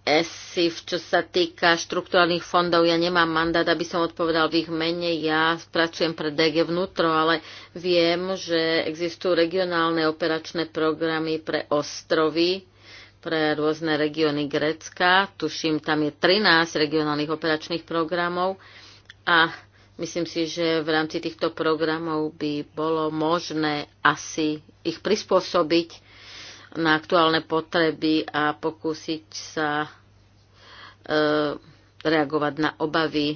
ESIF, čo sa týka štruktúrnych fondov. Ja nemám mandát, aby som odpovedal v ich mene. Ja pracujem pre DG vnútro, ale viem, že existujú regionálne operačné programy pre ostrovy, pre rôzne regióny Grécka. Tuším, tam je 13 regionálnych operačných programov a Myslím si, že v rámci týchto programov by bolo možné asi ich prispôsobiť na aktuálne potreby a pokúsiť sa e, reagovať na obavy,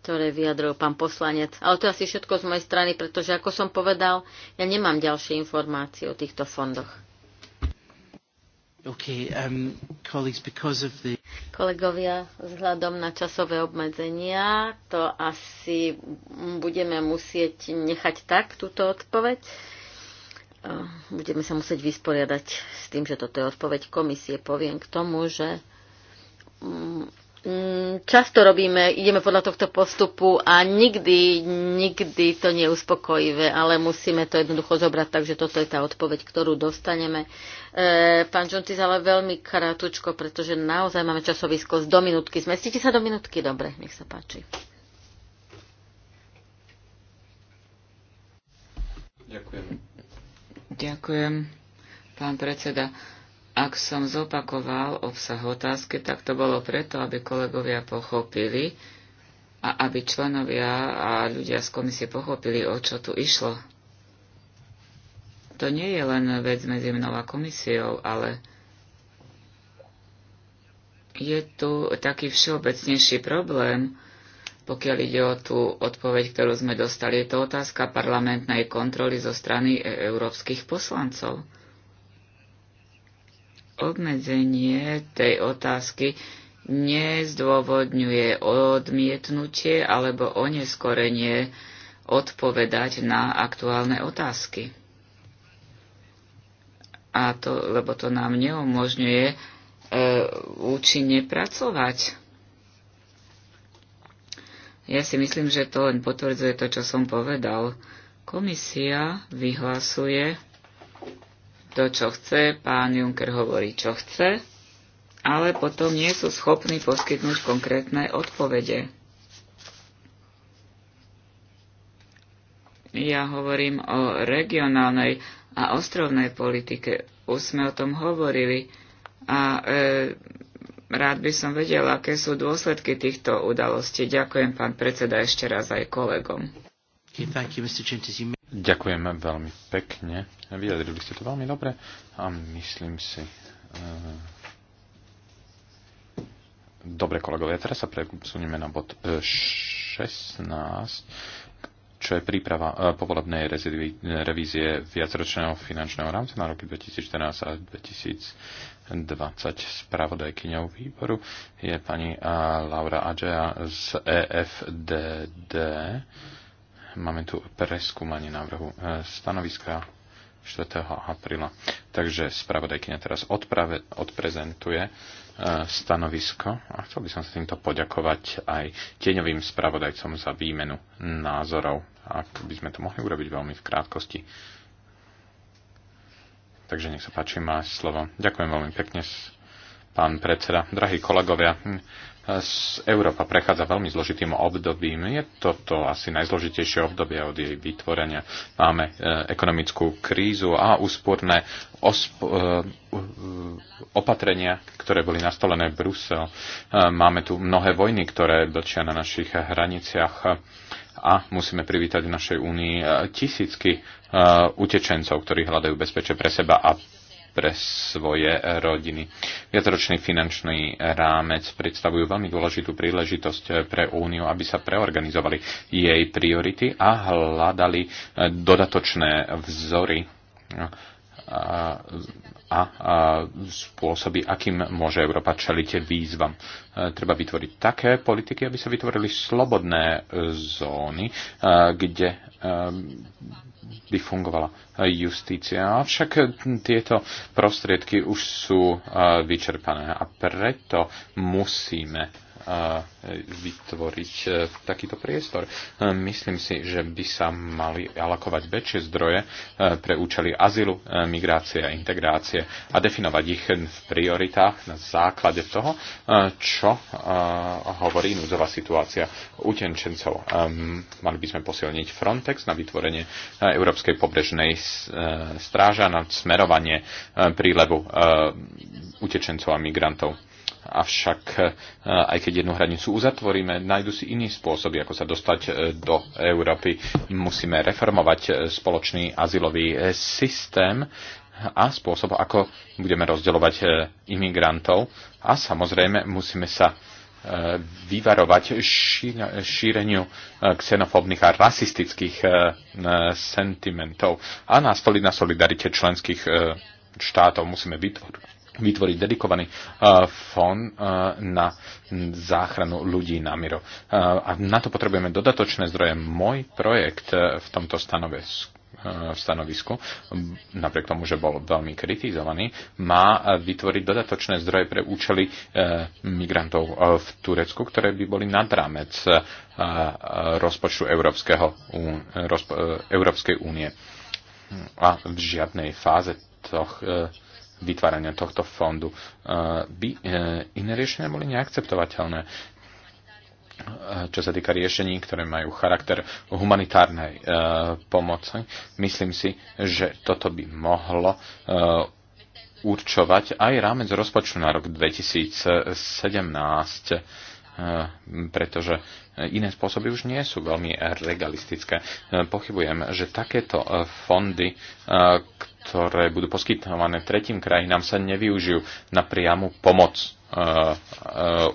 ktoré vyjadril pán poslanec. Ale to je asi všetko z mojej strany, pretože ako som povedal, ja nemám ďalšie informácie o týchto fondoch. Okay, um, the... Kolegovia, vzhľadom na časové obmedzenia, to asi budeme musieť nechať tak, túto odpoveď. Budeme sa musieť vysporiadať s tým, že toto je odpoveď komisie. Poviem k tomu, že mm, Mm, často robíme, ideme podľa tohto postupu a nikdy, nikdy to nie je uspokojivé, ale musíme to jednoducho zobrať, takže toto je tá odpoveď, ktorú dostaneme. E, pán Čuntis, ale veľmi kratučko, pretože naozaj máme časovisko z do minútky. Zmestíte sa do minútky? Dobre, nech sa páči. Ďakujem. Ďakujem, pán predseda. Ak som zopakoval obsah otázky, tak to bolo preto, aby kolegovia pochopili a aby členovia a ľudia z komisie pochopili, o čo tu išlo. To nie je len vec medzi mnou a komisiou, ale je tu taký všeobecnejší problém, pokiaľ ide o tú odpoveď, ktorú sme dostali. Je to otázka parlamentnej kontroly zo strany e- európskych poslancov obmedzenie tej otázky nezdôvodňuje odmietnutie alebo oneskorenie odpovedať na aktuálne otázky. A to, lebo to nám neumožňuje e, účinne pracovať. Ja si myslím, že to len potvrdzuje to, čo som povedal. Komisia vyhlasuje to, čo chce, pán Juncker hovorí, čo chce, ale potom nie sú schopní poskytnúť konkrétne odpovede. Ja hovorím o regionálnej a ostrovnej politike. Už sme o tom hovorili a e, rád by som vedel, aké sú dôsledky týchto udalostí. Ďakujem, pán predseda, ešte raz aj kolegom. Okay, Ďakujem veľmi pekne. Vyjadrili ste to veľmi dobre a myslím si. Eh, dobre, kolegovia, teraz sa presunieme na bod 16, eh, čo je príprava eh, povolebnej revízie viacročného finančného rámca na roky 2014 a 2020. Spravodajkyňou výboru je pani Laura Adžea z EFDD Máme tu preskúmanie návrhu e, stanoviska 4. apríla. Takže spravodajkyňa teraz odprave, odprezentuje e, stanovisko a chcel by som sa týmto poďakovať aj tieňovým spravodajcom za výmenu názorov, ak by sme to mohli urobiť veľmi v krátkosti. Takže nech sa páči, má slovo. Ďakujem veľmi pekne, pán predseda. Drahí kolegovia, Európa prechádza veľmi zložitým obdobím. Je toto asi najzložitejšie obdobie od jej vytvorenia. Máme e, ekonomickú krízu a úsporné e, opatrenia, ktoré boli nastolené v Brusel. E, máme tu mnohé vojny, ktoré blčia na našich hraniciach a musíme privítať v našej únii tisícky utečencov, ktorí hľadajú bezpečie pre seba a pre svoje rodiny. Viacročný finančný rámec predstavujú veľmi dôležitú príležitosť pre Úniu, aby sa preorganizovali jej priority a hľadali dodatočné vzory a, a, a spôsoby, akým môže Európa čeliť výzvam. E, treba vytvoriť také politiky, aby sa vytvorili slobodné e, zóny, e, kde by fungovala justícia. Avšak tieto prostriedky už sú vyčerpané a preto musíme vytvoriť e, takýto priestor. E, myslím si, že by sa mali alakovať väčšie zdroje e, pre účely azylu, migrácie a integrácie a definovať ich v prioritách na základe toho, čo hovorí núzová situácia utenčencov. Mali by sme posilniť Frontex na vytvorenie Európskej pobrežnej stráža na smerovanie prílevu utečencov a migrantov Avšak e, aj keď jednu hranicu uzatvoríme, nájdu si iný spôsob, ako sa dostať e, do Európy. Musíme reformovať e, spoločný azylový systém a spôsob, ako budeme rozdeľovať imigrantov. A samozrejme musíme sa vyvarovať šíreniu xenofóbnych a rasistických sentimentov a nastoliť na solidarite členských štátov. Musíme vytvoriť vytvoriť dedikovaný eh, fond eh, na záchranu ľudí na miro. Eh, a na to potrebujeme dodatočné zdroje. Môj projekt v tomto stanovisku v stanovisku, napriek tomu, že bol veľmi kritizovaný, má vytvoriť dodatočné zdroje pre účely migrantov v Turecku, ktoré by boli nad rámec rozpočtu Európskeho, Európskej únie. Hm, a v žiadnej fáze toho vytvárania tohto fondu, eh, by eh, iné riešenia boli neakceptovateľné. Eh, čo sa týka riešení, ktoré majú charakter humanitárnej pomoci, myslím si, že toto by mohlo určovať aj rámec rozpočtu na rok 2017 Eh, pretože iné spôsoby už nie sú veľmi regalistické. Eh, pochybujem, že takéto eh, fondy, ktoré budú poskytované tretím krajinám, sa nevyužijú na priamu pomoc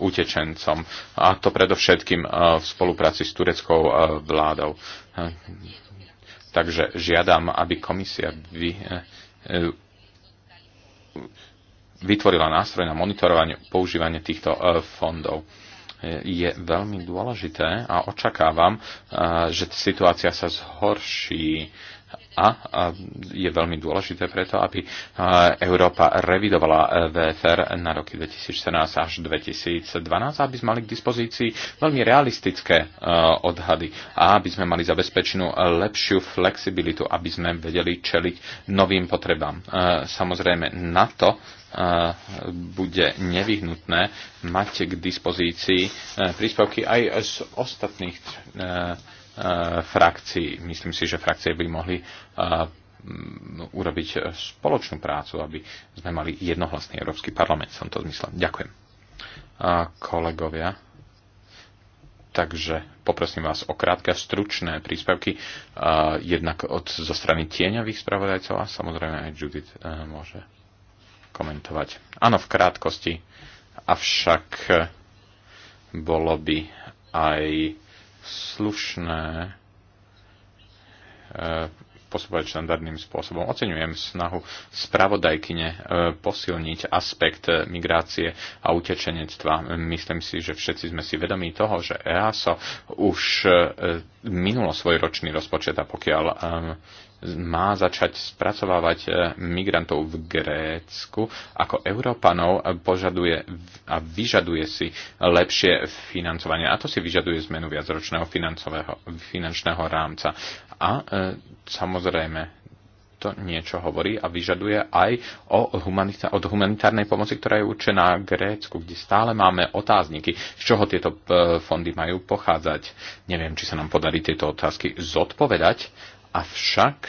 utečencom. A to predovšetkým v spolupráci s tureckou vládou. Takže žiadam, aby komisia vy, vytvorila nástroj na monitorovanie používania týchto fondov je veľmi dôležité a očakávam, eh, že situácia sa zhorší a je veľmi dôležité preto, aby Európa revidovala e, VFR na roky 2014 až 2012, aby sme mali k dispozícii veľmi realistické e, odhady a aby sme mali zabezpečenú lepšiu flexibilitu, aby sme vedeli čeliť novým potrebám. E, samozrejme, na to bude nevyhnutné mať k dispozícii príspevky aj z ostatných Eh, frakcií. Myslím si, že frakcie by mohli eh, urobiť spoločnú prácu, aby sme mali jednohlasný Európsky parlament v tomto zmysle. Ďakujem. A kolegovia, takže poprosím vás o krátke a stručné príspevky, a eh, jednak od, zo strany tieňových spravodajcov a samozrejme aj Judith môže komentovať. Áno, v krátkosti, avšak bolo by aj slušné e, postupovať štandardným spôsobom. Oceňujem snahu spravodajkyne e, posilniť aspekt e, migrácie a utečenectva. Myslím si, že všetci sme si vedomí toho, že EASO už minulo svoj ročný rozpočet a pokiaľ má začať spracovávať e, migrantov v Grécku, ako Európanov e, požaduje a vyžaduje si lepšie financovanie. A to si vyžaduje zmenu viacročného finančného rámca. A e, samozrejme, to niečo hovorí a vyžaduje aj o humanita- od humanitárnej pomoci, ktorá je určená Grécku, kde stále máme otázniky, z čoho tieto fondy majú pochádzať. Neviem, či sa nám podarí tieto otázky zodpovedať Avšak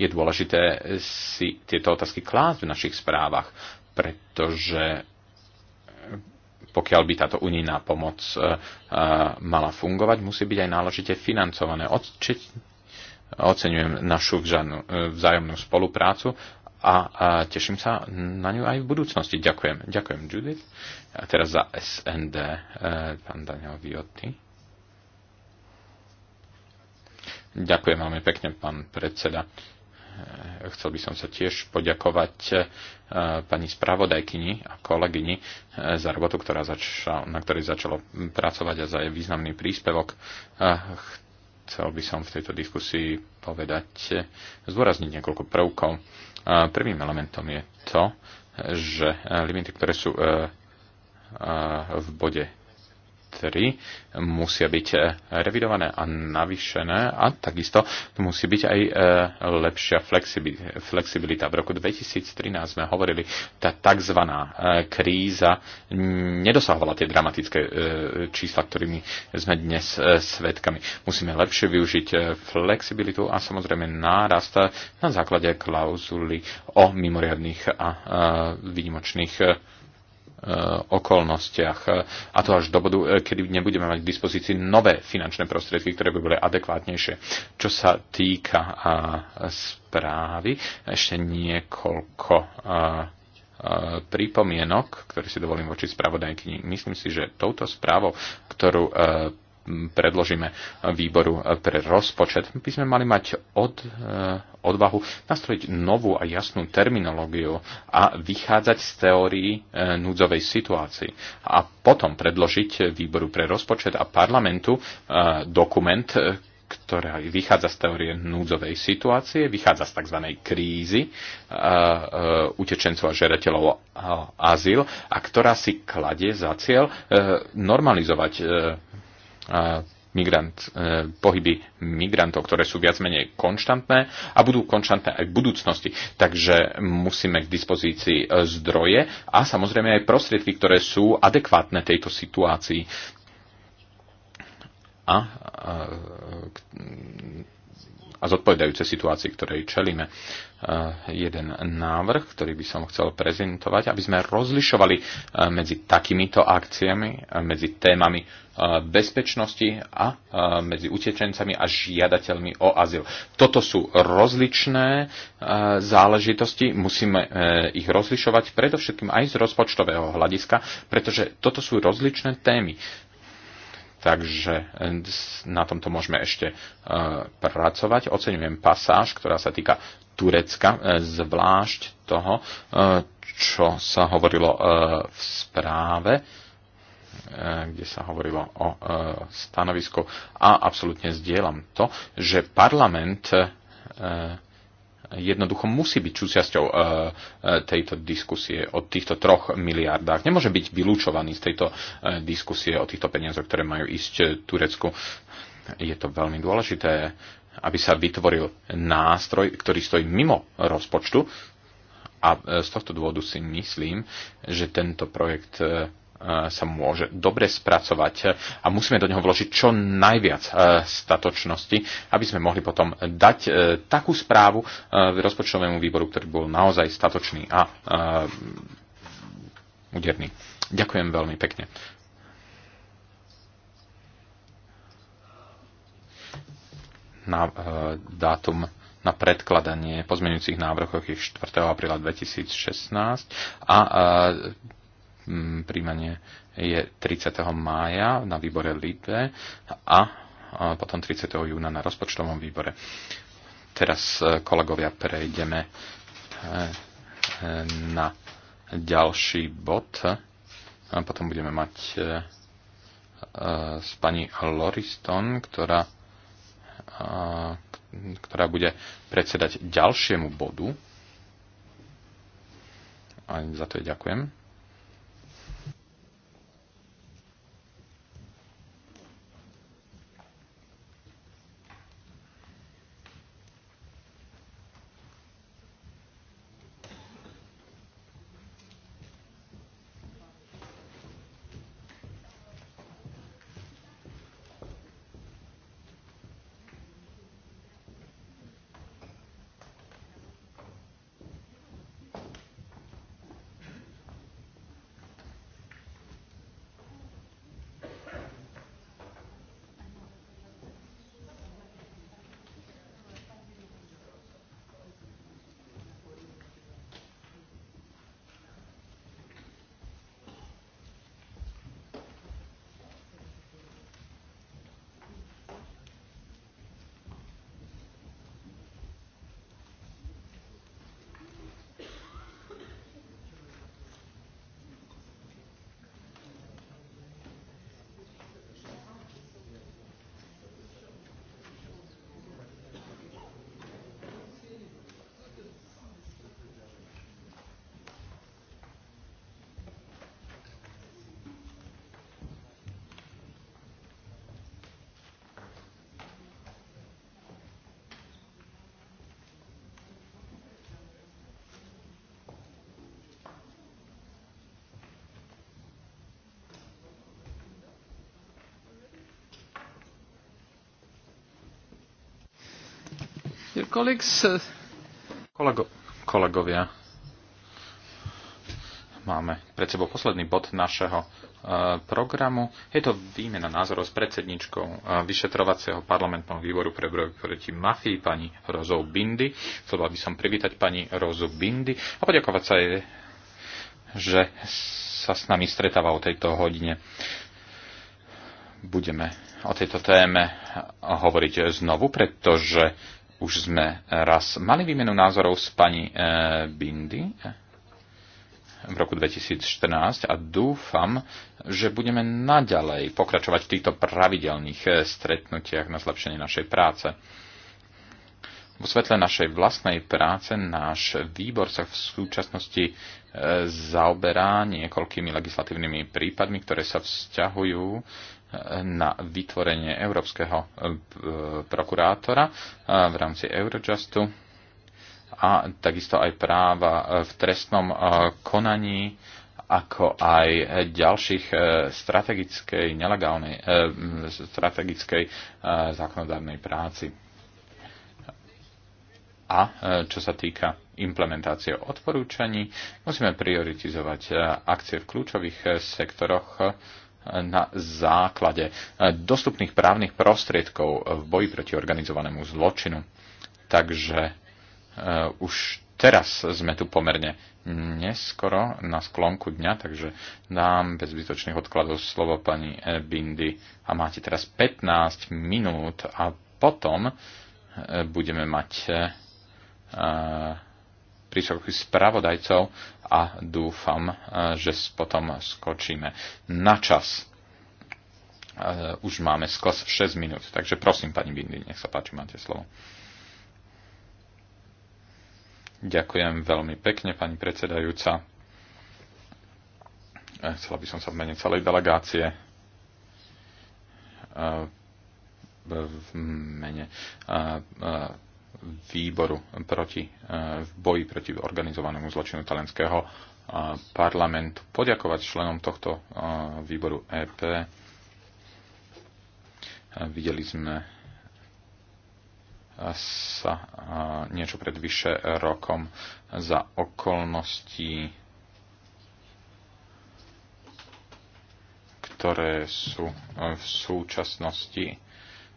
je dôležité si tieto otázky klásť v našich správach, pretože pokiaľ by táto unijná pomoc e, e, mala fungovať, musí byť aj náležite financované. Oceňujem našu e, vzájomnú spoluprácu a teším sa na ňu aj v budúcnosti. Ďakujem. Ďakujem, Judith. A teraz za SND, pán Daniel Viotti. Ďakujem veľmi pekne, pán predseda. Eh, chcel by som sa tiež poďakovať eh, pani spravodajkyni a kolegyni eh, za robotu, ktorá začal, na ktorej začalo pracovať a za jej významný príspevok. Chcel by som v tejto diskusii povedať, zdôrazniť niekoľko prvkov. Prvým elementom je to, že limity, ktoré sú v bode 3 musia byť e, revidované a navýšené a takisto musí byť aj e, lepšia flexibilita. V roku 2013 sme hovorili, tá tzv. E, kríza nedosahovala tie dramatické čísla, ktorými sme dnes svedkami. Musíme lepšie využiť flexibilitu a samozrejme nárast na základe klauzuly o mimoriadných a výnimočných Eh, okolnostiach. A to až do bodu, eh, kedy nebudeme mať k dispozícii nové finančné prostriedky, ktoré by boli adekvátnejšie. Čo sa týka eh, správy, ešte niekoľko pripomienok, ktoré si dovolím voči spravodajkyni. Myslím si, že touto správou, ktorú predložíme výboru pre rozpočet, by sme mali mať od, e, odvahu nastrojiť novú a jasnú terminológiu a vychádzať z teórií e, núdzovej situácii a potom predložiť výboru pre rozpočet a parlamentu e, dokument, ktorá vychádza z teórie núdzovej situácie, vychádza z tzv. krízy e, e, utečencov a žiadateľov azyl a ktorá si kladie za cieľ e, normalizovať migrant, e, pohyby migrantov, ktoré sú viac menej konštantné a budú konštantné aj v budúcnosti. Takže musíme k dispozícii e, zdroje a samozrejme aj prostriedky, ktoré sú adekvátne tejto situácii. A, a, e, a zodpovedajúce situácii, ktorej čelíme. Eh, jeden návrh, ktorý by som chcel prezentovať, aby sme rozlišovali eh, medzi takýmito akciami, eh, medzi témami bezpečnosti a medzi utečencami a žiadateľmi o azyl. Toto sú rozličné záležitosti, musíme ich rozlišovať predovšetkým aj z rozpočtového hľadiska, pretože toto sú rozličné témy takže eh, na tomto môžeme ešte eh, pracovať. Oceňujem pasáž, ktorá sa týka Turecka, eh, zvlášť toho, čo sa hovorilo v správe, kde sa hovorilo o stanovisku. A absolútne zdieľam to, že parlament jednoducho musí byť súčasťou e, e, tejto diskusie o týchto troch miliardách. Nemôže byť vylúčovaný z tejto e, diskusie o týchto peniazoch, ktoré majú ísť Turecku. Je to veľmi dôležité, aby sa vytvoril nástroj, ktorý stojí mimo rozpočtu. A z tohto dôvodu si myslím, že tento projekt sa môže dobre spracovať a musíme do neho vložiť čo najviac e, statočnosti, aby sme mohli potom dať e, takú správu v e, rozpočtovému výboru, ktorý bol naozaj statočný a úderný. Ďakujem veľmi pekne. Na dátum na predkladanie pozmeňujúcich návrhov je 4. apríla 2016 a Mm, príjmanie je 30. mája na výbore Litve a potom 30. júna na rozpočtovom výbore. Teraz, e, kolegovia, prejdeme e, e, na ďalší bod. A potom budeme mať s pani Loriston, ktorá, ktorá bude predsedať ďalšiemu bodu. A za to je ďakujem. Eh, Kolego, kolegovia, máme pred sebou posledný bod našeho eh, programu. Je to výmena názorov s predsedničkou eh, vyšetrovacieho parlamentného výboru pre boj proti mafii, pani Rozou Bindy. Chcel by som privítať pani Rozu Bindy a poďakovať sa jej, že sa s nami stretáva o tejto hodine. Budeme o tejto téme hovoriť znovu, pretože už sme raz mali výmenu názorov s pani e, Bindy e, v roku 2014 a dúfam, že budeme naďalej pokračovať v týchto pravidelných e, stretnutiach na zlepšenie našej práce. Vo svetle našej vlastnej práce náš výbor sa v súčasnosti zaoberá niekoľkými legislatívnymi prípadmi, ktoré sa vzťahujú na vytvorenie európskeho e, prokurátora e, v rámci Eurojustu a takisto aj práva e, v trestnom konaní, ako aj ďalších strategickej, nelegálnej, strategickej zákonodárnej práci. A čo sa týka implementácie odporúčaní, musíme prioritizovať akcie v kľúčových sektoroch, na základe eh, dostupných právnych prostriedkov v boji proti organizovanému zločinu. Takže eh, už teraz sme tu pomerne neskoro na sklonku dňa, takže dám bez zbytočných odkladov slovo pani eh, Bindy a máte teraz 15 minút a potom budeme mať príspevky spravodajcov a dúfam, eh, že potom skočíme na čas. Eh, už máme skos 6 minút, takže prosím, pani Bindy, nech sa páči, máte slovo. Ďakujem veľmi pekne, pani predsedajúca. Eh, chcela by som sa v mene celej delegácie v mene výboru proti, e, v boji proti organizovanému zločinu talenského e, parlamentu poďakovať členom tohto e, výboru EP. Videli sme sa niečo pred vyše rokom za okolnosti, ktoré sú v súčasnosti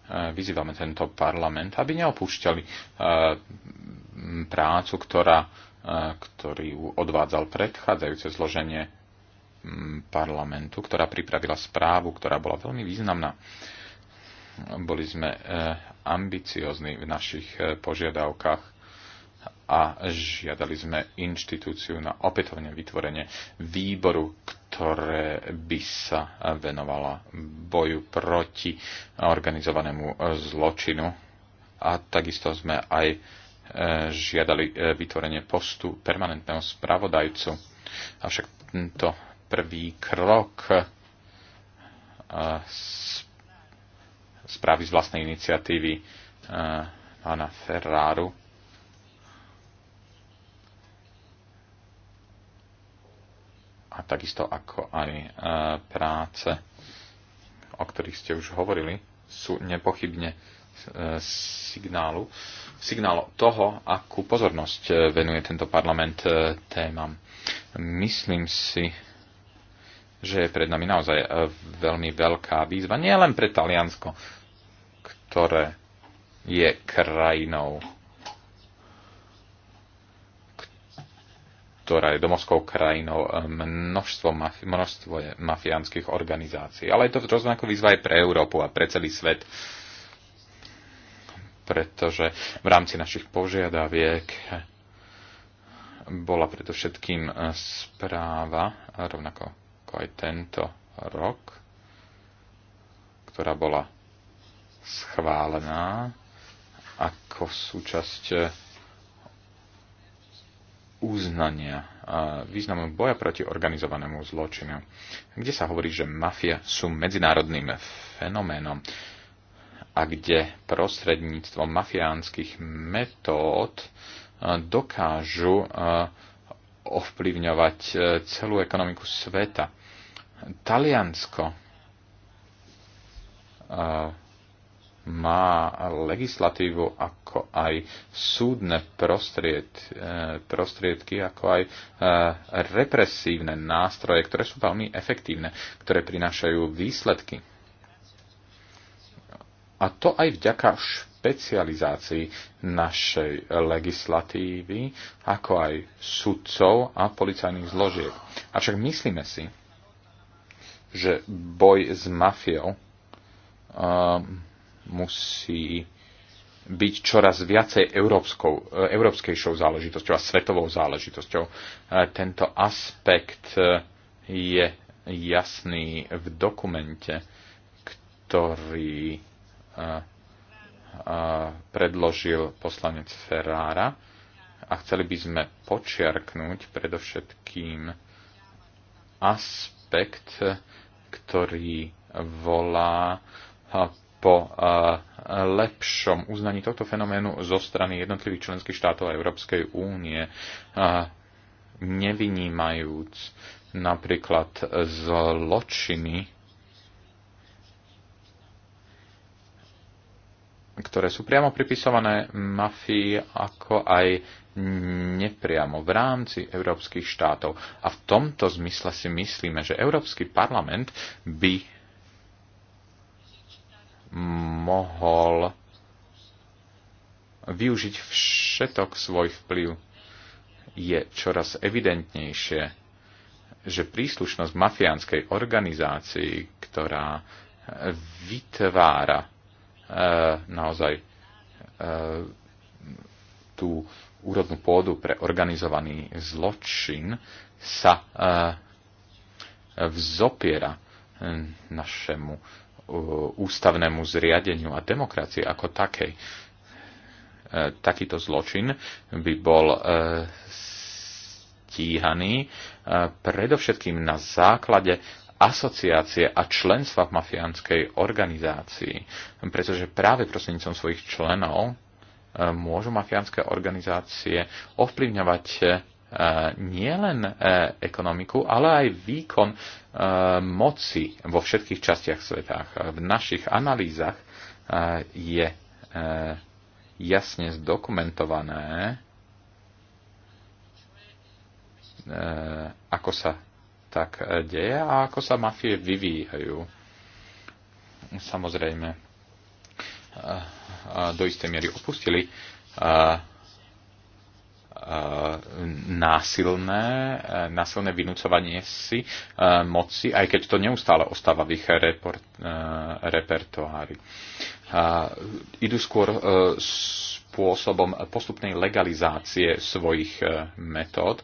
Eh, vyzývame tento parlament, aby neopúšťali eh, prácu, ktorá, eh, ktorý odvádzal predchádzajúce zloženie mm, parlamentu, ktorá pripravila správu, ktorá bola veľmi významná. Boli sme ambiciozni v našich požiadavkách a žiadali sme inštitúciu na opätovné vytvorenie výboru, ktoré by sa venovala boju proti organizovanému zločinu. A takisto sme aj e, žiadali e, vytvorenie postu permanentného spravodajcu. Avšak tento prvý krok e, správy z vlastnej iniciatívy pána Ferráru a takisto ako aj e, práce, o ktorých ste už hovorili, sú nepochybne e, signálu, signálu toho, akú pozornosť e, venuje tento parlament témam. Myslím si, že je pred nami naozaj veľmi veľká výzva, nie len pre Taliansko, ktoré je krajinou ktorá je domovskou krajinou e, množstvo, maf- množstvo mafiánskych organizácií. Ale je to rovnako výzva aj pre Európu a pre celý svet, pretože v rámci našich požiadaviek bola predovšetkým e, správa, rovnako ako aj tento rok, ktorá bola schválená ako súčasť e, uznania významu boja proti organizovanému zločinu, kde sa hovorí, že mafia sú medzinárodným fenoménom a kde prostredníctvom mafiánskych metód e, dokážu e, ovplyvňovať e, celú ekonomiku sveta. Taliansko má legislatívu, ako aj súdne prostried, e, prostriedky, ako aj e, represívne nástroje, ktoré sú veľmi efektívne, ktoré prinášajú výsledky. A to aj vďaka špecializácii našej legislatívy, ako aj sudcov a policajných zložiek. Avšak myslíme si, že boj s mafiou um, musí byť čoraz viacej európskou, e, európskejšou záležitosťou a svetovou záležitosťou. E, tento aspekt e, je jasný v dokumente, ktorý predložil poslanec Ferrara a chceli by sme počiarknúť predovšetkým aspekt, ktorý volá po lepšom uznaní tohto fenoménu zo strany jednotlivých členských štátov a Európskej únie, nevynímajúc napríklad zločiny, ktoré sú priamo pripisované mafii, ako aj nepriamo v rámci európskych štátov. A v tomto zmysle si myslíme, že Európsky parlament by mohol využiť všetok svoj vplyv. Je čoraz evidentnejšie, že príslušnosť mafiánskej organizácii, ktorá vytvára e, naozaj e, tú úrodnú pôdu pre organizovaný zločin, sa e, vzopiera e, našemu Uh, ústavnému zriadeniu a demokracii ako takej. Uh, takýto zločin by bol uh, stíhaný predovšetkým na základe asociácie a členstva v mafiánskej organizácii, pretože práve prostrednícom svojich členov môžu mafiánske organizácie ovplyvňovať E, nielen e, ekonomiku, ale aj výkon e, moci vo všetkých častiach sveta. V našich analýzach je jasne zdokumentované, ako sa tak deje a ako sa mafie vyvíjajú. Samozrejme, do istej miery opustili E, násilné, e, násilné vynúcovanie si e, moci, aj keď to neustále ostáva v ich report, repertoári. Idú skôr spôsobom postupnej legalizácie svojich metód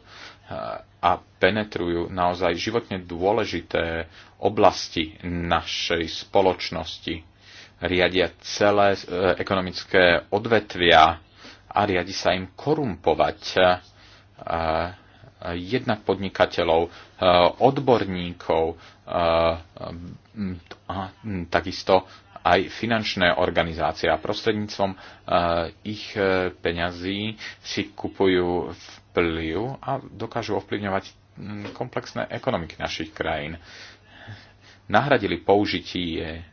a penetrujú naozaj životne dôležité oblasti našej spoločnosti. Riadia celé ekonomické odvetvia, a riadi sa im korumpovať e, e, jednak podnikateľov, e, odborníkov, a takisto aj finančné organizácie a prostredníctvom ich peňazí si kupujú vplyv a dokážu ovplyvňovať komplexné ekonomiky našich krajín. Nahradili použitie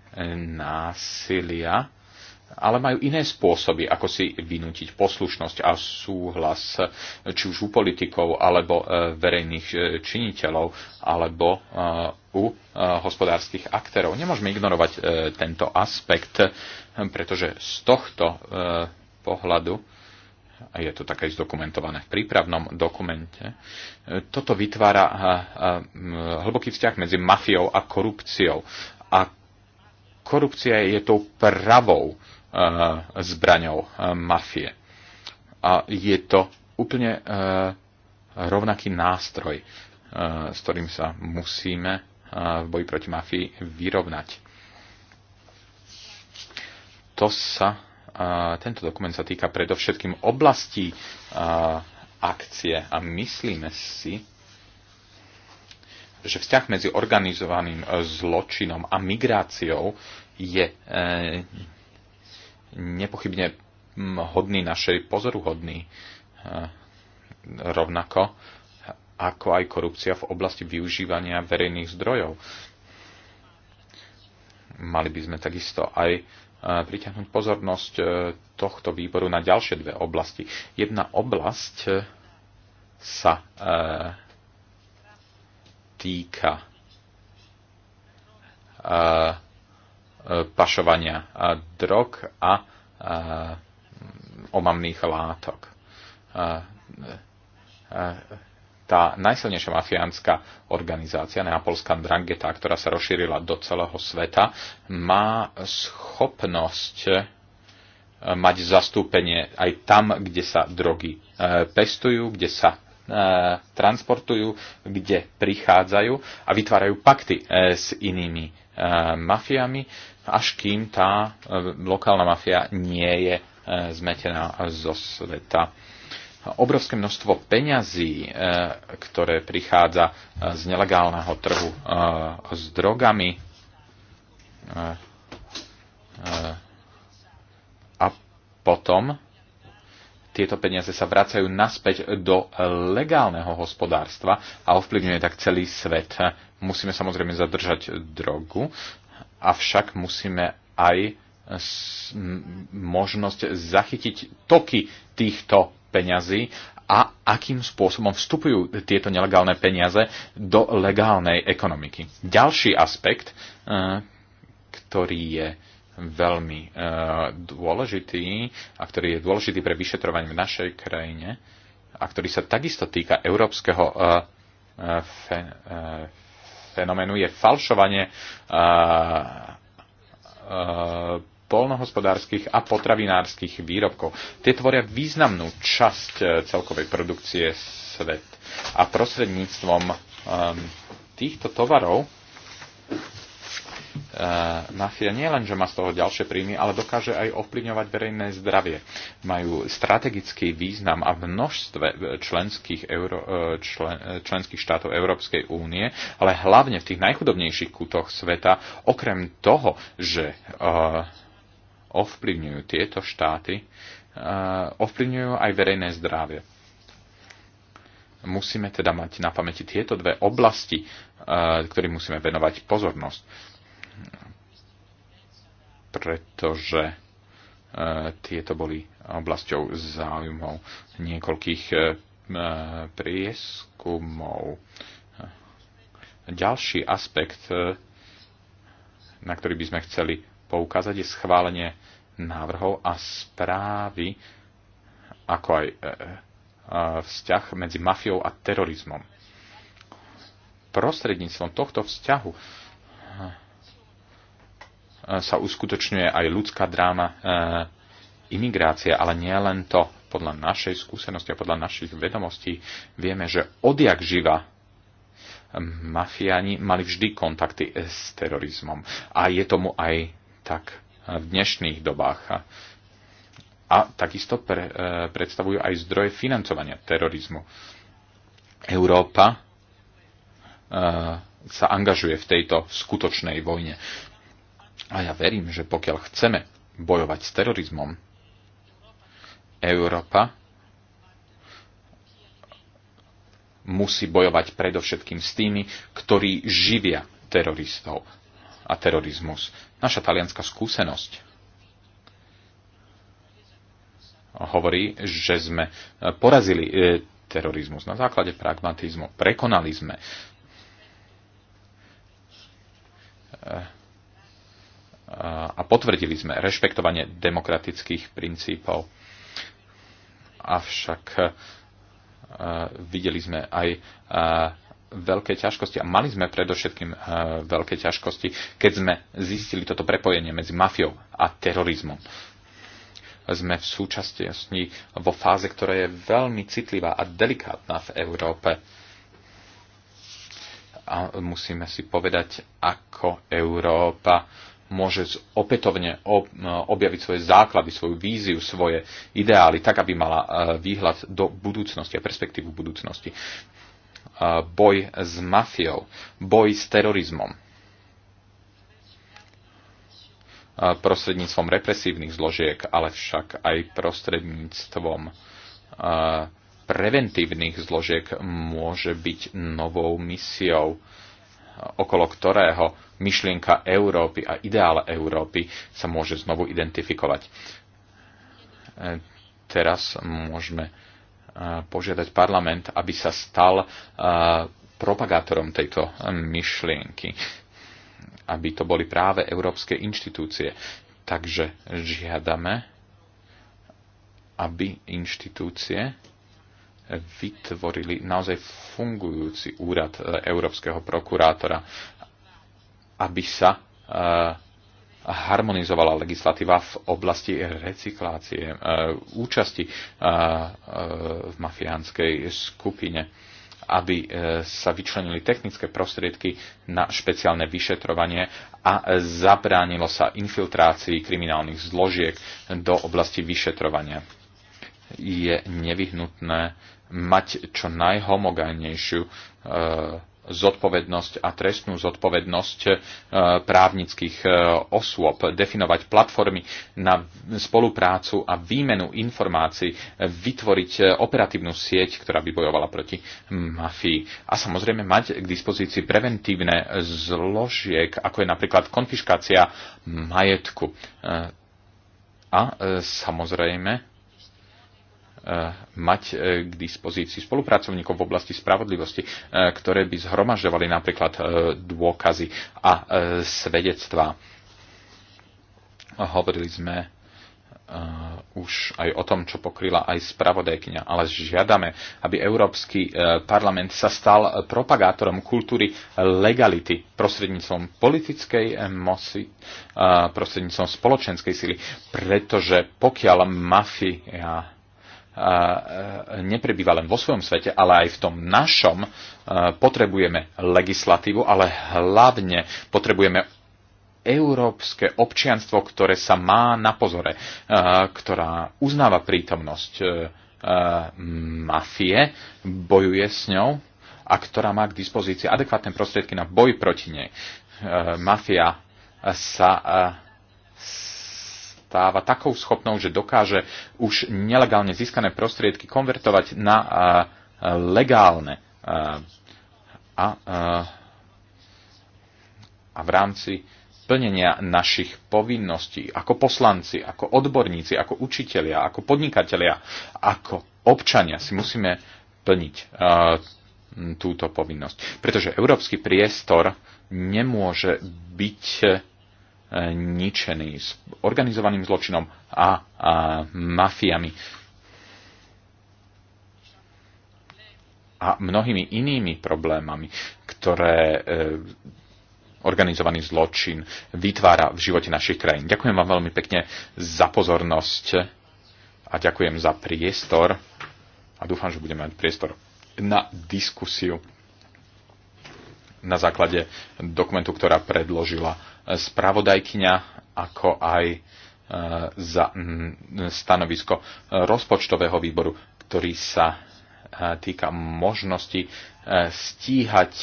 násilia ale majú iné spôsoby, ako si vynútiť poslušnosť a súhlas či už u politikov, alebo e, verejných e, činiteľov, alebo e, u hospodárskych aktérov. Nemôžeme ignorovať tento aspekt, pretože z tohto pohľadu a je to také zdokumentované v prípravnom dokumente, toto vytvára hlboký vzťah medzi mafiou a korupciou. A korupcia je tou pravou zbraňou mafie. A je to úplne e, rovnaký nástroj, e, s ktorým sa musíme e, v boji proti mafii vyrovnať. To sa, tento dokument sa týka predovšetkým oblastí akcie a myslíme si, že vzťah medzi organizovaným zločinom a migráciou je nepochybne mm, hodný našej pozoruhodný. Eh, rovnako ako aj korupcia v oblasti využívania verejných zdrojov. Mali by sme takisto aj eh, priťahnuť pozornosť eh, tohto výboru na ďalšie dve oblasti. Jedna oblasť sa týka E, pašovania e, drog a e, omamných látok. Tá najsilnejšia mafiánska organizácia, neapolská drangeta, ktorá sa rozšírila do celého sveta, má schopnosť mať zastúpenie aj tam, kde sa drogy pestujú, kde sa transportujú, kde prichádzajú a vytvárajú pakty s inými Eh, mafiami, až kým tá eh, lokálna mafia nie je eh, zmetená zo sveta. Obrovské množstvo peňazí, ktoré prichádza z nelegálneho trhu s drogami, a potom tieto peniaze sa vracajú naspäť do legálneho hospodárstva a ovplyvňuje tak celý svet. Musíme samozrejme zadržať drogu, avšak musíme aj možnosť zachytiť toky týchto peňazí a akým spôsobom vstupujú tieto nelegálne peniaze do legálnej ekonomiky. Ďalší aspekt, e, ktorý je veľmi e, dôležitý a ktorý je dôležitý pre vyšetrovanie v našej krajine a ktorý sa takisto týka európskeho e, fenoménu je falšovanie eh, eh, polnohospodárskych a potravinárskych výrobkov. Tie tvoria významnú časť eh, celkovej produkcie svet. A prostredníctvom týchto tovarov Eh, mafia len, že má z toho ďalšie príjmy, ale dokáže aj ovplyvňovať verejné zdravie. Majú strategický význam a množstve eh, členských, euro, eh, člen, členských štátov Európskej únie, ale hlavne v tých najchudobnejších kútoch sveta, okrem toho, že uh, ovplyvňujú tieto štáty, uh, ovplyvňujú aj verejné zdravie. Musíme teda mať na pamäti tieto dve oblasti, uh, ktorým musíme venovať pozornosť pretože e, tieto boli oblasťou záujmov niekoľkých e, e, prieskumov. Ďalší aspekt, na ktorý by sme chceli poukázať, je schválenie návrhov a správy, ako aj vzťah medzi mafiou a terorizmom. Prostredníctvom tohto vzťahu E, sa uskutočňuje aj ľudská dráma e, imigrácie, ale nie len to. Podľa našej skúsenosti a podľa našich vedomostí vieme, že odjak živa e, mafiáni mali vždy kontakty s terorizmom. A je tomu aj tak v dnešných dobách. A takisto pre, predstavujú aj zdroje financovania terorizmu. Európa sa angažuje v tejto skutočnej vojne. A ja verím, že pokiaľ chceme bojovať s terorizmom, Európa musí bojovať predovšetkým s tými, ktorí živia teroristov a terorizmus. Naša talianská skúsenosť hovorí, že sme porazili e, terorizmus na základe pragmatizmu. Prekonali sme e, a potvrdili sme rešpektovanie demokratických princípov. Avšak e, videli sme aj e, veľké ťažkosti a mali sme predovšetkým e, veľké ťažkosti, keď sme zistili toto prepojenie medzi mafiou a terorizmom. Sme v súčasnosti vo fáze, ktorá je veľmi citlivá a delikátna v Európe. A musíme si povedať, ako Európa uh, môže opätovne objaviť svoje základy, svoju víziu, svoje ideály, tak aby mala e, výhľad do budúcnosti a perspektívu budúcnosti. E, boj s mafiou, boj s terorizmom e, prostredníctvom represívnych zložiek, ale však aj prostredníctvom preventívnych zložiek môže byť novou misiou okolo ktorého myšlienka Európy a ideál Európy sa môže znovu identifikovať. E, teraz môžeme e, požiadať parlament, aby sa stal e, propagátorom tejto myšlienky, aby to boli práve európske inštitúcie. Takže žiadame, aby inštitúcie vytvorili naozaj fungujúci úrad e, Európskeho prokurátora, aby sa e, harmonizovala legislatíva v oblasti recyklácie, e, účasti v mafiánskej skupine, aby sa vyčlenili technické prostriedky na špeciálne vyšetrovanie a zabránilo sa infiltrácii kriminálnych zložiek do oblasti vyšetrovania. Je nevyhnutné mať čo najhomogajnejšiu e, zodpovednosť a trestnú zodpovednosť e, právnických e, osôb, definovať platformy na spoluprácu a výmenu informácií, vytvoriť operatívnu sieť, ktorá by bojovala proti mm, mafii a samozrejme mať k dispozícii preventívne zložiek, ako je napríklad konfiškácia majetku. A samozrejme Eh, mať eh, k dispozícii spolupracovníkov v oblasti spravodlivosti, eh, ktoré by zhromažďovali napríklad dôkazy a svedectvá. Hovorili sme už aj o tom, čo pokryla aj spravodajkňa, ale žiadame, aby Európsky parlament sa stal propagátorom kultúry legality prostredníctvom politickej moci, prostredníctvom spoločenskej sily, pretože pokiaľ mafia E, neprebýva len vo svojom svete, ale aj v tom našom, e, potrebujeme legislatívu, ale hlavne potrebujeme európske občianstvo, ktoré sa má na pozore, e, ktorá uznáva prítomnosť mafie, bojuje s ňou a ktorá má k dispozícii adekvátne prostriedky na boj proti nej. Mafia sa stáva takou schopnou, že dokáže už nelegálne získané prostriedky konvertovať na legálne. A, a v rámci plnenia našich povinností ako poslanci, ako odborníci, ako učitelia, ako podnikatelia, ako občania si musíme plniť túto povinnosť. Pretože európsky priestor nemôže byť ničený s organizovaným zločinom a, a mafiami a mnohými inými problémami, ktoré e, organizovaný zločin vytvára v živote našich krajín. Ďakujem vám veľmi pekne za pozornosť a ďakujem za priestor a dúfam, že budeme mať priestor na diskusiu na základe dokumentu, ktorá predložila spravodajkyňa, ako aj e, za stanovisko e, rozpočtového výboru, ktorý sa e, týka možnosti stíhať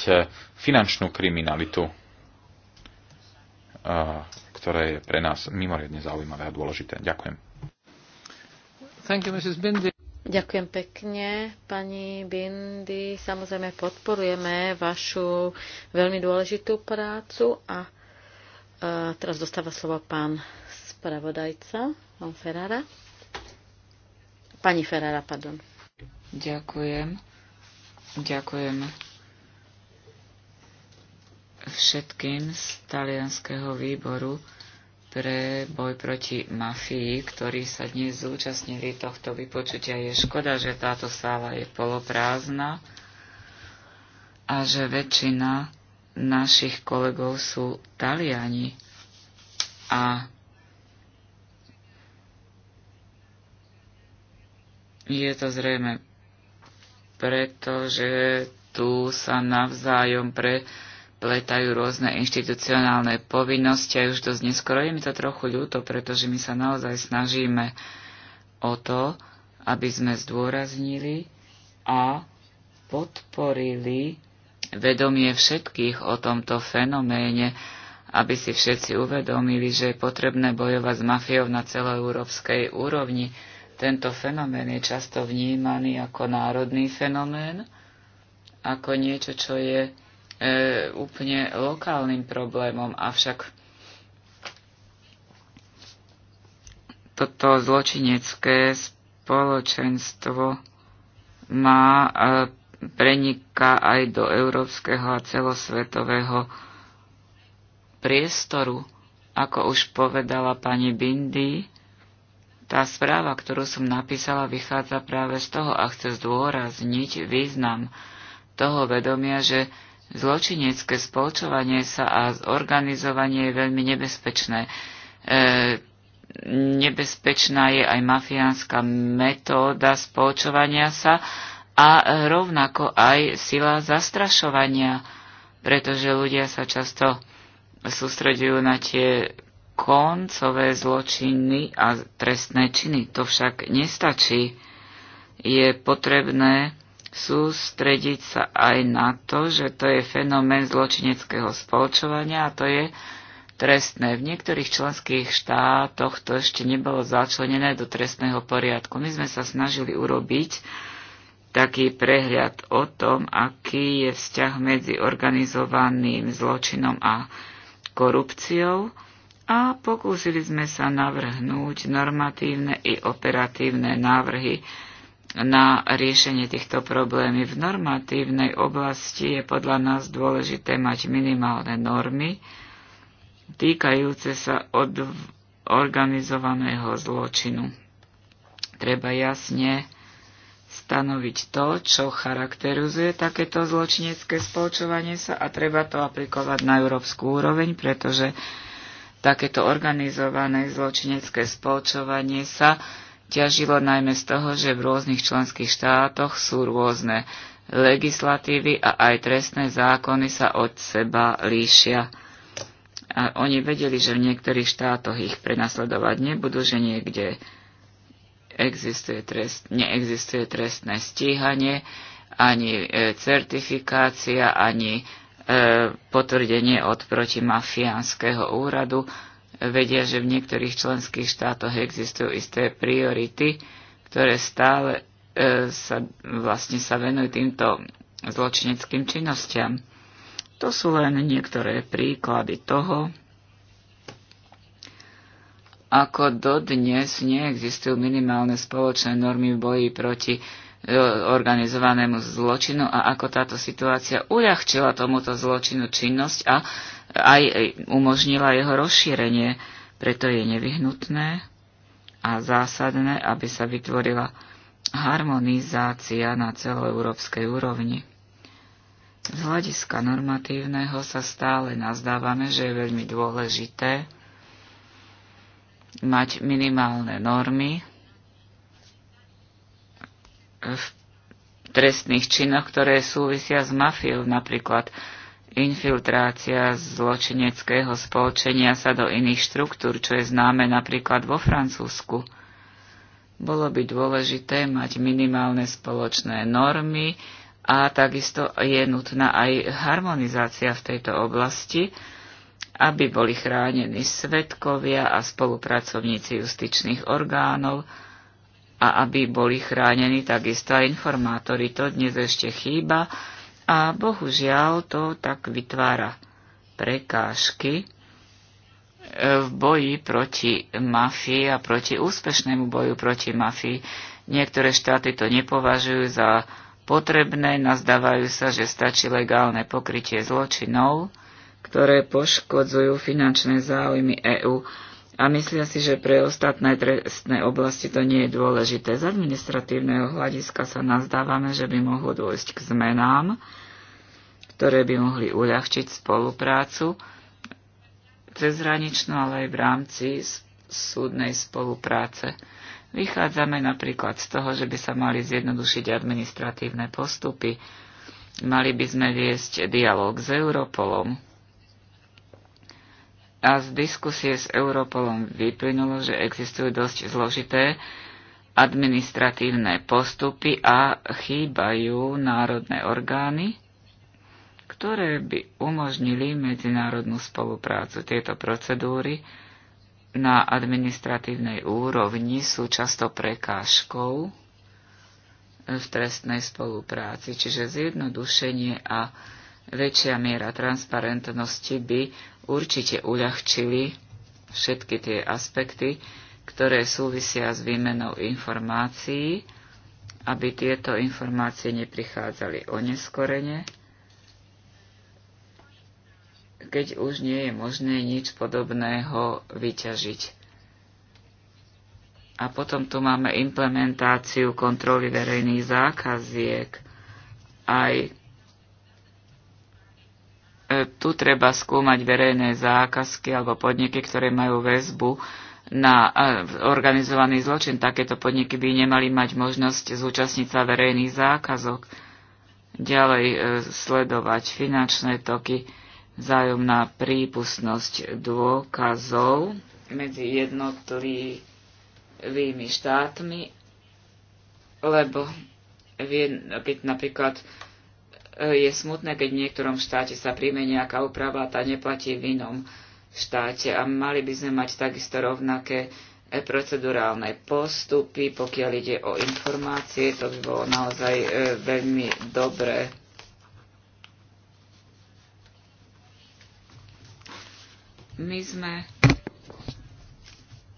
finančnú kriminalitu, ktoré je pre nás mimoriadne zaujímavé a dôležité. Ďakujem. Thank you, Mrs. Bindi. Ďakujem pekne, pani Bindy. Samozrejme podporujeme vašu veľmi dôležitú prácu a a teraz dostáva slovo pán spravodajca, pán Ferrara. Pani Ferrara, pardon. Ďakujem. Ďakujem všetkým z talianského výboru pre boj proti mafii, ktorí sa dnes zúčastnili tohto vypočutia. Je škoda, že táto sála je poloprázdna a že väčšina našich kolegov sú Taliani a je to zrejme preto, že tu sa navzájom prepletajú rôzne inštitucionálne povinnosti a už dosť neskoro je mi to trochu ľúto, pretože my sa naozaj snažíme o to, aby sme zdôraznili a podporili vedomie všetkých o tomto fenoméne, aby si všetci uvedomili, že je potrebné bojovať s mafiou na celoeurópskej úrovni. Tento fenomén je často vnímaný ako národný fenomén, ako niečo, čo je e, úplne lokálnym problémom, avšak toto zločinecké spoločenstvo má e, preniká aj do európskeho a celosvetového priestoru. Ako už povedala pani Bindy, tá správa, ktorú som napísala, vychádza práve z toho a chce zdôrazniť význam toho vedomia, že zločinecké spolčovanie sa a zorganizovanie je veľmi nebezpečné. E, nebezpečná je aj mafiánska metóda spolčovania sa a rovnako aj sila zastrašovania, pretože ľudia sa často sústredujú na tie koncové zločiny a trestné činy. To však nestačí. Je potrebné sústrediť sa aj na to, že to je fenomén zločineckého spoločovania a to je trestné. V niektorých členských štátoch to ešte nebolo začlenené do trestného poriadku. My sme sa snažili urobiť taký prehľad o tom, aký je vzťah medzi organizovaným zločinom a korupciou a pokúsili sme sa navrhnúť normatívne i operatívne návrhy na riešenie týchto problémy. V normatívnej oblasti je podľa nás dôležité mať minimálne normy týkajúce sa od organizovaného zločinu. Treba jasne stanoviť to, čo charakterizuje takéto zločinecké spolčovanie sa a treba to aplikovať na európsku úroveň, pretože takéto organizované zločinecké spolčovanie sa ťažilo najmä z toho, že v rôznych členských štátoch sú rôzne legislatívy a aj trestné zákony sa od seba líšia. A oni vedeli, že v niektorých štátoch ich prenasledovať nebudú, že niekde existuje trest, neexistuje trestné stíhanie, ani e, certifikácia, ani e, potvrdenie od protimafiánskeho úradu. Vedia, že v niektorých členských štátoch existujú isté priority, ktoré stále e, sa, vlastne sa venujú týmto zločineckým činnostiam. To sú len niektoré príklady toho, ako dodnes neexistujú minimálne spoločné normy v boji proti e, organizovanému zločinu a ako táto situácia uľahčila tomuto zločinu činnosť a aj umožnila jeho rozšírenie. Preto je nevyhnutné a zásadné, aby sa vytvorila harmonizácia na celoeurópskej úrovni. Z hľadiska normatívneho sa stále nazdávame, že je veľmi dôležité, mať minimálne normy v trestných činoch, ktoré súvisia s mafiou, napríklad infiltrácia zločineckého spoločenia sa do iných štruktúr, čo je známe napríklad vo Francúzsku. Bolo by dôležité mať minimálne spoločné normy a takisto je nutná aj harmonizácia v tejto oblasti, aby boli chránení svetkovia a spolupracovníci justičných orgánov a aby boli chránení takisto aj informátori. To dnes ešte chýba a bohužiaľ to tak vytvára prekážky e, v boji proti mafii a proti úspešnému boju proti mafii. Niektoré štáty to nepovažujú za potrebné, nazdávajú sa, že stačí legálne pokrytie zločinov, ktoré poškodzujú finančné záujmy EÚ a myslia si, že pre ostatné trestné oblasti to nie je dôležité. Z administratívneho hľadiska sa nazdávame, že by mohlo dôjsť k zmenám, ktoré by mohli uľahčiť spoluprácu cezhraničnú, ale aj v rámci súdnej spolupráce. Vychádzame napríklad z toho, že by sa mali zjednodušiť administratívne postupy, mali by sme viesť dialog s Europolom, a z diskusie s Europolom vyplynulo, že existujú dosť zložité administratívne postupy a chýbajú národné orgány, ktoré by umožnili medzinárodnú spoluprácu. Tieto procedúry na administratívnej úrovni sú často prekážkou v trestnej spolupráci, čiže zjednodušenie a väčšia miera transparentnosti by určite uľahčili všetky tie aspekty, ktoré súvisia s výmenou informácií, aby tieto informácie neprichádzali oneskorene, keď už nie je možné nič podobného vyťažiť. A potom tu máme implementáciu kontroly verejných zákaziek. Aj E, tu treba skúmať verejné zákazky alebo podniky, ktoré majú väzbu na e, organizovaný zločin. Takéto podniky by nemali mať možnosť zúčastniť sa verejných zákazok, ďalej e, sledovať finančné toky, vzájomná prípustnosť dôkazov medzi jednotlivými štátmi, lebo napríklad je smutné, keď v niektorom štáte sa príjme nejaká úprava a tá neplatí v inom štáte. A mali by sme mať takisto rovnaké procedurálne postupy, pokiaľ ide o informácie, to by bolo naozaj e, veľmi dobré. My sme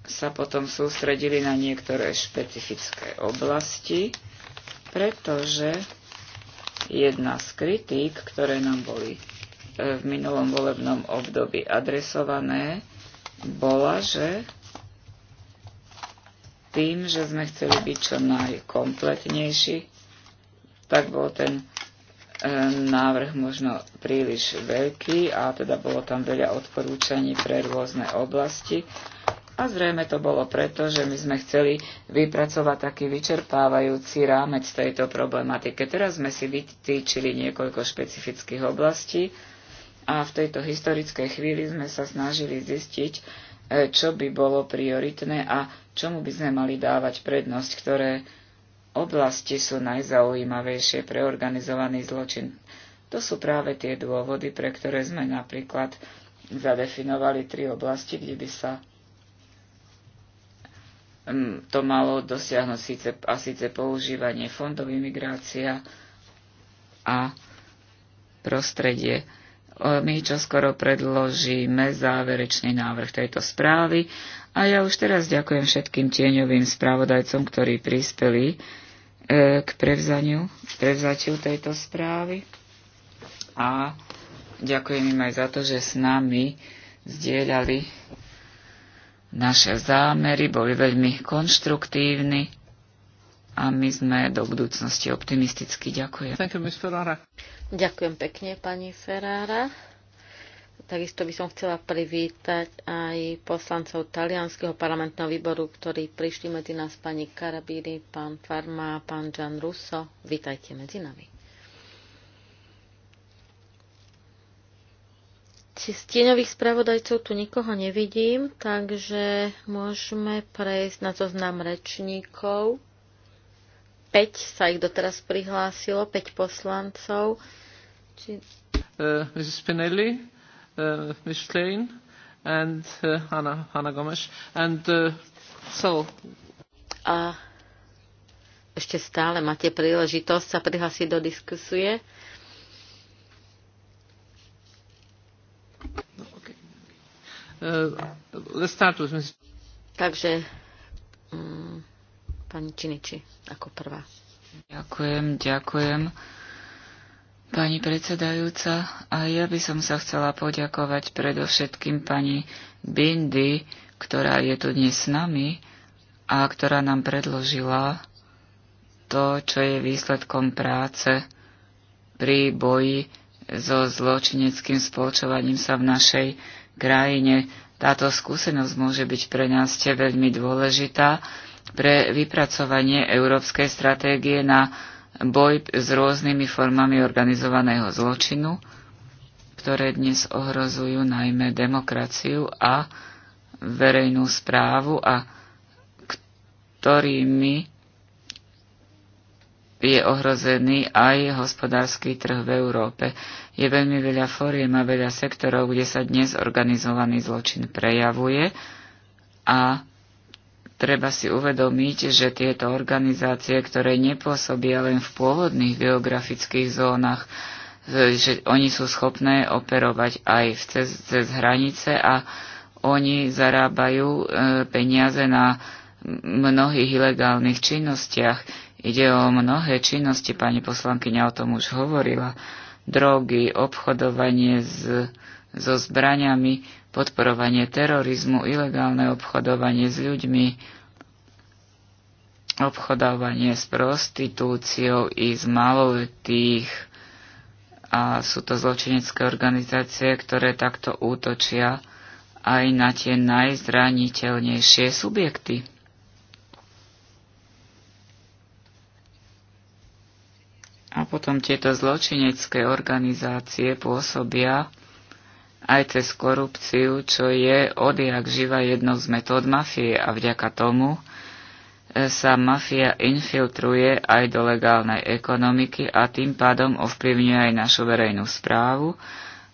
sa potom sústredili na niektoré špecifické oblasti, pretože Jedna z kritík, ktoré nám boli e, v minulom volebnom období adresované, bola, že tým, že sme chceli byť čo najkompletnejší, tak bol ten e, návrh možno príliš veľký a teda bolo tam veľa odporúčaní pre rôzne oblasti a zrejme to bolo preto, že my sme chceli vypracovať taký vyčerpávajúci rámec tejto problematike. Teraz sme si vytýčili niekoľko špecifických oblastí a v tejto historickej chvíli sme sa snažili zistiť, e, čo by bolo prioritné a čomu by sme mali dávať prednosť, ktoré oblasti sú najzaujímavejšie pre organizovaný zločin. To sú práve tie dôvody, pre ktoré sme napríklad zadefinovali tri oblasti, kde by sa Hm, to malo dosiahnuť síce, a síce používanie fondov imigrácia a prostredie. My čo skoro predložíme záverečný návrh tejto správy a ja už teraz ďakujem všetkým tieňovým spravodajcom, ktorí prispeli e, k prevzaniu, prevzatiu tejto správy a ďakujem im aj za to, že s nami zdieľali naše zámery boli veľmi konštruktívni a my sme do budúcnosti optimisticky. Ďakujem. Ďakujem pekne, pani Ferrara. Takisto by som chcela privítať aj poslancov Talianského parlamentného výboru, ktorí prišli medzi nás, pani Karabíri, pán Farma, pán Gian Russo. Vítajte medzi nami. Stieňových spravodajcov tu nikoho nevidím, takže môžeme prejsť na zoznam rečníkov. 5 sa ich doteraz prihlásilo, 5 poslancov. Či... Uh, Mrs. Spinelli, uh, Ms. Klein and uh, Anna, Anna Gomes. And uh, so... A ešte stále máte príležitosť sa prihlásiť do diskusie. let's start with Ms. Takže um, pani Činiči ako prvá. Ďakujem, ďakujem. Pani predsedajúca, a ja by som sa chcela poďakovať predovšetkým pani Bindy, ktorá je tu dnes s nami a ktorá nám predložila to, čo je výsledkom práce pri boji so zločineckým spolčovaním sa v našej krajine. Táto skúsenosť môže byť pre nás ste veľmi dôležitá pre vypracovanie európskej stratégie na boj s rôznymi formami organizovaného zločinu, ktoré dnes ohrozujú najmä demokraciu a verejnú správu a ktorými je ohrozený aj hospodársky trh v Európe. Je veľmi veľa fóriem a veľa sektorov, kde sa dnes organizovaný zločin prejavuje a treba si uvedomiť, že tieto organizácie, ktoré nepôsobia len v pôvodných geografických zónach, že oni sú schopné operovať aj v cez, cez hranice a oni zarábajú e, peniaze na mnohých ilegálnych činnostiach Ide o mnohé činnosti, pani poslankyňa o tom už hovorila. Drogy, obchodovanie s, so zbraniami, podporovanie terorizmu, ilegálne obchodovanie s ľuďmi, obchodovanie s prostitúciou i z maloletých. A sú to zločinecké organizácie, ktoré takto útočia aj na tie najzraniteľnejšie subjekty. A potom tieto zločinecké organizácie pôsobia aj cez korupciu, čo je odjak živa jednou z metód mafie a vďaka tomu e, sa mafia infiltruje aj do legálnej ekonomiky a tým pádom ovplyvňuje aj našu verejnú správu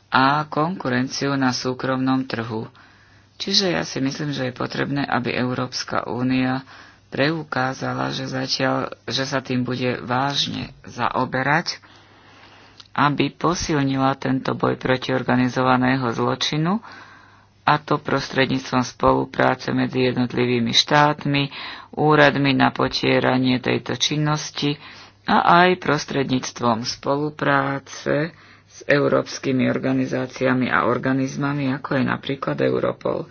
a konkurenciu na súkromnom trhu. Čiže ja si myslím, že je potrebné, aby Európska únia preukázala, že zatiaľ, že sa tým bude vážne zaoberať, aby posilnila tento boj proti organizovaného zločinu, a to prostredníctvom spolupráce medzi jednotlivými štátmi, úradmi na potieranie tejto činnosti a aj prostredníctvom spolupráce s európskymi organizáciami a organizmami, ako je napríklad Europol.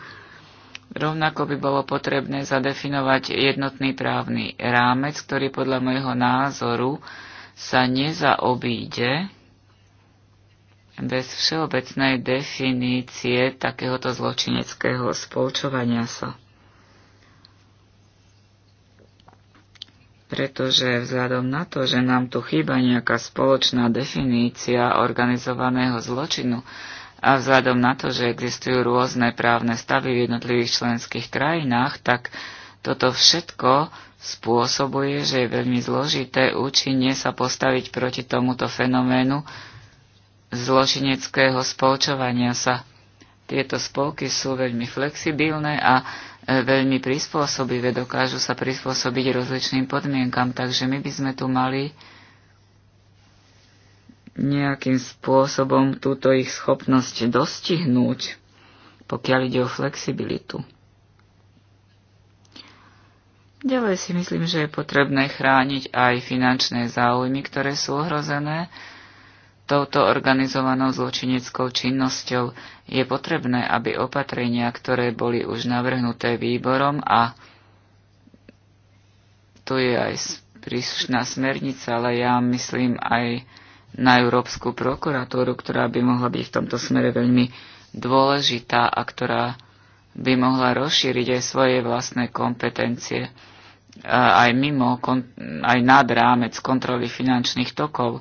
Rovnako by bolo potrebné zadefinovať jednotný právny rámec, ktorý podľa môjho názoru sa nezaobíde bez všeobecnej definície takéhoto zločineckého spolčovania sa. Pretože vzhľadom na to, že nám tu chýba nejaká spoločná definícia organizovaného zločinu, a vzhľadom na to, že existujú rôzne právne stavy v jednotlivých členských krajinách, tak toto všetko spôsobuje, že je veľmi zložité účinne sa postaviť proti tomuto fenoménu zločineckého spolčovania sa. Tieto spolky sú veľmi flexibilné a e, veľmi prispôsobivé, dokážu sa prispôsobiť rozličným podmienkam, takže my by sme tu mali nejakým spôsobom túto ich schopnosť dostihnúť, pokiaľ ide o flexibilitu. Ďalej si myslím, že je potrebné chrániť aj finančné záujmy, ktoré sú ohrozené touto organizovanou zločineckou činnosťou. Je potrebné, aby opatrenia, ktoré boli už navrhnuté výborom a tu je aj príslušná smernica, ale ja myslím aj na Európsku prokuratúru, ktorá by mohla byť v tomto smere veľmi dôležitá a ktorá by mohla rozšíriť aj svoje vlastné kompetencie e, aj mimo, aj nad rámec kontroly finančných tokov.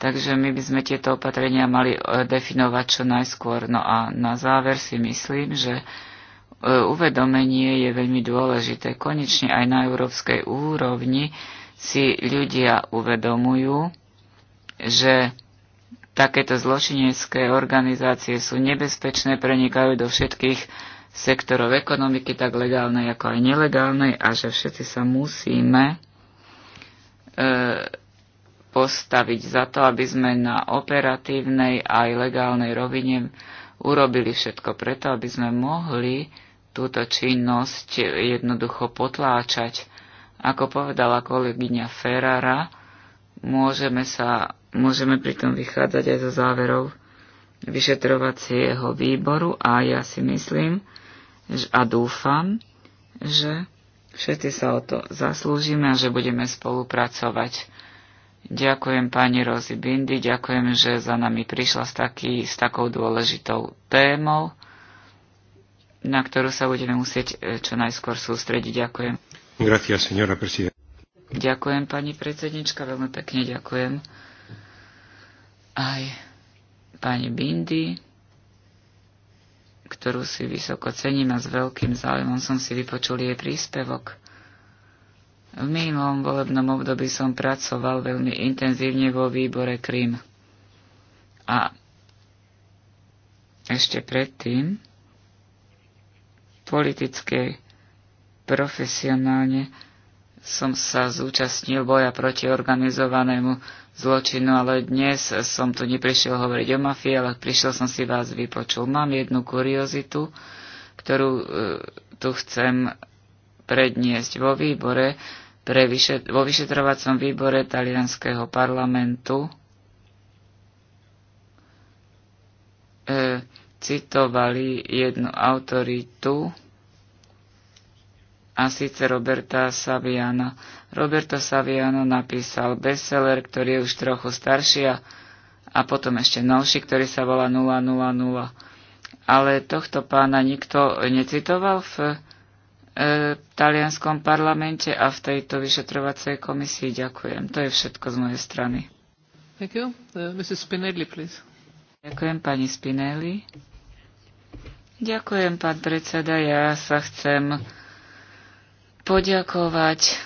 Takže my by sme tieto opatrenia mali e, definovať čo najskôr. No a na záver si myslím, že e, uvedomenie je veľmi dôležité. Konečne aj na európskej úrovni si ľudia uvedomujú, že takéto zločinecké organizácie sú nebezpečné, prenikajú do všetkých sektorov ekonomiky, tak legálnej ako aj nelegálnej, a že všetci sa musíme e, postaviť za to, aby sme na operatívnej aj legálnej rovine urobili všetko preto, aby sme mohli túto činnosť jednoducho potláčať. Ako povedala kolegyňa Ferrara, môžeme sa Môžeme pritom vychádzať aj zo záverov vyšetrovacieho výboru a ja si myslím a dúfam, že všetci sa o to zaslúžime a že budeme spolupracovať. Ďakujem pani Rozi Bindy, ďakujem, že za nami prišla s, taký, s takou dôležitou témou, na ktorú sa budeme musieť e, čo najskôr sústrediť. Ďakujem. Gracias, señora presidenta. Ďakujem, pani predsednička, veľmi pekne ďakujem aj pani Bindy, ktorú si vysoko cením a s veľkým záujmom som si vypočul jej príspevok. V minulom volebnom období som pracoval veľmi intenzívne vo výbore Krím. A ešte predtým politicky, profesionálne som sa zúčastnil boja proti organizovanému zločinu, ale dnes som tu neprišiel hovoriť o mafii, ale prišiel som si vás vypočul. Mám jednu kuriozitu, ktorú e, tu chcem predniesť vo výbore, pre vyšet- vo vyšetrovacom výbore talianského parlamentu. E, citovali jednu autoritu, a síce Roberta Saviana. Roberto Saviano napísal bestseller, ktorý je už trochu starší a, potom ešte novší, ktorý sa volá 000. Ale tohto pána nikto necitoval v e, talianskom parlamente a v tejto vyšetrovacej komisii. Ďakujem. To je všetko z mojej strany. Thank you. Uh, Mrs. Spinelli, please. Ďakujem pani Spinelli. Ďakujem, pán predseda. Ja sa chcem poďakovať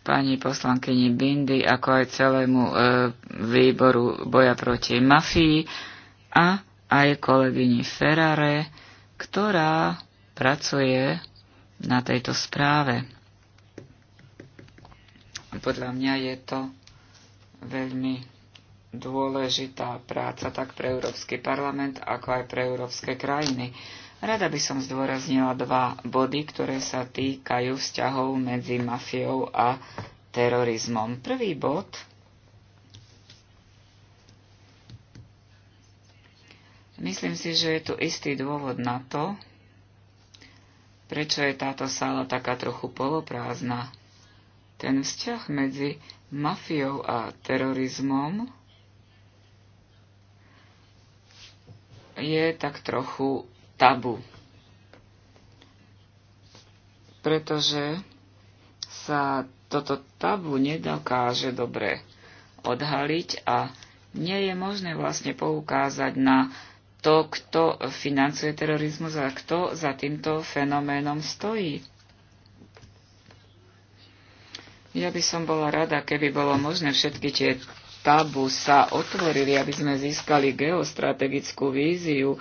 pani poslankyni Bindy, ako aj celému e, výboru boja proti mafii a aj kolegyni Ferrare, ktorá pracuje na tejto správe. Podľa mňa je to veľmi dôležitá práca tak pre Európsky parlament, ako aj pre európske krajiny Rada by som zdôraznila dva body, ktoré sa týkajú vzťahov medzi mafiou a terorizmom. Prvý bod Myslím si, že je tu istý dôvod na to, prečo je táto sála taká trochu poloprázdna. Ten vzťah medzi mafiou a terorizmom je tak trochu tabu. Pretože sa toto tabu nedokáže dobre odhaliť a nie je možné vlastne poukázať na to, kto financuje terorizmus a kto za týmto fenoménom stojí. Ja by som bola rada, keby bolo možné všetky tie tabu sa otvorili, aby sme získali geostrategickú víziu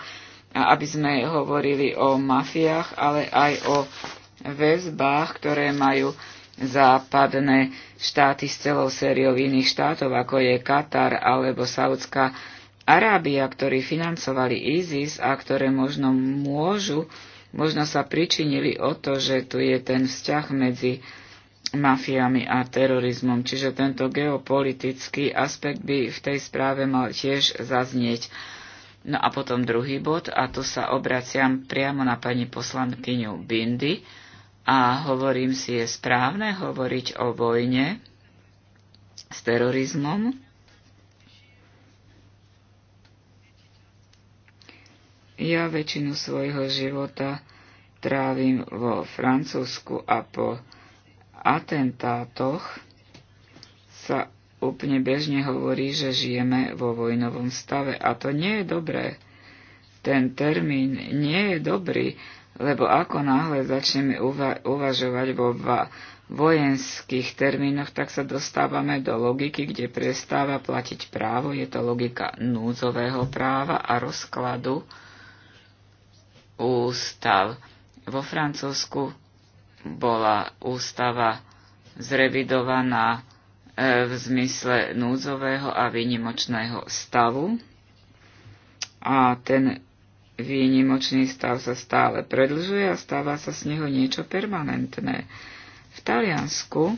aby sme hovorili o mafiách, ale aj o väzbách, ktoré majú západné štáty s celou sériou iných štátov, ako je Katar alebo Saudská Arábia, ktorí financovali ISIS a ktoré možno môžu, možno sa pričinili o to, že tu je ten vzťah medzi mafiami a terorizmom. Čiže tento geopolitický aspekt by v tej správe mal tiež zaznieť. No a potom druhý bod, a to sa obraciam priamo na pani poslankyňu Bindy a hovorím si, je správne hovoriť o vojne s terorizmom. Ja väčšinu svojho života trávim vo Francúzsku a po atentátoch sa úplne bežne hovorí, že žijeme vo vojnovom stave a to nie je dobré. Ten termín nie je dobrý, lebo ako náhle začneme uva- uvažovať vo va- vojenských termínoch, tak sa dostávame do logiky, kde prestáva platiť právo. Je to logika núdzového práva a rozkladu ústav. Vo Francúzsku bola ústava zrevidovaná E, v zmysle núdzového a výnimočného stavu. A ten výnimočný stav sa stále predlžuje a stáva sa z neho niečo permanentné. V Taliansku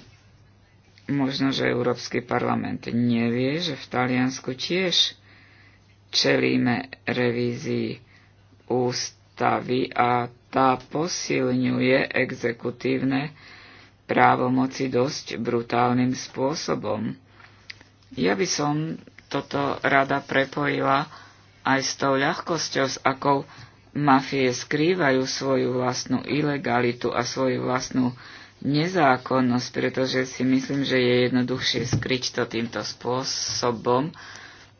možno, že Európsky parlament nevie, že v Taliansku tiež čelíme revízii ústavy a tá posilňuje exekutívne právomoci dosť brutálnym spôsobom. Ja by som toto rada prepojila aj s tou ľahkosťou, s akou mafie skrývajú svoju vlastnú ilegalitu a svoju vlastnú nezákonnosť, pretože si myslím, že je jednoduchšie skryť to týmto spôsobom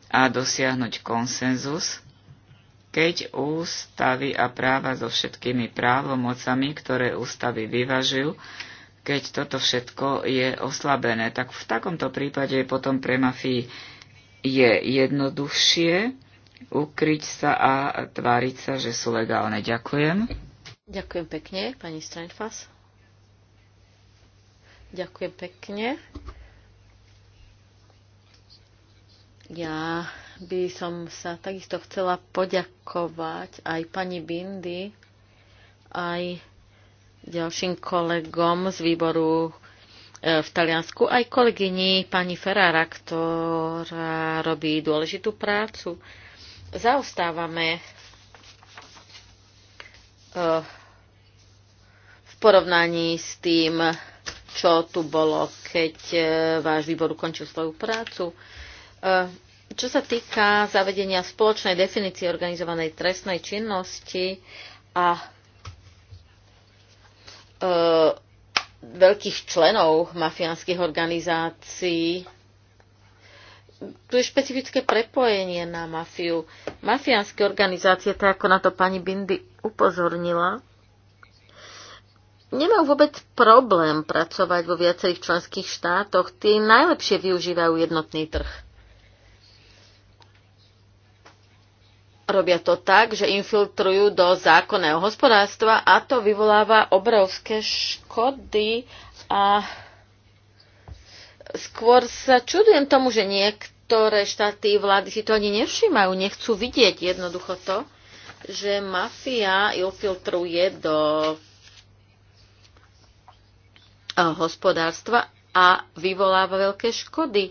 a dosiahnuť konsenzus, keď ústavy a práva so všetkými právomocami, ktoré ústavy vyvažujú, keď toto všetko je oslabené. Tak v takomto prípade potom pre mafii je jednoduchšie ukryť sa a tváriť sa, že sú legálne. Ďakujem. Ďakujem pekne, pani Strenfas. Ďakujem pekne. Ja by som sa takisto chcela poďakovať aj pani Bindy, aj ďalším kolegom z výboru e, v Taliansku, aj kolegyni pani Ferrara, ktorá robí dôležitú prácu. Zaostávame e, v porovnaní s tým, čo tu bolo, keď e, váš výbor ukončil svoju prácu. Čo sa týka zavedenia spoločnej definície organizovanej trestnej činnosti a E, veľkých členov mafiánskych organizácií. Tu je špecifické prepojenie na mafiu. Mafiánske organizácie, tak ako na to pani Bindy upozornila, nemajú vôbec problém pracovať vo viacerých členských štátoch. Tie najlepšie využívajú jednotný trh. robia to tak, že infiltrujú do zákonného hospodárstva a to vyvoláva obrovské škody a skôr sa čudujem tomu, že niektoré štáty vlády si to ani nevšímajú, nechcú vidieť jednoducho to, že mafia infiltruje do eh, hospodárstva a vyvoláva veľké škody.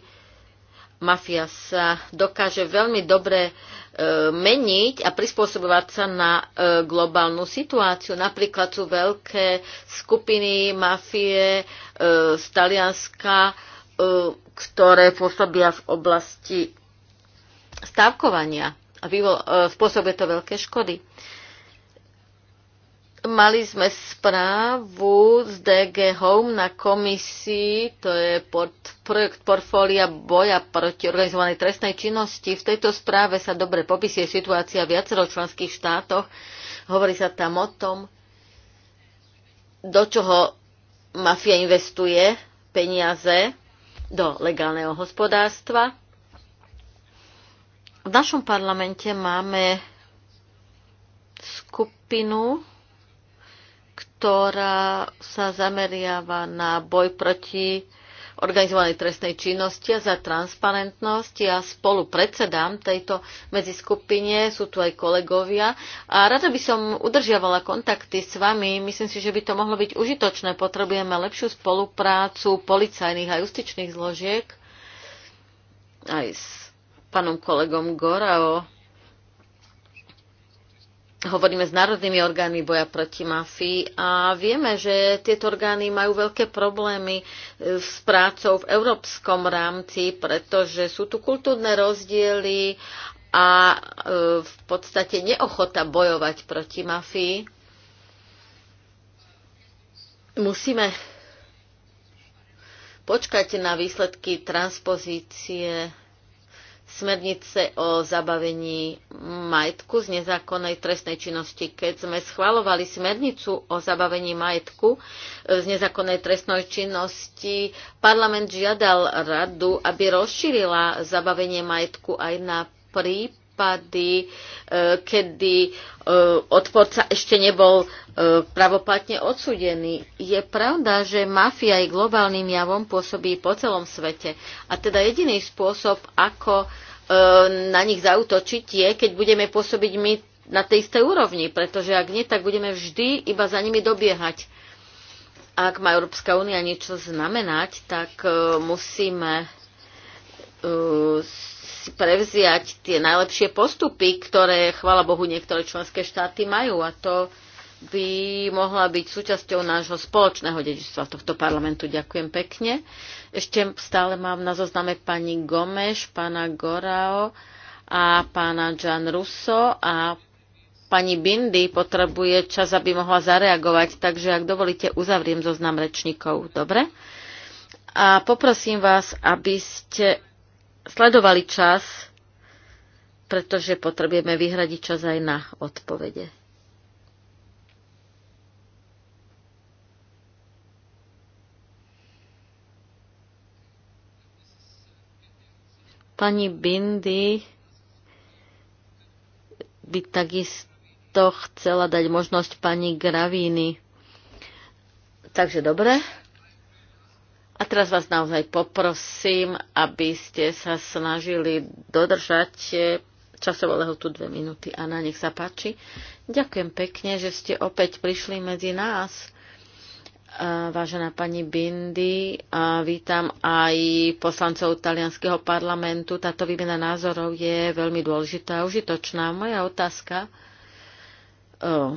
Mafia sa dokáže veľmi dobre E, meniť a prispôsobovať sa na e, globálnu situáciu. Napríklad sú veľké skupiny mafie e, z Talianska, ktoré pôsobia v oblasti stávkovania a spôsobuje to veľké škody. Mali sme správu z DG Home na komisii, to je pod projekt portfólia boja proti organizovanej trestnej činnosti. V tejto správe sa dobre popisuje situácia v viacero členských štátoch. Hovorí sa tam o tom, do čoho mafia investuje peniaze do legálneho hospodárstva. V našom parlamente máme skupinu ktorá sa zameriava na boj proti organizovanej trestnej činnosti a za transparentnosť. Ja spolu predsedám tejto medziskupine, sú tu aj kolegovia a rada by som udržiavala kontakty s vami. Myslím si, že by to mohlo byť užitočné. Potrebujeme lepšiu spoluprácu policajných a justičných zložiek aj s pánom kolegom Gorao hovoríme s národnými orgánmi boja proti mafii a vieme, že tieto orgány majú veľké problémy e, s prácou v európskom rámci, pretože sú tu kultúrne rozdiely a e, v podstate neochota bojovať proti mafii. Musíme počkať na výsledky transpozície smernice o zabavení majetku z nezákonnej trestnej činnosti. Keď sme schvalovali smernicu o zabavení majetku e, z nezákonnej trestnej činnosti, parlament žiadal radu, aby rozšírila zabavenie majetku aj na prípad, prípady, e, kedy e, odporca ešte nebol e, pravoplatne odsudený. Je pravda, že mafia je globálnym javom pôsobí po celom svete. A teda jediný spôsob, ako na nich zautočiť, je, keď budeme pôsobiť my na tej istej úrovni, pretože ak nie, tak budeme vždy iba za nimi dobiehať. Ak má Európska únia niečo znamenať, tak musíme prevziať tie najlepšie postupy, ktoré, chvala Bohu, niektoré členské štáty majú a to by mohla byť súčasťou nášho spoločného dedičstva tohto parlamentu. Ďakujem pekne. Ešte stále mám na zozname pani Gomeš, pána Gorao a pána Jan Russo a pani Bindy potrebuje čas, aby mohla zareagovať, takže ak dovolíte, uzavriem zoznam rečníkov. Dobre? A poprosím vás, aby ste sledovali čas, pretože potrebujeme vyhradiť čas aj na odpovede. Pani Bindy by takisto chcela dať možnosť pani Gravíny. Takže dobre. A teraz vás naozaj poprosím, aby ste sa snažili dodržať časovú lehotu dve minúty. a na nech sa páči. Ďakujem pekne, že ste opäť prišli medzi nás. Vážená pani Bindy, vítam aj poslancov talianského parlamentu. Táto výmena názorov je veľmi dôležitá a užitočná. Moja otázka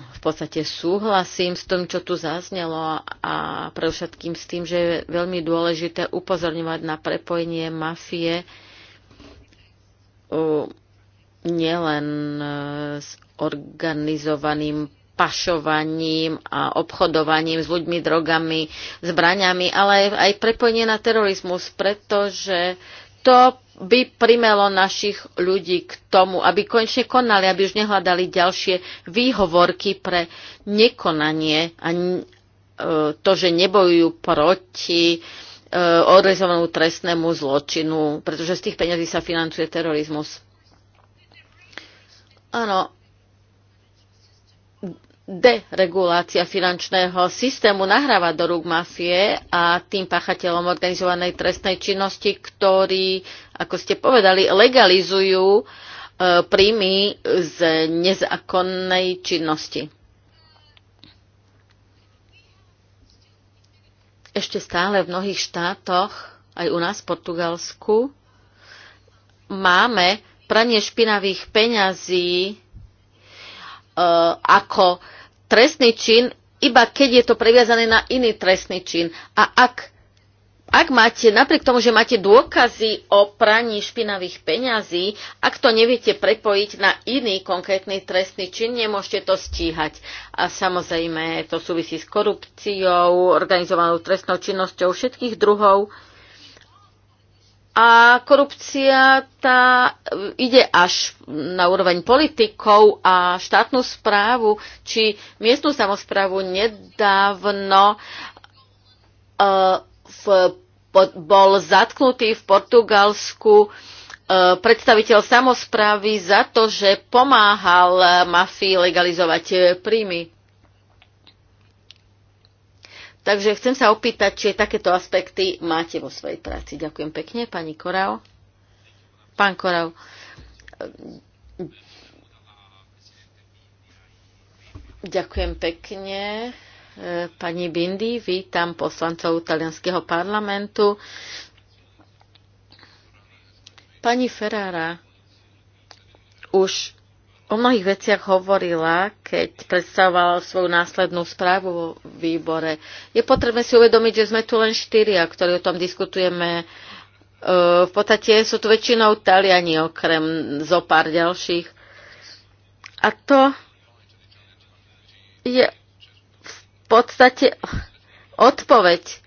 v podstate súhlasím s tým, čo tu zaznelo a všetkým s tým, že je veľmi dôležité upozorňovať na prepojenie mafie nielen s organizovaným pašovaním a obchodovaním s ľuďmi, drogami, zbraňami, ale aj prepojenie na terorizmus, pretože to by primelo našich ľudí k tomu, aby konečne konali, aby už nehľadali ďalšie výhovorky pre nekonanie a e, to, že nebojujú proti e, organizovanú trestnému zločinu, pretože z tých peňazí sa financuje terorizmus. Áno, deregulácia finančného systému nahráva do rúk mafie a tým páchateľom organizovanej trestnej činnosti, ktorí, ako ste povedali, legalizujú e, príjmy z nezákonnej činnosti. Ešte stále v mnohých štátoch, aj u nás v Portugalsku, máme pranie špinavých peňazí Eh, ako trestný čin, iba keď je to previazané na iný trestný čin. A ak, ak máte, napriek tomu, že máte dôkazy o praní špinavých peňazí, ak to neviete prepojiť na iný konkrétny trestný čin, nemôžete to stíhať. A samozrejme, to súvisí s korupciou, organizovanou trestnou činnosťou všetkých druhov a korupcia tá e, ide až na úroveň politikov a štátnu správu, či miestnú samozprávu nedávno e, v, bol zatknutý v Portugalsku e, predstaviteľ samozprávy za to, že pomáhal mafii legalizovať príjmy. Takže chcem sa opýtať, či takéto aspekty máte vo svojej práci. Ďakujem pekne, pani Korau. Pán Korau. Ďakujem pekne. Pani Bindi, vítam poslancov talianského parlamentu. Pani Ferrara už o mnohých veciach hovorila, keď predstavovala svoju následnú správu vo výbore. Je potrebné si uvedomiť, že sme tu len štyria, ktorí o tom diskutujeme. E, v podstate sú tu väčšinou Taliani, okrem zo pár ďalších. A to je v podstate odpoveď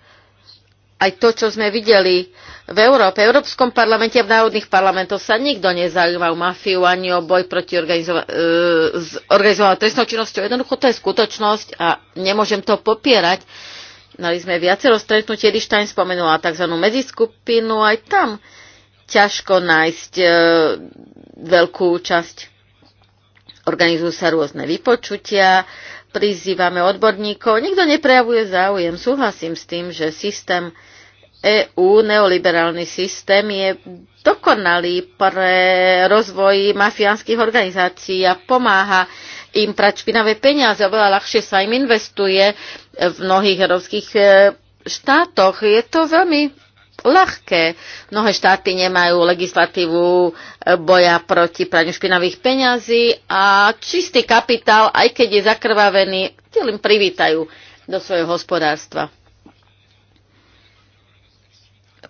aj to, čo sme videli v Európe, v Európskom parlamente a v národných parlamentoch sa nikto nezaujíma o mafiu ani o boj proti organizova- e, organizovanou trestnou činnosťou. Jednoducho to je skutočnosť a nemôžem to popierať. Mali sme viacero stretnutí, Edištajn spomenula tzv. medziskupinu, aj tam ťažko nájsť e, veľkú časť. Organizujú sa rôzne vypočutia, prizývame odborníkov, nikto neprejavuje záujem. Súhlasím s tým, že systém EÚ neoliberálny systém je dokonalý pre rozvoj mafiánskych organizácií a pomáha im prať špinavé peniaze. Oveľa ľahšie sa im investuje v mnohých európskych e, štátoch. Je to veľmi ľahké. Mnohé štáty nemajú legislatívu e, boja proti praniu špinavých peňazí a čistý kapitál, aj keď je zakrvavený, tým privítajú do svojho hospodárstva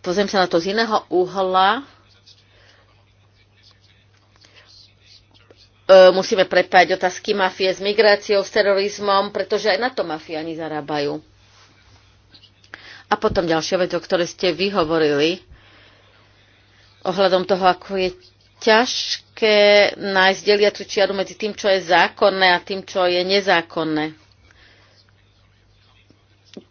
pozriem sa na to z iného uhla, e, musíme prepájať otázky mafie s migráciou, s terorizmom, pretože aj na to mafiáni zarábajú. A potom ďalšia vec, o ktorej ste vyhovorili, ohľadom toho, ako je ťažké nájsť deliacu čiaru medzi tým, čo je zákonné a tým, čo je nezákonné.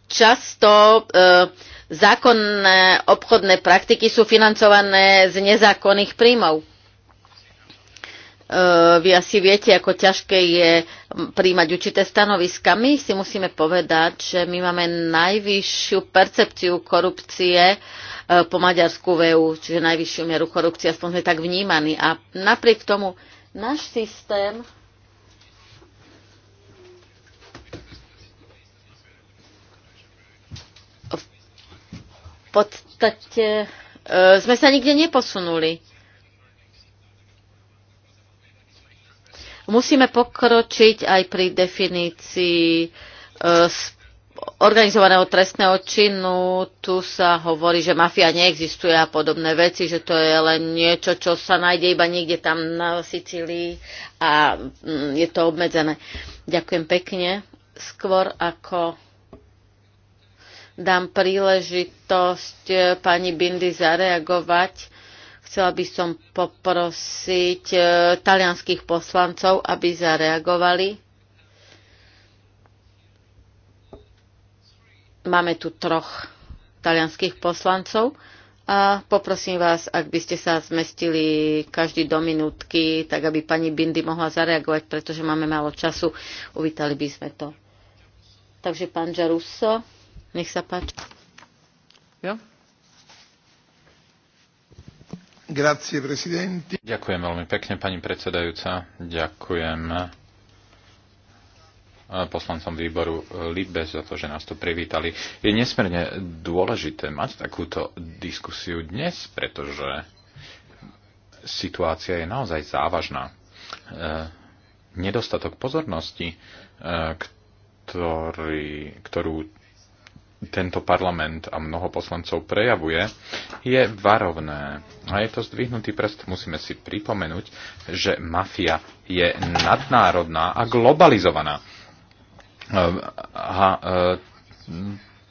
Často uh, zákonné obchodné praktiky sú financované z nezákonných príjmov. E, vy asi viete, ako ťažké je príjmať určité stanoviska. My si musíme povedať, že my máme najvyššiu percepciu korupcie e, po Maďarsku v EU, čiže najvyššiu mieru korupcie, aspoň sme tak vnímaní. A napriek tomu náš systém podstate e, sme sa nikde neposunuli. Musíme pokročiť aj pri definícii e, organizovaného trestného činu. Tu sa hovorí, že mafia neexistuje a podobné veci, že to je len niečo, čo sa nájde iba niekde tam na Sicílii a mm, je to obmedzené. Ďakujem pekne. Skôr ako dám príležitosť e, pani Bindy zareagovať. Chcela by som poprosiť e, talianských poslancov, aby zareagovali. Máme tu troch talianských poslancov a poprosím vás, ak by ste sa zmestili každý do minútky, tak aby pani Bindy mohla zareagovať, pretože máme málo času. Uvítali by sme to. Takže pán Žaruso. Nech sa páči. Jo? Grazie, presidenti. Ďakujem veľmi pekne, pani predsedajúca. Ďakujem eh, poslancom výboru Libe za to, že nás tu privítali. Je nesmierne dôležité mať takúto diskusiu dnes, pretože situácia je naozaj závažná. Eh, nedostatok pozornosti, eh, ktorý, ktorú tento parlament a mnoho poslancov prejavuje, je varovné. A je to zdvihnutý prst. Musíme si pripomenúť, že mafia je nadnárodná a globalizovaná. A e,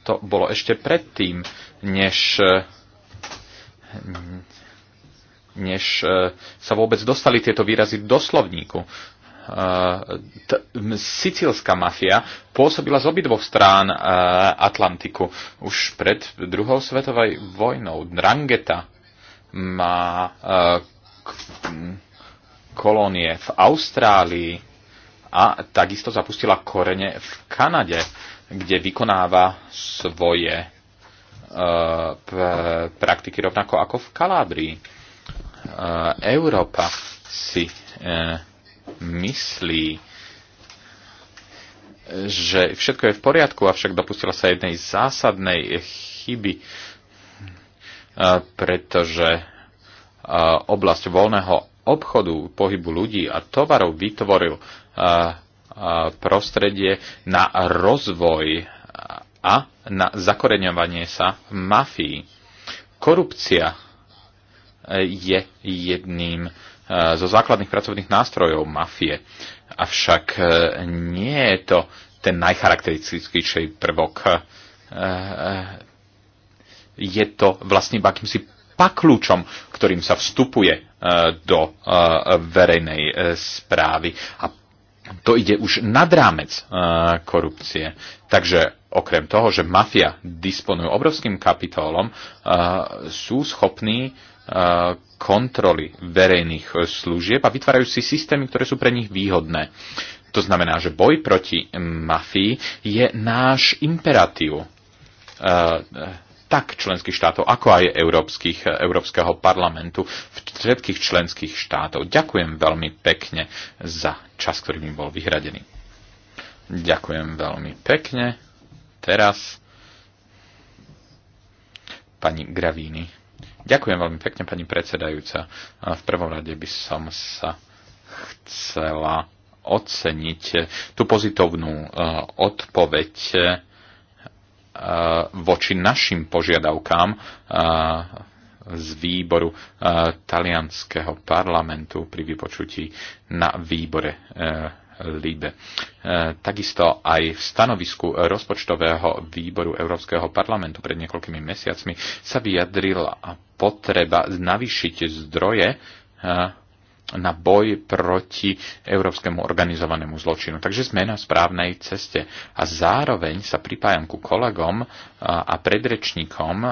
to bolo ešte predtým, než, než e, sa vôbec dostali tieto výrazy do slovníku sicílska mafia pôsobila z obidvoch strán e, Atlantiku. Už pred druhou svetovou vojnou Drangeta má e, kolónie v Austrálii a takisto zapustila korene v Kanade, kde vykonáva svoje e, praktiky rovnako ako v Kalábrii. Európa si myslí, že všetko je v poriadku, avšak dopustila sa jednej zásadnej chyby, pretože oblasť voľného obchodu, pohybu ľudí a tovarov vytvoril prostredie na rozvoj a na zakoreňovanie sa mafii. Korupcia e, je jedným zo základných pracovných nástrojov mafie. Avšak e, nie je to ten najcharakteristickejší prvok. E, e, je to vlastne iba akýmsi pakľúčom, ktorým sa vstupuje do verejnej správy. A to ide už nad rámec korupcie. Takže okrem toho, že mafia disponuje obrovským kapitólom, sú schopní kontroly verejných e, služieb a vytvárajú si systémy, ktoré sú pre nich výhodné. To znamená, že boj proti mafii je náš imperatív e, e, tak členských štátov, ako aj Európskych, Európskeho parlamentu, všetkých členských štátov. Ďakujem veľmi pekne za čas, ktorý mi bol vyhradený. Ďakujem veľmi pekne. Teraz pani Gravíny. Ďakujem veľmi pekne, pani predsedajúca. V prvom rade by som sa chcela oceniť tú pozitívnu e, odpoveď e, voči našim požiadavkám e, z výboru talianského parlamentu pri vypočutí na výbore LIBE. E, takisto aj v stanovisku rozpočtového výboru Európskeho parlamentu pred niekoľkými mesiacmi sa vyjadrila potreba navýšiť zdroje e, na boj proti európskemu organizovanému zločinu. Takže sme na správnej ceste. A zároveň sa pripájam ku kolegom e, a predrečníkom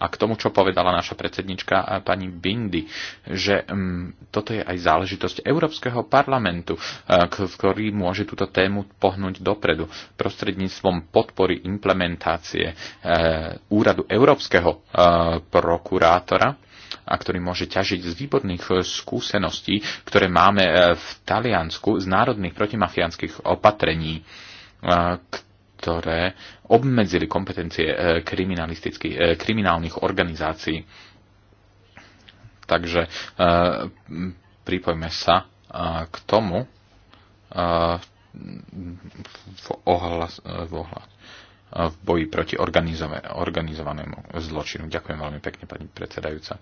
a k tomu, čo povedala naša predsednička pani Bindy, že um, toto je aj záležitosť Európskeho parlamentu, uh, ktorý môže túto tému pohnúť dopredu prostredníctvom podpory implementácie uh, úradu Európskeho uh, prokurátora a ktorý môže ťažiť z výborných skúseností, ktoré máme v Taliansku z národných protimafiánskych opatrení, ktoré obmedzili kompetencie e, e, kriminálnych organizácií. Takže e, pripojme sa k tomu v, ohlas, v, ohlas, v boji proti organizovanému zločinu. Ďakujem veľmi pekne, pani predsedajúca.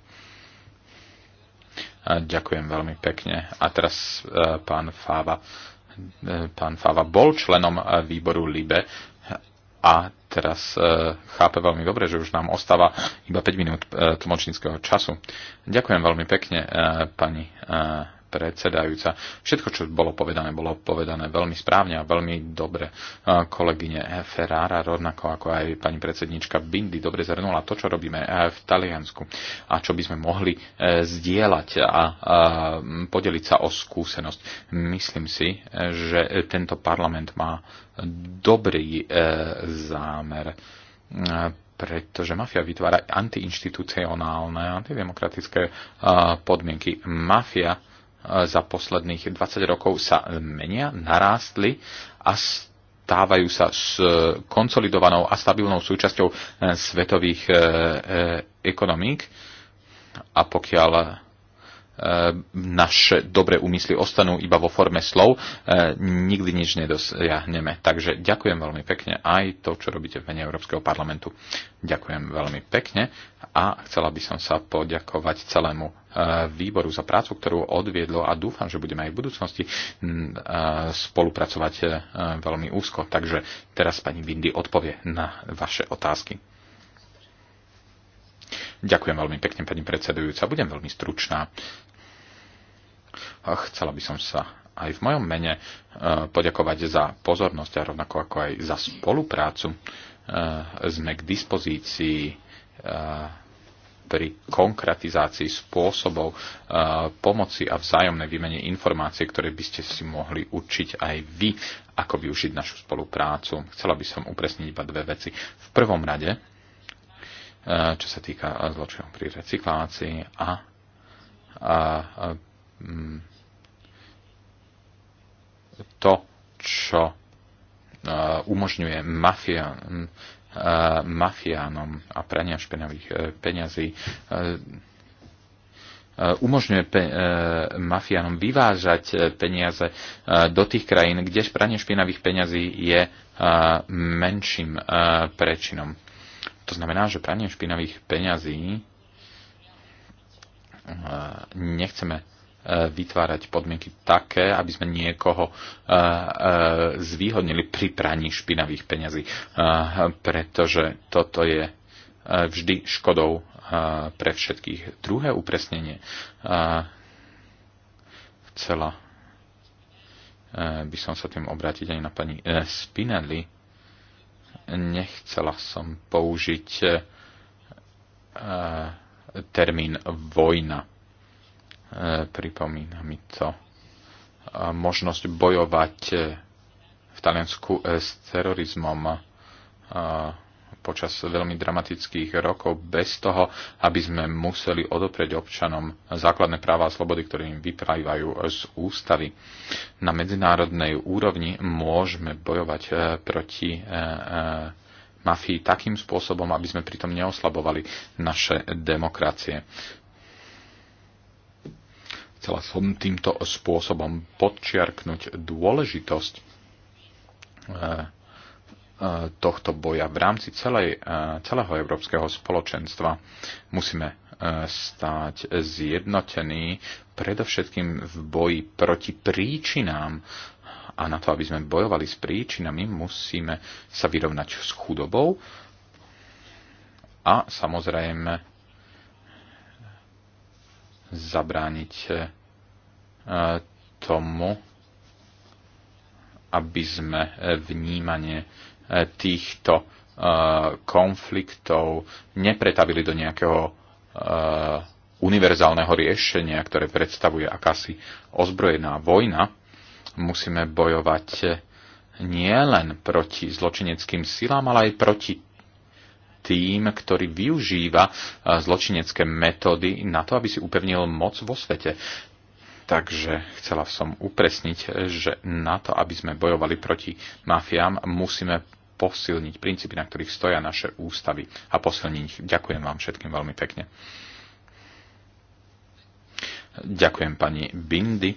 Ďakujem veľmi pekne. A teraz pán Fáva. Pán Fáva bol členom výboru LIBE a teraz e, chápe veľmi dobre, že už nám ostáva iba 5 minút e, tlmočníckého času. Ďakujem veľmi pekne, e, pani predsedajúca. Všetko, čo bolo povedané, bolo povedané veľmi správne a veľmi dobre. Kolegyne Ferrara, rovnako ako aj pani predsednička Bindy, dobre zhrnula to, čo robíme e, v Taliansku a čo by sme mohli e, zdieľať a podeliť sa o skúsenosť. Myslím si, e, že tento parlament má dobrý zámer pretože mafia vytvára antiinštitucionálne, antidemokratické podmienky. Mafia za posledných 20 rokov sa menia, narástli a stávajú sa s e, konsolidovanou a stabilnou súčasťou e, svetových e, ekonomík. A pokiaľ Ehm, naše dobré úmysly ostanú iba vo forme slov, ehm, nikdy nič nedosiahneme. Takže ďakujem veľmi pekne aj to, čo robíte v mene Európskeho parlamentu. Ďakujem veľmi pekne a chcela by som sa poďakovať celému ehm, výboru za prácu, ktorú odviedlo a dúfam, že budeme aj v budúcnosti spolupracovať veľmi úzko. Takže teraz pani Vindy odpovie na vaše otázky. Ďakujem veľmi pekne, pani predsedujúca. Budem veľmi stručná. Chcela by som sa aj v mojom mene e, poďakovať za pozornosť a rovnako ako aj za spoluprácu. E, sme k dispozícii e, pri konkretizácii spôsobov pomoci a vzájomnej výmene informácie, ktoré by ste si mohli učiť aj vy, ako využiť našu spoluprácu. Chcela by som upresniť iba dve veci. V prvom rade, Eh, čo sa týka eh, zločinov pri recyklácii a, a, a mm, to, čo eh, umožňuje mafia, mafiánom a prania špinavých peňazí umožňuje pe- mafiánom vyvážať peniaze do tých krajín, kde pranie špinavých peňazí je menším prečinom. To znamená, že pranie špinavých peňazí e, nechceme e, vytvárať podmienky také, aby sme niekoho e, zvýhodnili pri praní špinavých peňazí, pretože toto je vždy škodou pre všetkých. Druhé upresnenie chcela by som sa tým obrátiť aj na pani Spinelli, nechcela som použiť e, termín vojna. E, pripomína mi to e, možnosť bojovať v Taliansku s terorizmom počas veľmi dramatických rokov bez toho, aby sme museli odoprieť občanom základné práva a slobody, ktoré im vyprávajú z ústavy. Na medzinárodnej úrovni môžeme bojovať e, proti e, e, mafii takým spôsobom, aby sme pritom neoslabovali naše demokracie chcela som týmto spôsobom podčiarknúť dôležitosť E, tohto boja v rámci celej, e, celého európskeho spoločenstva musíme e, stať zjednotení, predovšetkým v boji proti príčinám. A na to, aby sme bojovali s príčinami, musíme sa vyrovnať s chudobou a samozrejme zabrániť tomu, aby sme vnímanie E, týchto e, konfliktov nepretavili do nejakého e, univerzálneho riešenia, ktoré predstavuje akási ozbrojená vojna, musíme bojovať nie len proti zločineckým silám, ale aj proti tým, ktorý využíva zločinecké metódy na to, aby si upevnil moc vo svete. Takže chcela som upresniť, že na to, aby sme bojovali proti mafiám, musíme posilniť princípy, na ktorých stoja naše ústavy a posilniť ich. Ďakujem vám všetkým veľmi pekne. Ďakujem pani Bindy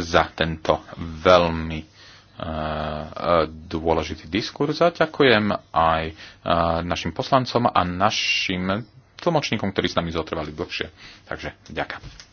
za tento veľmi eh, eh, dôležitý diskurs a ďakujem aj eh, našim poslancom a našim tlmočníkom, ktorí s nami zotrvali dlhšie. Takže ďakujem.